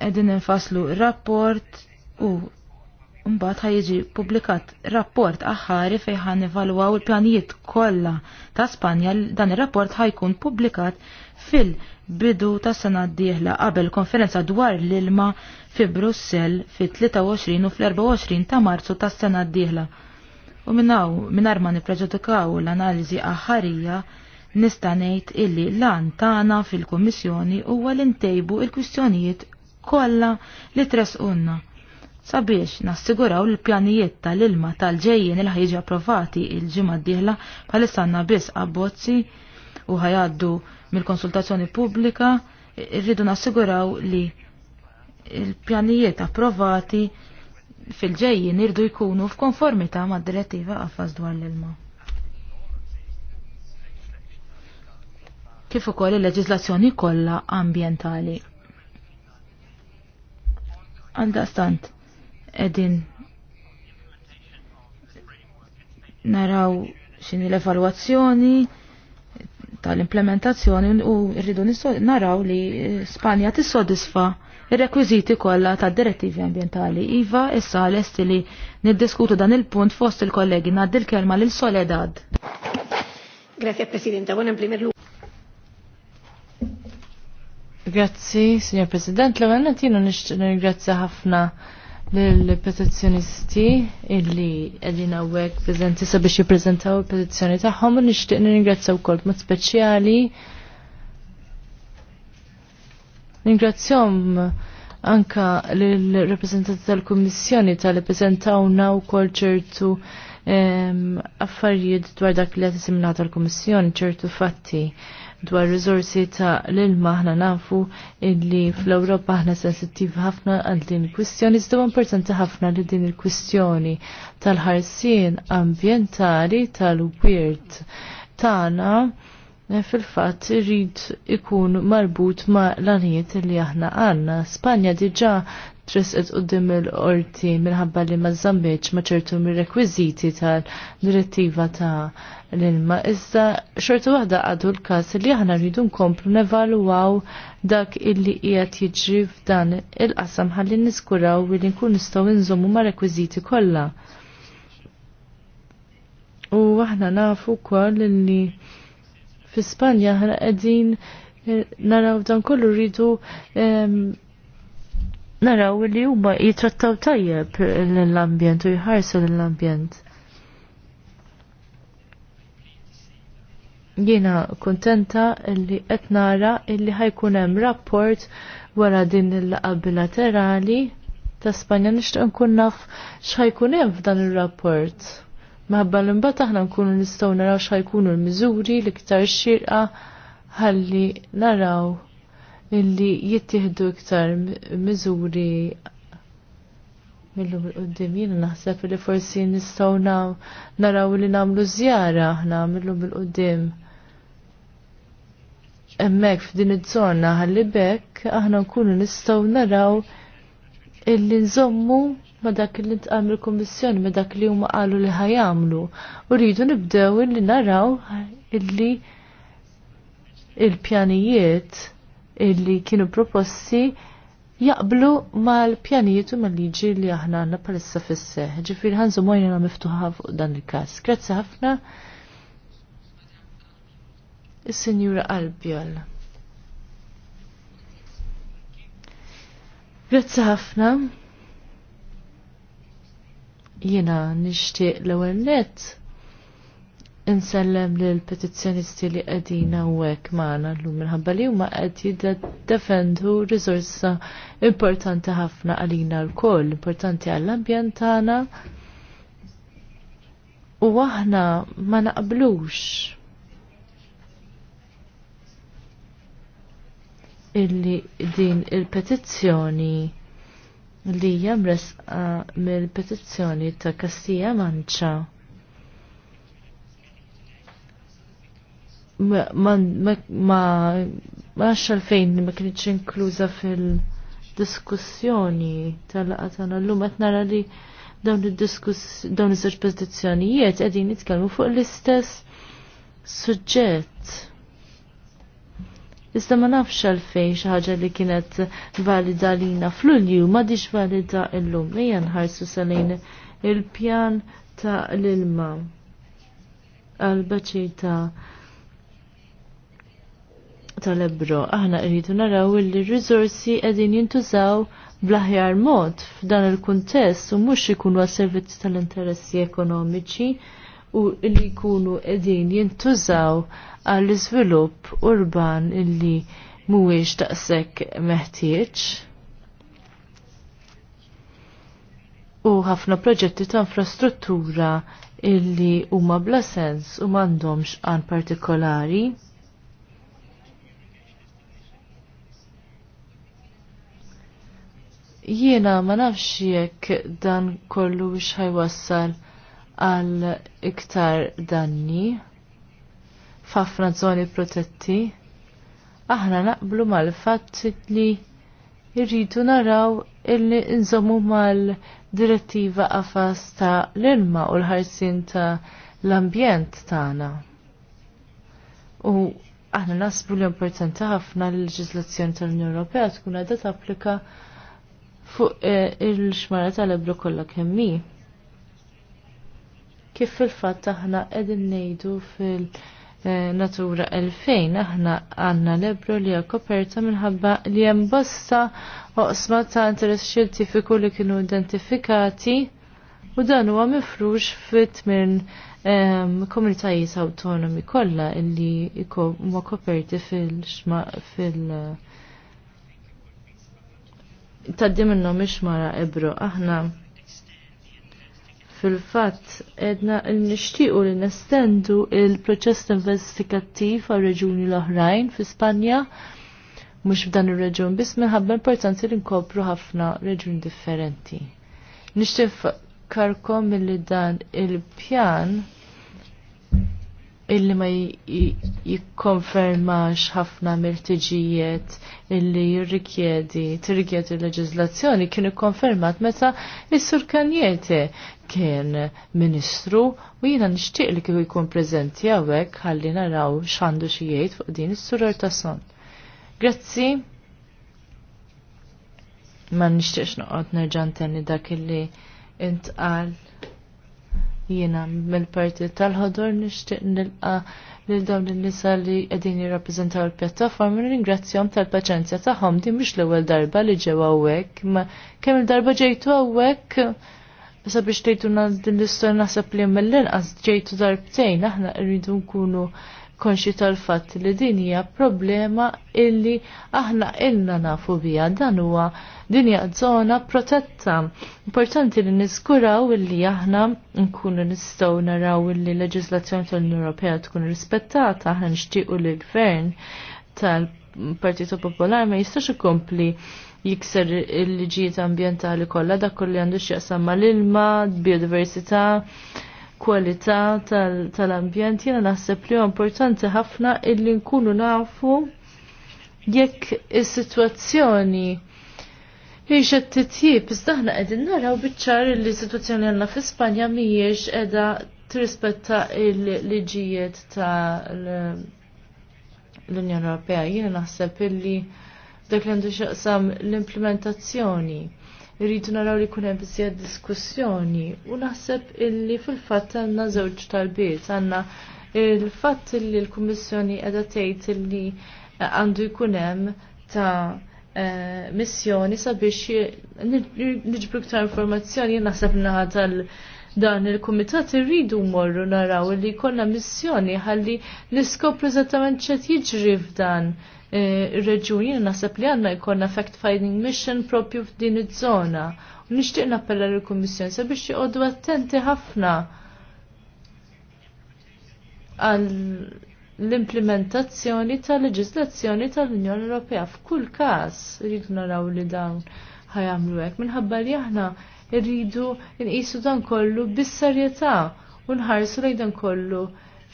Speaker 1: qegħdin infaslu rapport u Mbagħad jiġi publikat rapport aħħari fejn ħan evalwaw il-pjanijiet kollha ta' Spanja dan ir-rapport ħajkun pubblikat fil-bidu ta' sena d-dieħla qabel konferenza dwar l-ilma fi Brussel fit-23 u fl-24 ta' marzu ta' sena d-dieħla. U minnaw, minnar ma nipreġudikaw l-analizi aħħarija nista' ngħid illi lan tagħna fil-Kummissjoni huwa għal ntejbu il-kwistjonijiet kollha li unna. sabiex nassiguraw l-pjanijiet tal-ilma tal ġejjen il ħajġi approvati il-ġimgħa d-dieħla bħalissa għandna biss abbozzi u ħajaddu mill-konsultazzjoni pubblika irridu nassiguraw li il-pjanijiet approvati fil-ġejjin irdu jkunu f'konformità mad direttiva qafas dwar l-ilma. Kif ukoll il leġislazzjoni kollha ambjentali. Għaldaqstant qegħdin naraw x'inhi l-evalwazzjoni, tal-implementazzjoni u rridu naraw li Spanja tissodisfa il rekwiżiti kollha tad-direttivi ambientali. Iva issa l-esti li niddiskutu dan il-punt fost il-kollegi ngħaddi l-kelma l
Speaker 2: Soledad.
Speaker 3: Grazie Presidenta, buona in primer luogo.
Speaker 2: Grazzi, Signor President, l-għanna tino nishtin ħafna l-petizjonisti illi għedin għawek prezenti sabiex jiprezentaw il-petizjoni taħħom u nishtiq ningrazzaw kol mod speċjali. Ningrazzjom anka l-reprezentanti tal-Kommissjoni tal prezentaw naw kol ċertu ehm, affarijiet dwar dak li għatisimna tal-Kommissjoni ċertu fatti dwar rizorsi ta' l-ilma ħna nafu illi fl-Ewropa ħna sensittiv ħafna għal din il-kwistjoni, iżda importanti ħafna li din il-kwistjoni tal-ħarsien ambientali tal-wirt tagħna eh, fil-fatt rrid ikun marbut ma' l-anijiet li aħna għanna. Spanja diġa trisqet qoddim il-qorti minħabba li ma' zambieċ ma' ċertu mir-rekwiziti tal-direttiva ta' l-ilma. Iżda xorta waħda għadu l-kas li aħna rridu nkomplu nevaluaw dak illi qiegħed jiġri f'dan il-qasam ħalli niskuraw li nkun nistgħu nżommu ma' rekwiżiti kollha. U aħna nafu wkoll li fi Spanja aħna qegħdin eh, naraw dan kollu rridu naraw li huma jitrattaw tajjeb l-ambjent u jħarsu l-ambjent. Jiena kontenta illi qed nara illi ħajkun hemm rapport wara din il-laqa bilaterali ta' Spanja nixtieq nkun naf x'ħajkun hemm f'dan ir-rapport. Maħabba l-imbagħad aħna nkunu nistgħu naraw jkunu l-miżuri l-iktar xirqa ħalli naraw illi jittieħdu iktar miżuri millum il qoddim jina naħseb li forsi nistaw naraw li namlu zjara aħna millum bil-qoddim emmek f'din id żona ħalli bekk aħna nkunu nistgħu naraw illi nżommu ma dak li ntqam il-Kummissjoni ma dak li huma qalu li ħajamlu. U rridu nibdew illi naraw illi il-pjanijiet illi kienu proposti jaqblu mal-pjanijiet u mal-liġi li aħna għanna palissa fisse. Ġifir ħanżu mojna miftuħa fuq dan il-kas. Grazzi ħafna is-Sinjura Albjol. Grazzi ħafna. Jiena nixtieq l-ewwel insellem lil petizzjonisti li qegħdin hawnhekk l llum minħabba li huma qed jiddefendu risorsa importanti ħafna għalina lkoll, importanti għall-ambjent U aħna ma naqblux illi din il-petizzjoni li jamres mill-petizzjoni ta' Kastija Manċa ma ma ma xalfejn ma kienx inkluża fil-diskussjoni tal-laqa tagħna llum qed nara li dawn id-diskuss dawn iż-żewġ petizzjonijiet qegħdin fuq l-istess suġġett. Issa ma nafx għalfejn xi ħaġa li kienet valida lina fl-ulju ma diġ valida illum. Ejja nħarsu salin il-pjan ta' l-ilma għal-baċir ta' tal-ebro. Aħna rridu naraw li r-rizorsi qegħdin jintużaw blaħjar mod f'dan il-kuntest u mhux ikunu għas-servizzi tal-interessi ekonomiċi u li jkunu edin jintużaw għall iżvilupp urban illi mhuwiex daqshekk meħtieġ. U ħafna proġetti ta' infrastruttura illi huma bla sens u m'għandhomx għan partikolari. Jiena ma nafx jekk dan kollu x'ħajwassal wassal għal iktar danni f'ħafna zoni protetti. Aħna naqblu mal-fatt li irridu naraw illi nżommu mal-direttiva qafas ta' l-ilma u l-ħarsin ta' l-ambjent tagħna. U aħna nasbu li importanti ħafna l leġislazzjoni tal-Unjoni Ewropea tkun għadha applika fuq eh, il-xmara tal-ebru kollha kemm kif fil-fatt aħna qegħdin ngħidu fil-Natura 2000 aħna għandna l-ebru li hija koperta minħabba li hemm bosta oqsma ta' interess xjentifiku li kienu identifikati u dan huwa mifrux fit minn ehm, komunitajiet autonomi kollha illi huma koperti fil-xma fil taddim minnhom ix-xmara ebru aħna Fil-fatt, edna nishtiqu li nestendu il-proċess investigattiv għal reġuni l-oħrajn fi Spanja, mux f'dan il-reġun, bis minħabba importanti li nkopru ħafna reġuni differenti. Nishtiq karkom li dan il-pjan illi ma jikkonfermax ħafna mirtiġijiet illi jirrikjedi, tirrikjedi l-leġizlazzjoni kien ikkonfermat meta s sur kanjete kien ministru u jiena nixtieq li kieku jkun preżenti hawnhekk ħalli naraw x'għandu xi jgħid fuq din is surur ta' son. Grazzi. Ma nixtieqx noqgħod nerġa' ntenni dak illi intqal jiena mill-partit tal-ħodor nixtieq nilqa lil dawn il-nisa li qegħdin jirrappreżentaw il-pjattaforma ringrazzjom tal-paċenzja tagħhom di mux l-ewwel darba li ġew hawnhekk, ma kemm il-darba ġejtu għawek sabiex tgħidulna din l-istorja naħseb li mill-inqas ġejtu darbtejn aħna rridu nkunu konxi tal-fatt li din hija problema illi aħna ilna nafu biha dan huwa din hija żona protetta. Importanti li niskuraw illi aħna nkunu nistgħu naraw illi l-leġiżlazzjoni tal-Unjoni Ewropea tkun rispettata, aħna nixtiequ li l-gvern tal-Partito Popolar ma jistax ikompli jikser il-liġijiet ambientali kollha dak kolli għandu x'jaqsam mal-ilma, biodiversità, kwalità tal-ambjent. Jiena naħseb li importanti ħafna illi nkunu nafu jekk is-sitwazzjoni Ix qed titjib, iżda aħna qegħdin naraw biċ-ċar li situazzjoni għandna fi Spanja mhijiex qiegħda tirrispetta l-liġijiet ta' l-Unjoni Ewropea. Jiena naħseb illi dak li għandu xaqsam l-implementazzjoni. Rridu naraw li kunem bisja diskussjoni u naħseb illi fil-fatt għanna żewġ tal-bit, għanna il-fatt illi l-Kummissjoni għada tejt illi għandu jkunem ta' eh, missjoni sabiex niġbru ktar informazzjoni naħseb naħa tal dan il-komitat irridu morru naraw li konna missjoni ħalli niskopru eżattament ċet jiġri f'dan Eh, reġuni naħseb li għandna jkollna fact-finding mission propju f'din iż-żona. U nixtieq nappella lill-Kummissjoni sabiex joqogħdu attenti ħafna għal l-implementazzjoni tal-leġislazzjoni tal-Unjoni Ewropea. F'kull każ rridu naraw li dawn ħajamlu hekk minħabba li aħna rridu nqisu dan kollu bis-serjetà u nħarsu lejn dan kollu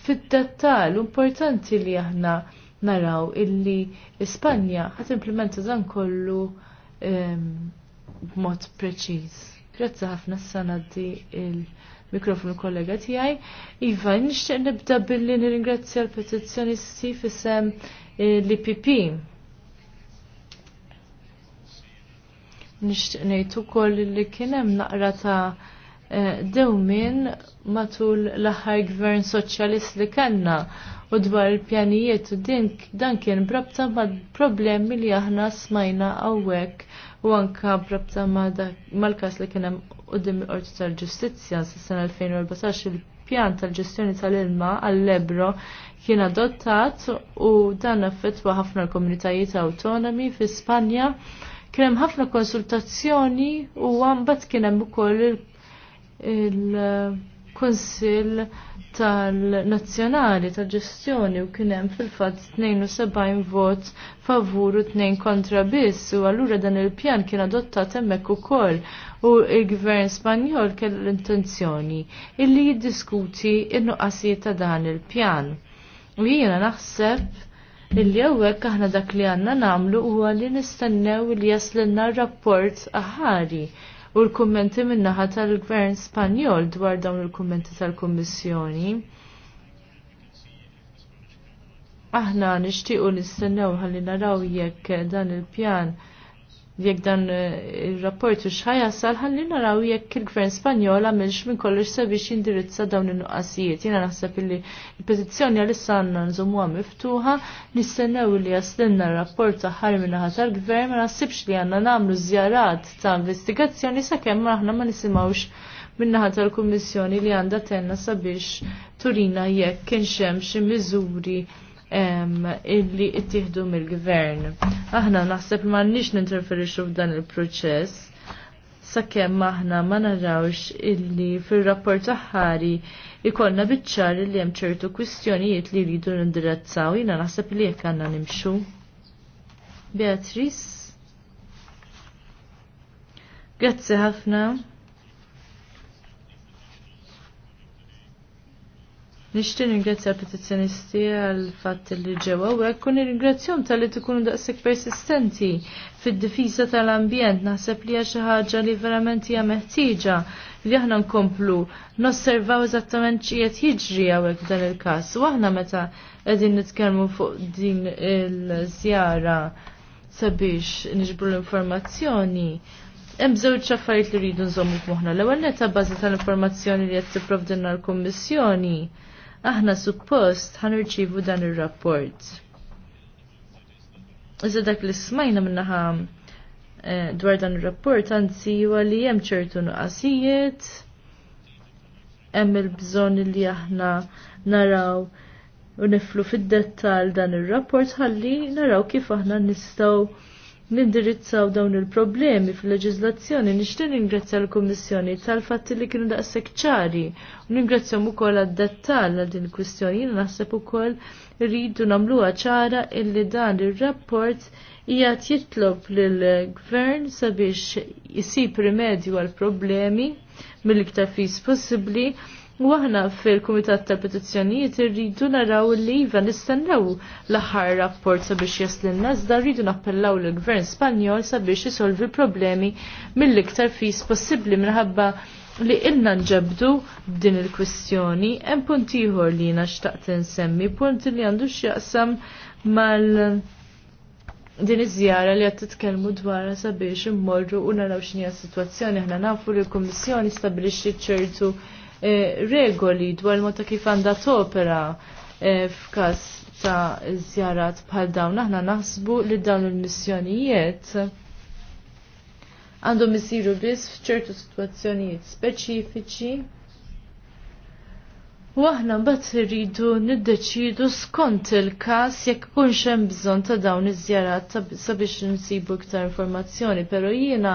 Speaker 2: fid dettall importanti li aħna naraw illi Ispanja għat implementa dan kollu b'mod preċiż. Grazzi ħafna s di il-mikrofonu kollega tiegħi. Iva, nixtieq nibda billi nirringrazzja l-petizzjonisti fisem l-IPP. Nixtieq ngħid ukoll li kien hemm naqra ta' eh, dewmin matul l-aħħar gvern soċjalist li kellna u dwar il-pjanijiet u dink dan kien brabta ma' problemi li aħna smajna għawek u anka brabta mal-kas li kienem u dim il-qorti tal-ġustizja s-sena 2014 il-pjan tal-ġestjoni tal-ilma għall-ebro kien adottat u dan affettwa ħafna l-komunitajiet autonomi fi Spanja kien hemm ħafna konsultazzjoni u mbagħad kien hemm ukoll il-Kunsill il tal-nazzjonali ta' ġestjoni u kienem fil-fat 72 vot favur u 2 kontra biss u allura dan il-pjan kien adottat hemmhekk u u il-gvern spanjol kell l-intenzjoni illi jiddiskuti il-nuqqasijiet ta' dan il-pjan. U jiena naħseb illi għawek aħna dak li għanna namlu u għalli nistennew li jaslilna rapport aħari u l-kummenti ħata tal-Gvern Spanjol dwar dawn il-kummenti tal-Kummissjoni. Aħna nixtiequ nistennew ħalli naraw jekk dan il-pjan jekk dan eh, ir-rapport x'ħaj jasal ħalli naraw jekk il-Gvern Spanjol għamilx minn kollox sabiex jindirizza dawn in-nuqqasijiet. Jiena naħseb illi l-petizzjoni għalissa għandna nżommuha miftuħa, nistennew li jaslinna r-rapport taħħar naħa tal-Gvern ma naħsibx li għandna nagħmlu żjarat ta' investigazzjoni sakemm aħna ma nisimgħux min-naħa tal-Kummissjoni li għandha tenna sabiex turina jekk kien xi miżuri illi ittihdu mill-gvern. Aħna naħseb ma nix ninterferixu f'dan il-proċess sakemm aħna ma narawx illi fir-rapport aħħari ikollna bitċar li hemm ċertu kwistjonijiet li jridu nindirezzaw jiena naħseb li jekk għandna nimxu. Beatrice. Grazzi ħafna. Nishtin ringrazzja l-petizjonisti għal-fat li ġewa u kun ringrazzjom tal-li tkunu daqsik persistenti fil-difisa tal-ambjent. Naħseb li għaxa ħagġa li verament hija meħtieġa li aħna nkomplu nosservaw eżattament xiet jiġri għawek dan il-kas. U aħna meta qegħdin nitkellmu fuq din il zjara sabiex niġbru l-informazzjoni. Hemm żewġ affarijiet li rridu nżommu f'moħħna. L-ewwel netta bażi tal-informazzjoni li qed tipprovdinna l-Kummissjoni aħna suppost ħanirċivu dan ir-rapport. Iżda dak li smajna minnaħa eh, dwar dan ir-rapport għanzi huwa li hemm ċertu nuqasijiet, hemm il bżon li aħna naraw u niflu fid-dettal dan ir-rapport ħalli naraw kif aħna nistgħu nindirizzaw dawn il-problemi fil-leġizlazzjoni. Nixtieq ningrazzja l-Kummissjoni tal-fatt li kienu daqshekk ċari u mu kol għad-dettall għad din il-kwistjoni. Jiena naħseb ukoll rridu nagħmluha ċara illi dan ir-rapport hija jitlob lill-gvern sabiex isib rimedju għal problemi mill-iktar fis possibbli U fil-Kumitat tal-Petizzjonijiet irridu naraw li iva nistennew l-aħħar rapport sabiex jaslinna nazda rridu nappellaw l-Gvern Spanjol sabiex jisolvi problemi mill-iktar fis possibbli minħabba li inna nġebdu din il kwestjoni hemm punt ieħor li jiena xtaqt insemmi, punti li għandu x'jaqsam mal din iż-żjara li qed titkellmu dwarha sabiex immorru u naraw x'inhi s-sitwazzjoni. Aħna nafu li l-Kummissjoni stabbilixxi ċertu Eh, regoli dwar il-mod ta' kif għandha topera eh, f'każ ta' żjarat bħal dawn. Aħna naħsbu li dawn il-missjonijiet għandhom isiru biss f'ċertu sitwazzjonijiet speċifiċi. U aħna mbagħad irridu niddeċidu skont il-każ jekk ikunx hemm bżonn ta' dawn iż-żjarat sabiex insibu iktar informazzjoni, però jiena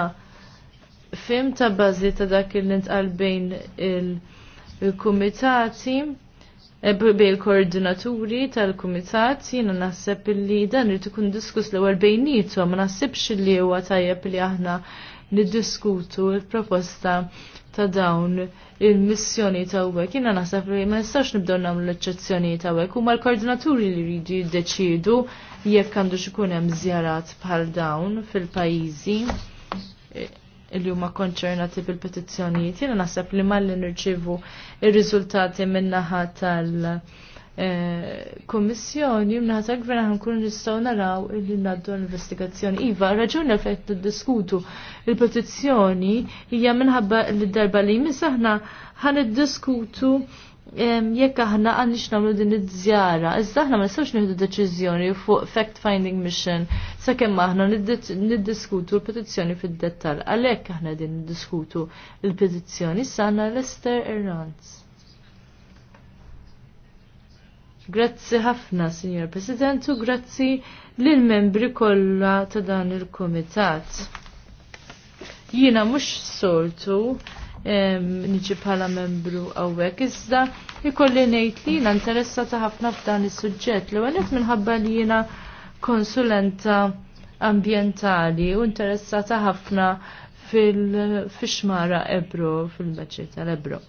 Speaker 2: fim ta' bażi ta' dak il-intqal bejn il-, -il il-kumitati eh, bej il-koordinaturi tal kumitati jiena naħseb li dan irid ikun diskuss l-ewwel bejnietu ma naħsibx li huwa tajjeb li aħna niddiskutu l-proposta ta' dawn il-missjoni ta' għek. Jina naħseb li ma nistax nibdaw nagħmlu l-eċċezzjoni ta' u Huma l-koordinaturi li jridu jiddeċidu jekk għandu xikun hemm żjarat bħal dawn fil-pajjiżi li huma konċernati bil-petizzjonijiet. Jiena naħseb li li nirċivu ir-riżultati min-naħa tal-Kummissjoni, eh, minnaħa tal-Gvern aħna nkunu nistgħu naraw illi ngħaddu investigazzjoni. Iva, raġuni li fejn niddiskutu il-petizzjoni hija minħabba li darba li jmiss aħna ħan iddiskutu jekk aħna nix nagħmlu din iż-żjara, iżda aħna ma nistawx nieħdu deċiżjoni fuq fact-finding mission sakemm aħna niddiskutu l-petizzjoni fid-dettall. Għalhekk aħna din niddiskutu l-petizzjoni sana Lester Irrans. Grazzi ħafna, Signor President, u grazzi lill membri kollha ta' dan il-Kumitat. Jiena mhux soltu niġi bħala membru għawek. Iżda ikolli ngħid li jiena interessata ħafna f'dan is-suġġett li għanet minħabba li jiena konsulenta ambjentali u interessata ħafna fil-fixmara Ebro, fil-Baċċet tal-Ebro.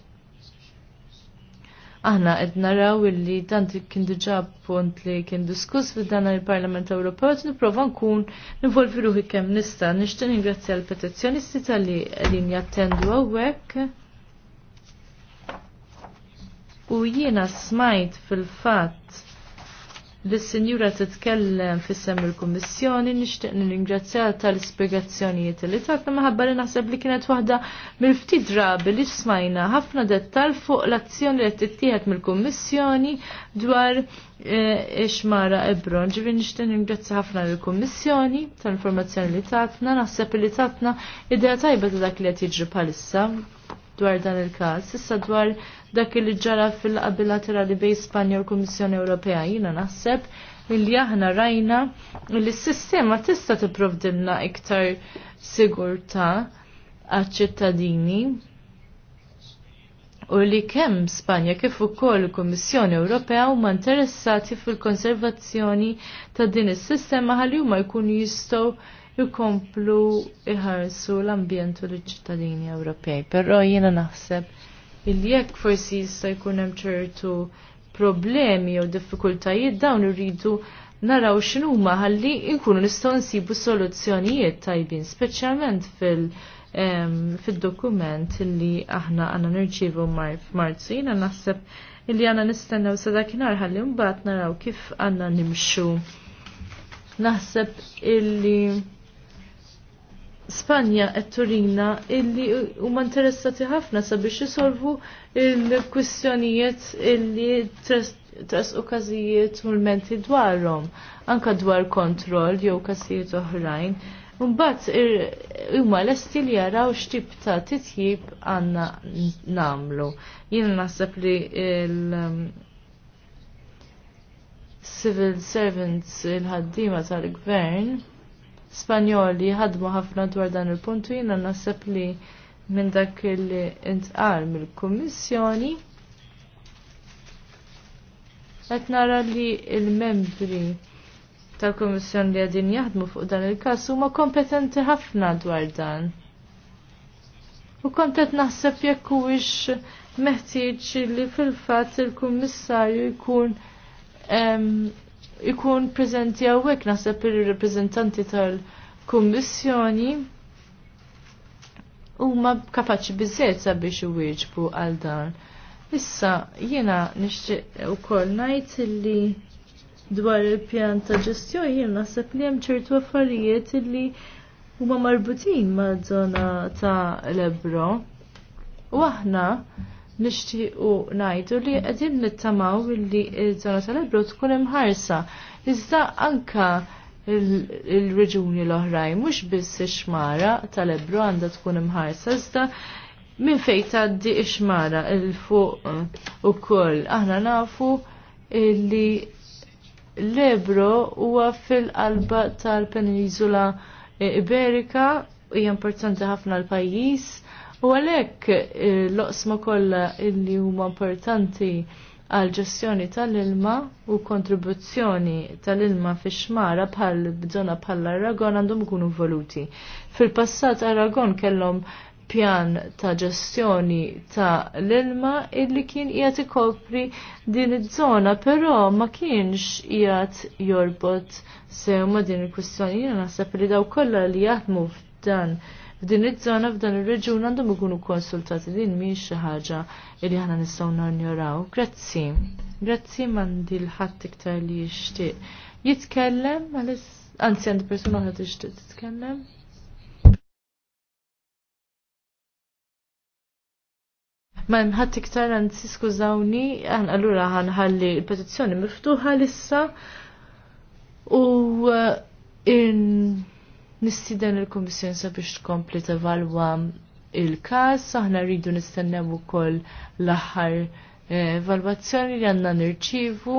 Speaker 2: Aħna qed naraw illi dan kien diġà punt li kien diskuss fid dan il-Parlament Ewropew qed nipprova nkun nivolvi ruħi kemm nista' nixtieq ningrazzja l-petizzjonisti tal-li qegħdin jattendu hawnhekk. U jiena smajt fil-fatt lis-Sinjura titkellem fissem sem il-Kummissjoni nixtieq ingrazzja tal-ispjegazzjonijiet li tatna maħabba li naħseb li kienet waħda mill-ftit drabi li smajna ħafna dettal fuq l-azzjoni li tittieħed mill-Kummissjoni dwar eh, ixmara Ebron. nishtiq n-ingrazzja ħafna l kummissjoni tal-informazzjoni li tatna, naħseb li tatna idea tajba ta' dak li qed jiġri bħalissa dwar dan il-każ, issa dwar dak li ġara fil-laqa bilaterali bej Spanja u l-Kummissjoni Ewropea. Jina naħseb illi aħna rajna li s-sistema tista' tipprovdilna iktar sigurtà għaċ-ċittadini u li kemm Spanja kif ukoll il-Kummissjoni Ewropea huma interessati fil-konservazzjoni ta' din is-sistema ħalli huma jkunu jistgħu jkomplu iħarsu l-ambjent u l-ċittadini Ewropej. Però jiena naħseb il jekk forsi jista' jkun hemm ċertu problemi jew diffikultajiet dawn irridu naraw x'inhuma ħalli nkunu nistgħu nsibu soluzzjonijiet tajbin, speċjalment fil- fil-dokument li aħna għanna nirċivu f'Marzu jina naħseb illi għanna nistennew sa dakinhar ħalli mbagħad naraw kif għanna nimxu. Naħseb illi Spanja qed turina illi huma interessati ħafna sabiex isolvu il-kwistjonijiet illi tres okkażijiet mulmenti dwarhom, anka dwar kontroll jew każijiet oħrajn. Mbagħad huma lesti li jaraw x'tip ta' titjib għandna nagħmlu. Jiena naħseb li il- um, civil servants il-ħaddima tal-gvern Spanjoli ħadmu ħafna dwar dan il puntu jina jiena naħseb li minn dak li intqal mill-Kummissjoni qed nara li l-membri tal-Kummissjoni li għadin jaħdmu fuq dan il-każ huma kompetenti ħafna dwar dan. U kont qed naħseb jekk huwiex meħtieġ li fil-fatt il-Kummissarju jkun ikun prezenti għawek naħseb il-reprezentanti tal-Kummissjoni huma kapaċi biżżejjed sabiex iwieġbu għal dan. Issa jiena nixtieq ukoll ngħid li dwar il-pjan ta' ġestjoni jena naħseb li hemm ċertu affarijiet li huma marbutin ma żona ta' l-Ebro. U aħna nixtiequ ngħidu li qegħdin nittamaw li zona żona tal-Ebru tkun imħarsa. Iżda anka il-reġuni l-oħrajn, mhux biss xmara tal-Ebru għandha tkun imħarsa, iżda minn fejn tgħaddi ixmara xmara il fuq eh, ukoll. Aħna nafu li l-Ebro huwa fil-qalba tal-Peniżula Iberika hija importanti ħafna l-pajjiż U għalhekk eh, l-oqsma kollha illi huma importanti għal ġestjoni tal-ilma u kontribuzzjoni tal-ilma fi xmara bħal bżona bħal Aragon għandhom ikunu voluti. Fil-passat Aragon kellhom pjan ta' ġestjoni ta' l-ilma illi kien qiegħed ikopri din iż-żona, però ma kienx qiegħed jorbot sew ma' din il-kwistjoni. Jiena naħseb li daw kollha li jaħdmu f'dan f'din iż-żona f'dan ir-reġun għandhom ikunu konsultati din mhix xi ħaġa li aħna nistgħu narnjoraw. Grazzi. Grazzi m'għandi l-ħadd iktar li jixtieq jitkellem għaliss anzi għandi persuna oħra tixtieq titkellem. Ma nħat iktar anzi skużawni, għan għallura ħanħalli l petizzjoni miftuħa lissa u uh, in Nistiden il-Komissjon sabiex tkompli tevalwa il-każ, aħna rridu nistennew ukoll l-aħħar evalwazzjoni eh, li għandna nirċivu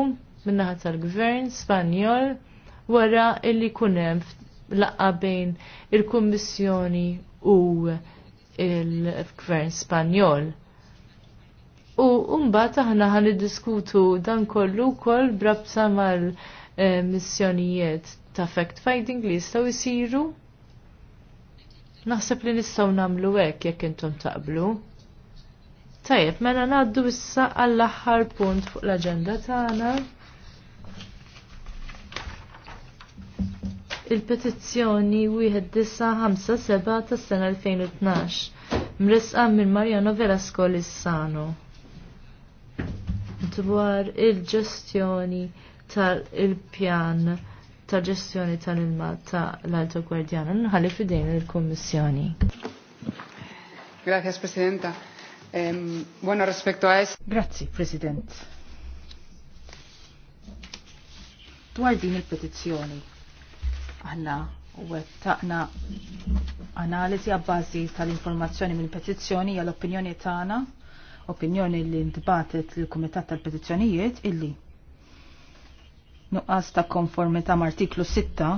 Speaker 2: naħa tal-Gvern Spanjol wara illi kunem laqqa bejn il-Kummissjoni u il-Gvern Spanjol. U mbagħad aħna ħan diskutu dan kollu wkoll b'rabsa mal-missjonijiet eh, ta' fact finding li jistgħu jsiru? Naħseb li nistgħu nagħmlu hekk jekk intom taqblu. Tajjeb, mela ngħaddu issa għall-aħħar punt fuq l-aġenda tagħna. il-petizzjoni 1957 tas sena 2012 mresqa minn Mariano Velasco Lissano dwar il-ġestjoni tal-pjan il ta' ġestjoni tal-ilma ta' l-Alto Gwardjana. Nħalli fidejn il-Kommissjoni. Grazie,
Speaker 3: Presidenta. Um, buona rispetto a es.
Speaker 2: Grazie, President.
Speaker 3: Dwar din il-petizzjoni, aħna wettaqna analizi għabbażi tal-informazzjoni mill petizzjoni għal opinjoni tagħna, opinjoni li ntbatet lill kumitat tal-Petizzjonijiet illi nuqqas ta' konformi ta' artiklu 6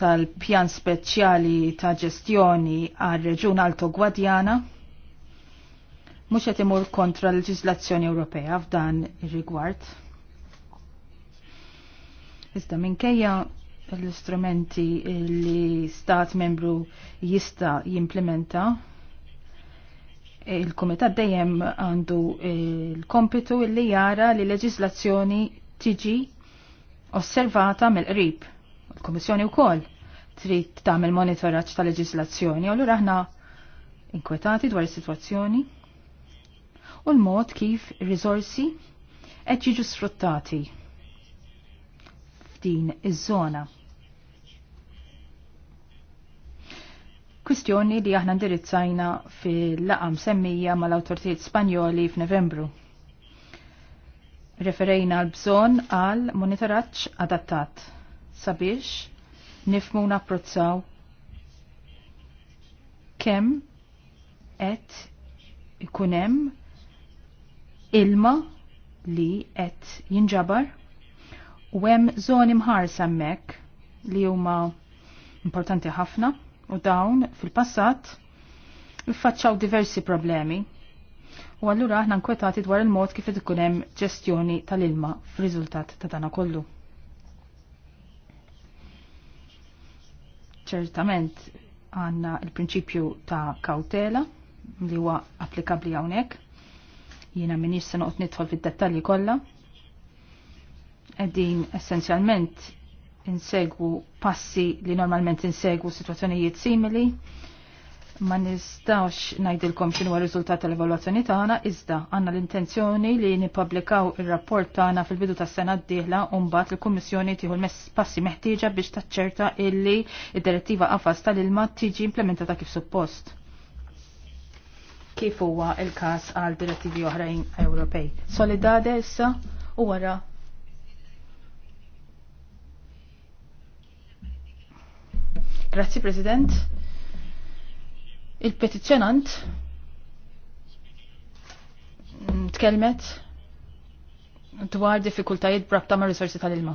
Speaker 3: tal-pjan speċjali ta' ġestjoni għal reġun Alto Gwadjana mhux qed imur kontra l-leġiżlazzjoni Ewropea f'dan ir-rigward. Iżda minkejja l-istrumenti li stat membru jista' jimplementa il kumitat dejjem għandu il-kompitu li jara li leġislazzjoni tiġi osservata mill-qrib. Il-Komissjoni wkoll trid tagħmel monitoraġġ ta' leġislazzjoni, lura aħna inkwetati dwar is-sitwazzjoni u l-mod kif risorsi qed jiġu sfruttati f'din iż-żona. Kwistjoni li aħna ndirizzajna fil-laqam semmija mal awtoritajiet Spanjoli f'Novembru referejna l-bżon għal monitoraċ adattat sabiex nifmu napprozzaw kem et ikunem ilma li et jinġabar u hemm zoni mħarsa hemmhekk li huma importanti ħafna u dawn fil-passat iffaċċaw diversi problemi U allura aħna nkwetati dwar il-mod kif id ikun hemm ġestjoni tal-ilma f'riżultat ta' dana kollu. Ċertament għandna il-prinċipju ta' kautela li huwa applikabbli hawnhekk. Jiena minix se noqgħod nidħol fid-dettalji kollha. Qegħdin essenzjalment insegwu passi li normalment insegwu situazzjonijiet simili ma nistax najdilkom xinu għal rizultat tal-evaluazzjoni tagħna iżda għandna l-intenzjoni li nippubblikaw ir-rapport tagħna fil-bidu tas-sena d-dieħla u mbagħad il-Kummissjoni tieħu l-passi meħtieġa biex taċċerta illi id-direttiva qafas tal-ilma tiġi implementata kif suppost. Kif huwa il-każ għal direttivi oħrajn Ewropej. Solidade issa u wara Grazie President. Il-petizzjonant tkellmet dwar diffikultajiet brabta ma' risorsi tal-ilma.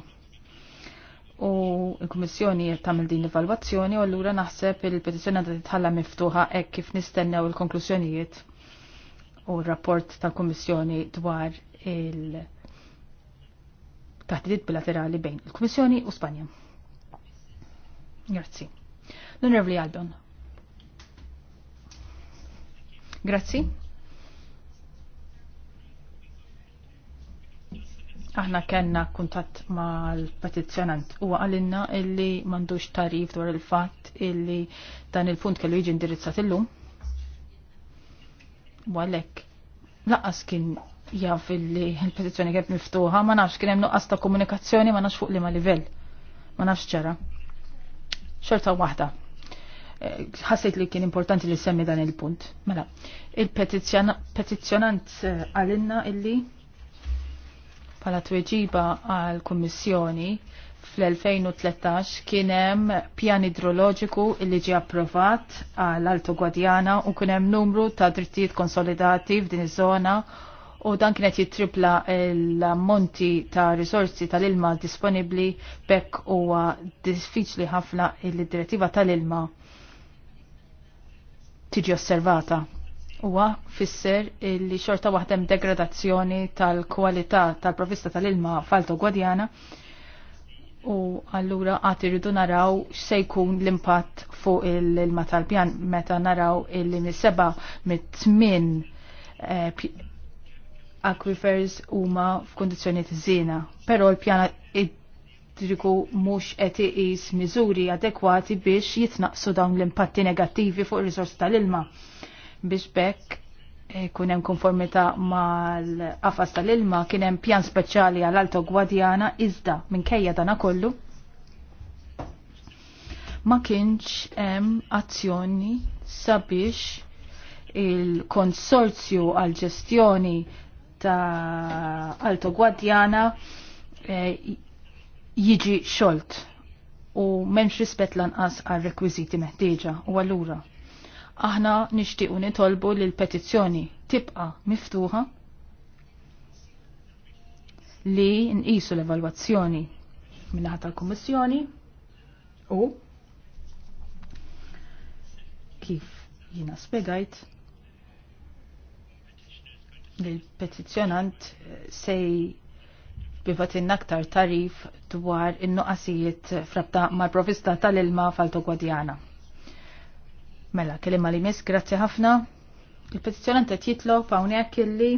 Speaker 3: U l-Kummissjoni qed tagħmel din l-evalwazzjoni u allura naħseb il-petizzjoni qed titħalla miftuħa hekk kif nistennew il-konklużjonijiet u r-rapport tal-Kummissjoni dwar il- taħdidiet bilaterali bejn il-Kummissjoni u Spanja. Grazzi. l Albion. Grazzi. Aħna kellna kuntatt mal-petizzjonant u għalinna illi m'għandux tarif dwar il-fatt illi dan il-punt kellu jiġi indirizzat illum. U għalhekk laqas kien jaf illi il-petizzjoni kienet miftuħa, ma nafx kien hemm nuqqas ta' komunikazzjoni, ma nafx fuq liema livell. Ma nafx ċara. Xorta waħda ħassejt li kien importanti li semmi dan il-punt. Mela, il-petizjonant eh, għalinna illi pala tweġiba għal kummissjoni fl-2013 kienem pjan idroloġiku illi ġi approvat għal Alto Gwadjana u kienem numru ta' drittijiet konsolidati f'din iż-żona u dan kienet jitripla l-ammonti ta' risorsi tal-ilma disponibli bekk huwa diffiċli ħafna il-direttiva tal-ilma tiġi osservata. Huwa fisser li xorta waħdem degradazzjoni tal-kwalità tal-provista tal-ilma falto Gwadjana u allura għati irridu naraw se jkun l-impatt fuq il-ilma tal-pjan meta naraw illi mis-seba mit-tmin eh, akwifers huma f'kundizzjoni żiena, però l-pjana elettriku mhux qed iqis miżuri adekwati biex jitnaqsu dawn l-impatti negattivi fuq ir-riżors tal-ilma. Biex bekk eh, kunem hemm konformità mal-qafas tal-ilma kien hemm pjan speċjali għal Alto Gwadjana iżda minkejja dana kollu ma kienx hemm azzjoni sabiex il-konsorzju għal ġestjoni ta' Alto Gwadjana eh, jiġi xolt u memx rispet lanqas għal rekwiziti meħtieġa u għallura. Aħna nixtiequ nitolbu li l-petizzjoni tibqa miftuħa li nqisu l-evalwazzjoni minnaħa tal-Kummissjoni u kif jina spiegajt li l petizzjonant sej bivatin aktar tarif dwar in-nuqasijiet frabta mal-provista tal-ilma Falto Gwadjana. Mela, kelima li mis, grazzi ħafna. Il-petizjonant qed jitlob hawnhekk illi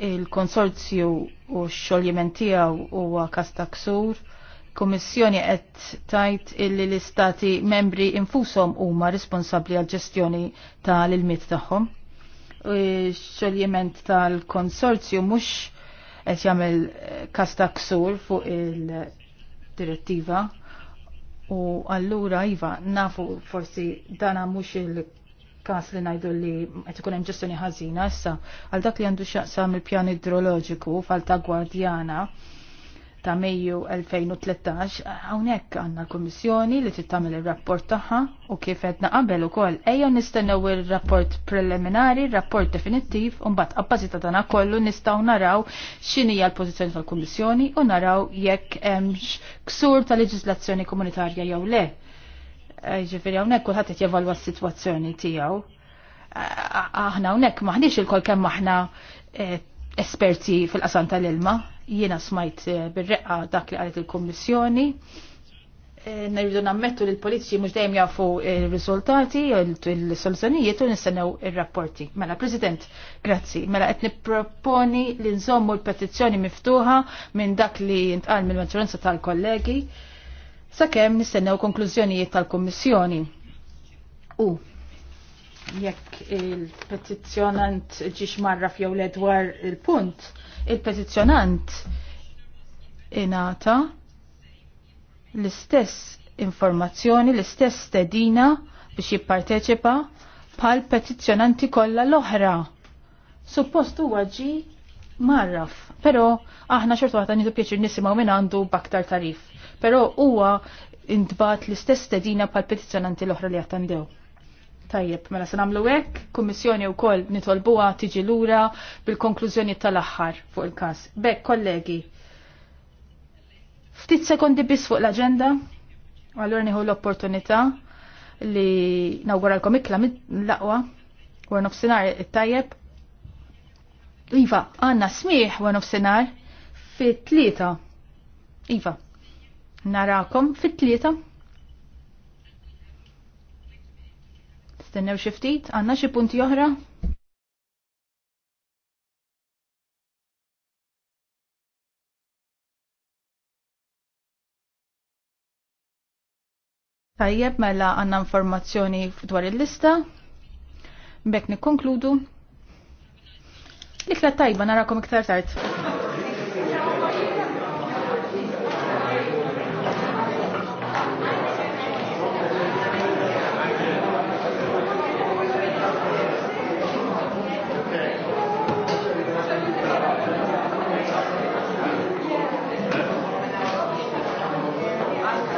Speaker 3: il-konsorzju u x-xogħol tiegħu huwa kastaksur. Kommissjoni qed tajt illi l-istati membri infushom huma responsabbli għal ġestjoni tal-ilmiet tagħhom xoljiment tal-konsorzju mux qed jagħmel eh, kasta ksur fuq il-direttiva u allura iva nafu forsi dana mhux il-każ li ngħidu li qed ikun hemm ġestjoni ħażina issa għal dak li għandu x'aqsam il-pjan idroloġiku f'Alta Gwardjana ta' Mejju 2013 hawnhekk għandna l-Kummissjoni li tagħmel ir-rapport tagħha u kif qed naqabel ukoll ejja nistennew ir-rapport preliminari, rapport definittiv u mbagħad abbażita tagħna kollu nistgħu naraw x'inhi l-pożizzjoni tal-Kummissjoni u naraw jekk hemmx ksur ta' leġislazzjoni komunitarja jew le. Ġifieri hawnhekk kulħadd qed jevalwa s-sitwazzjoni tiegħu. Aħna hawnhekk maħniex il-kol kemm aħna eh, esperti fil-qasam tal-ilma, Jiena smajt eh, bil reqqa dak li qalet il-Kummissjoni. Eh, Nerridu nammettu li l-polizzi mhux dejjem jafu r-riżultati, il-soluzzjonijiet u nistennew ir-rapporti. Mela, President, grazzi. Mela qed nipproponi li nżommu l-petizzjoni miftuħa minn dak li jintqal mill-maġġoranza tal-kollegi sakemm nistennew konklużjonijiet tal-Kummissjoni. U jekk il-petizzjonant ġiex marraf jew l-edwar il-punt, il-petizzjonant inata l-istess informazzjoni, l-istess stedina biex jipparteċipa pal petizzjonanti kollha l-oħra. Suppost huwa ġi marraf, però aħna xorta waħda nidu pieċir nisimgħu minn għandu baktar tarif. Però huwa intbat l-istess stedina pal petizzjonanti l-oħra li attendew. Tajjeb, mela se nagħmlu hekk, kummissjoni wkoll nitolbuha tiġi lura bil-konklużjoni tal-aħħar fuq il-każ. Bekk, kollegi, ftit sekondi biss fuq l-aġenda, allura nieħu l-opportunità li nawguralkom ikla l-aqwa war nofsinhar it-tajjeb. Iva, għandna smieħ war nofsinhar fit-tlieta. Iva, narakom fit-tlieta. Nistennew xi ftit, għandna xi punti oħra? Tajjeb, mela għanna informazzjoni dwar il-lista. Bek nikkonkludu. Likla tajba, narakom iktar tard.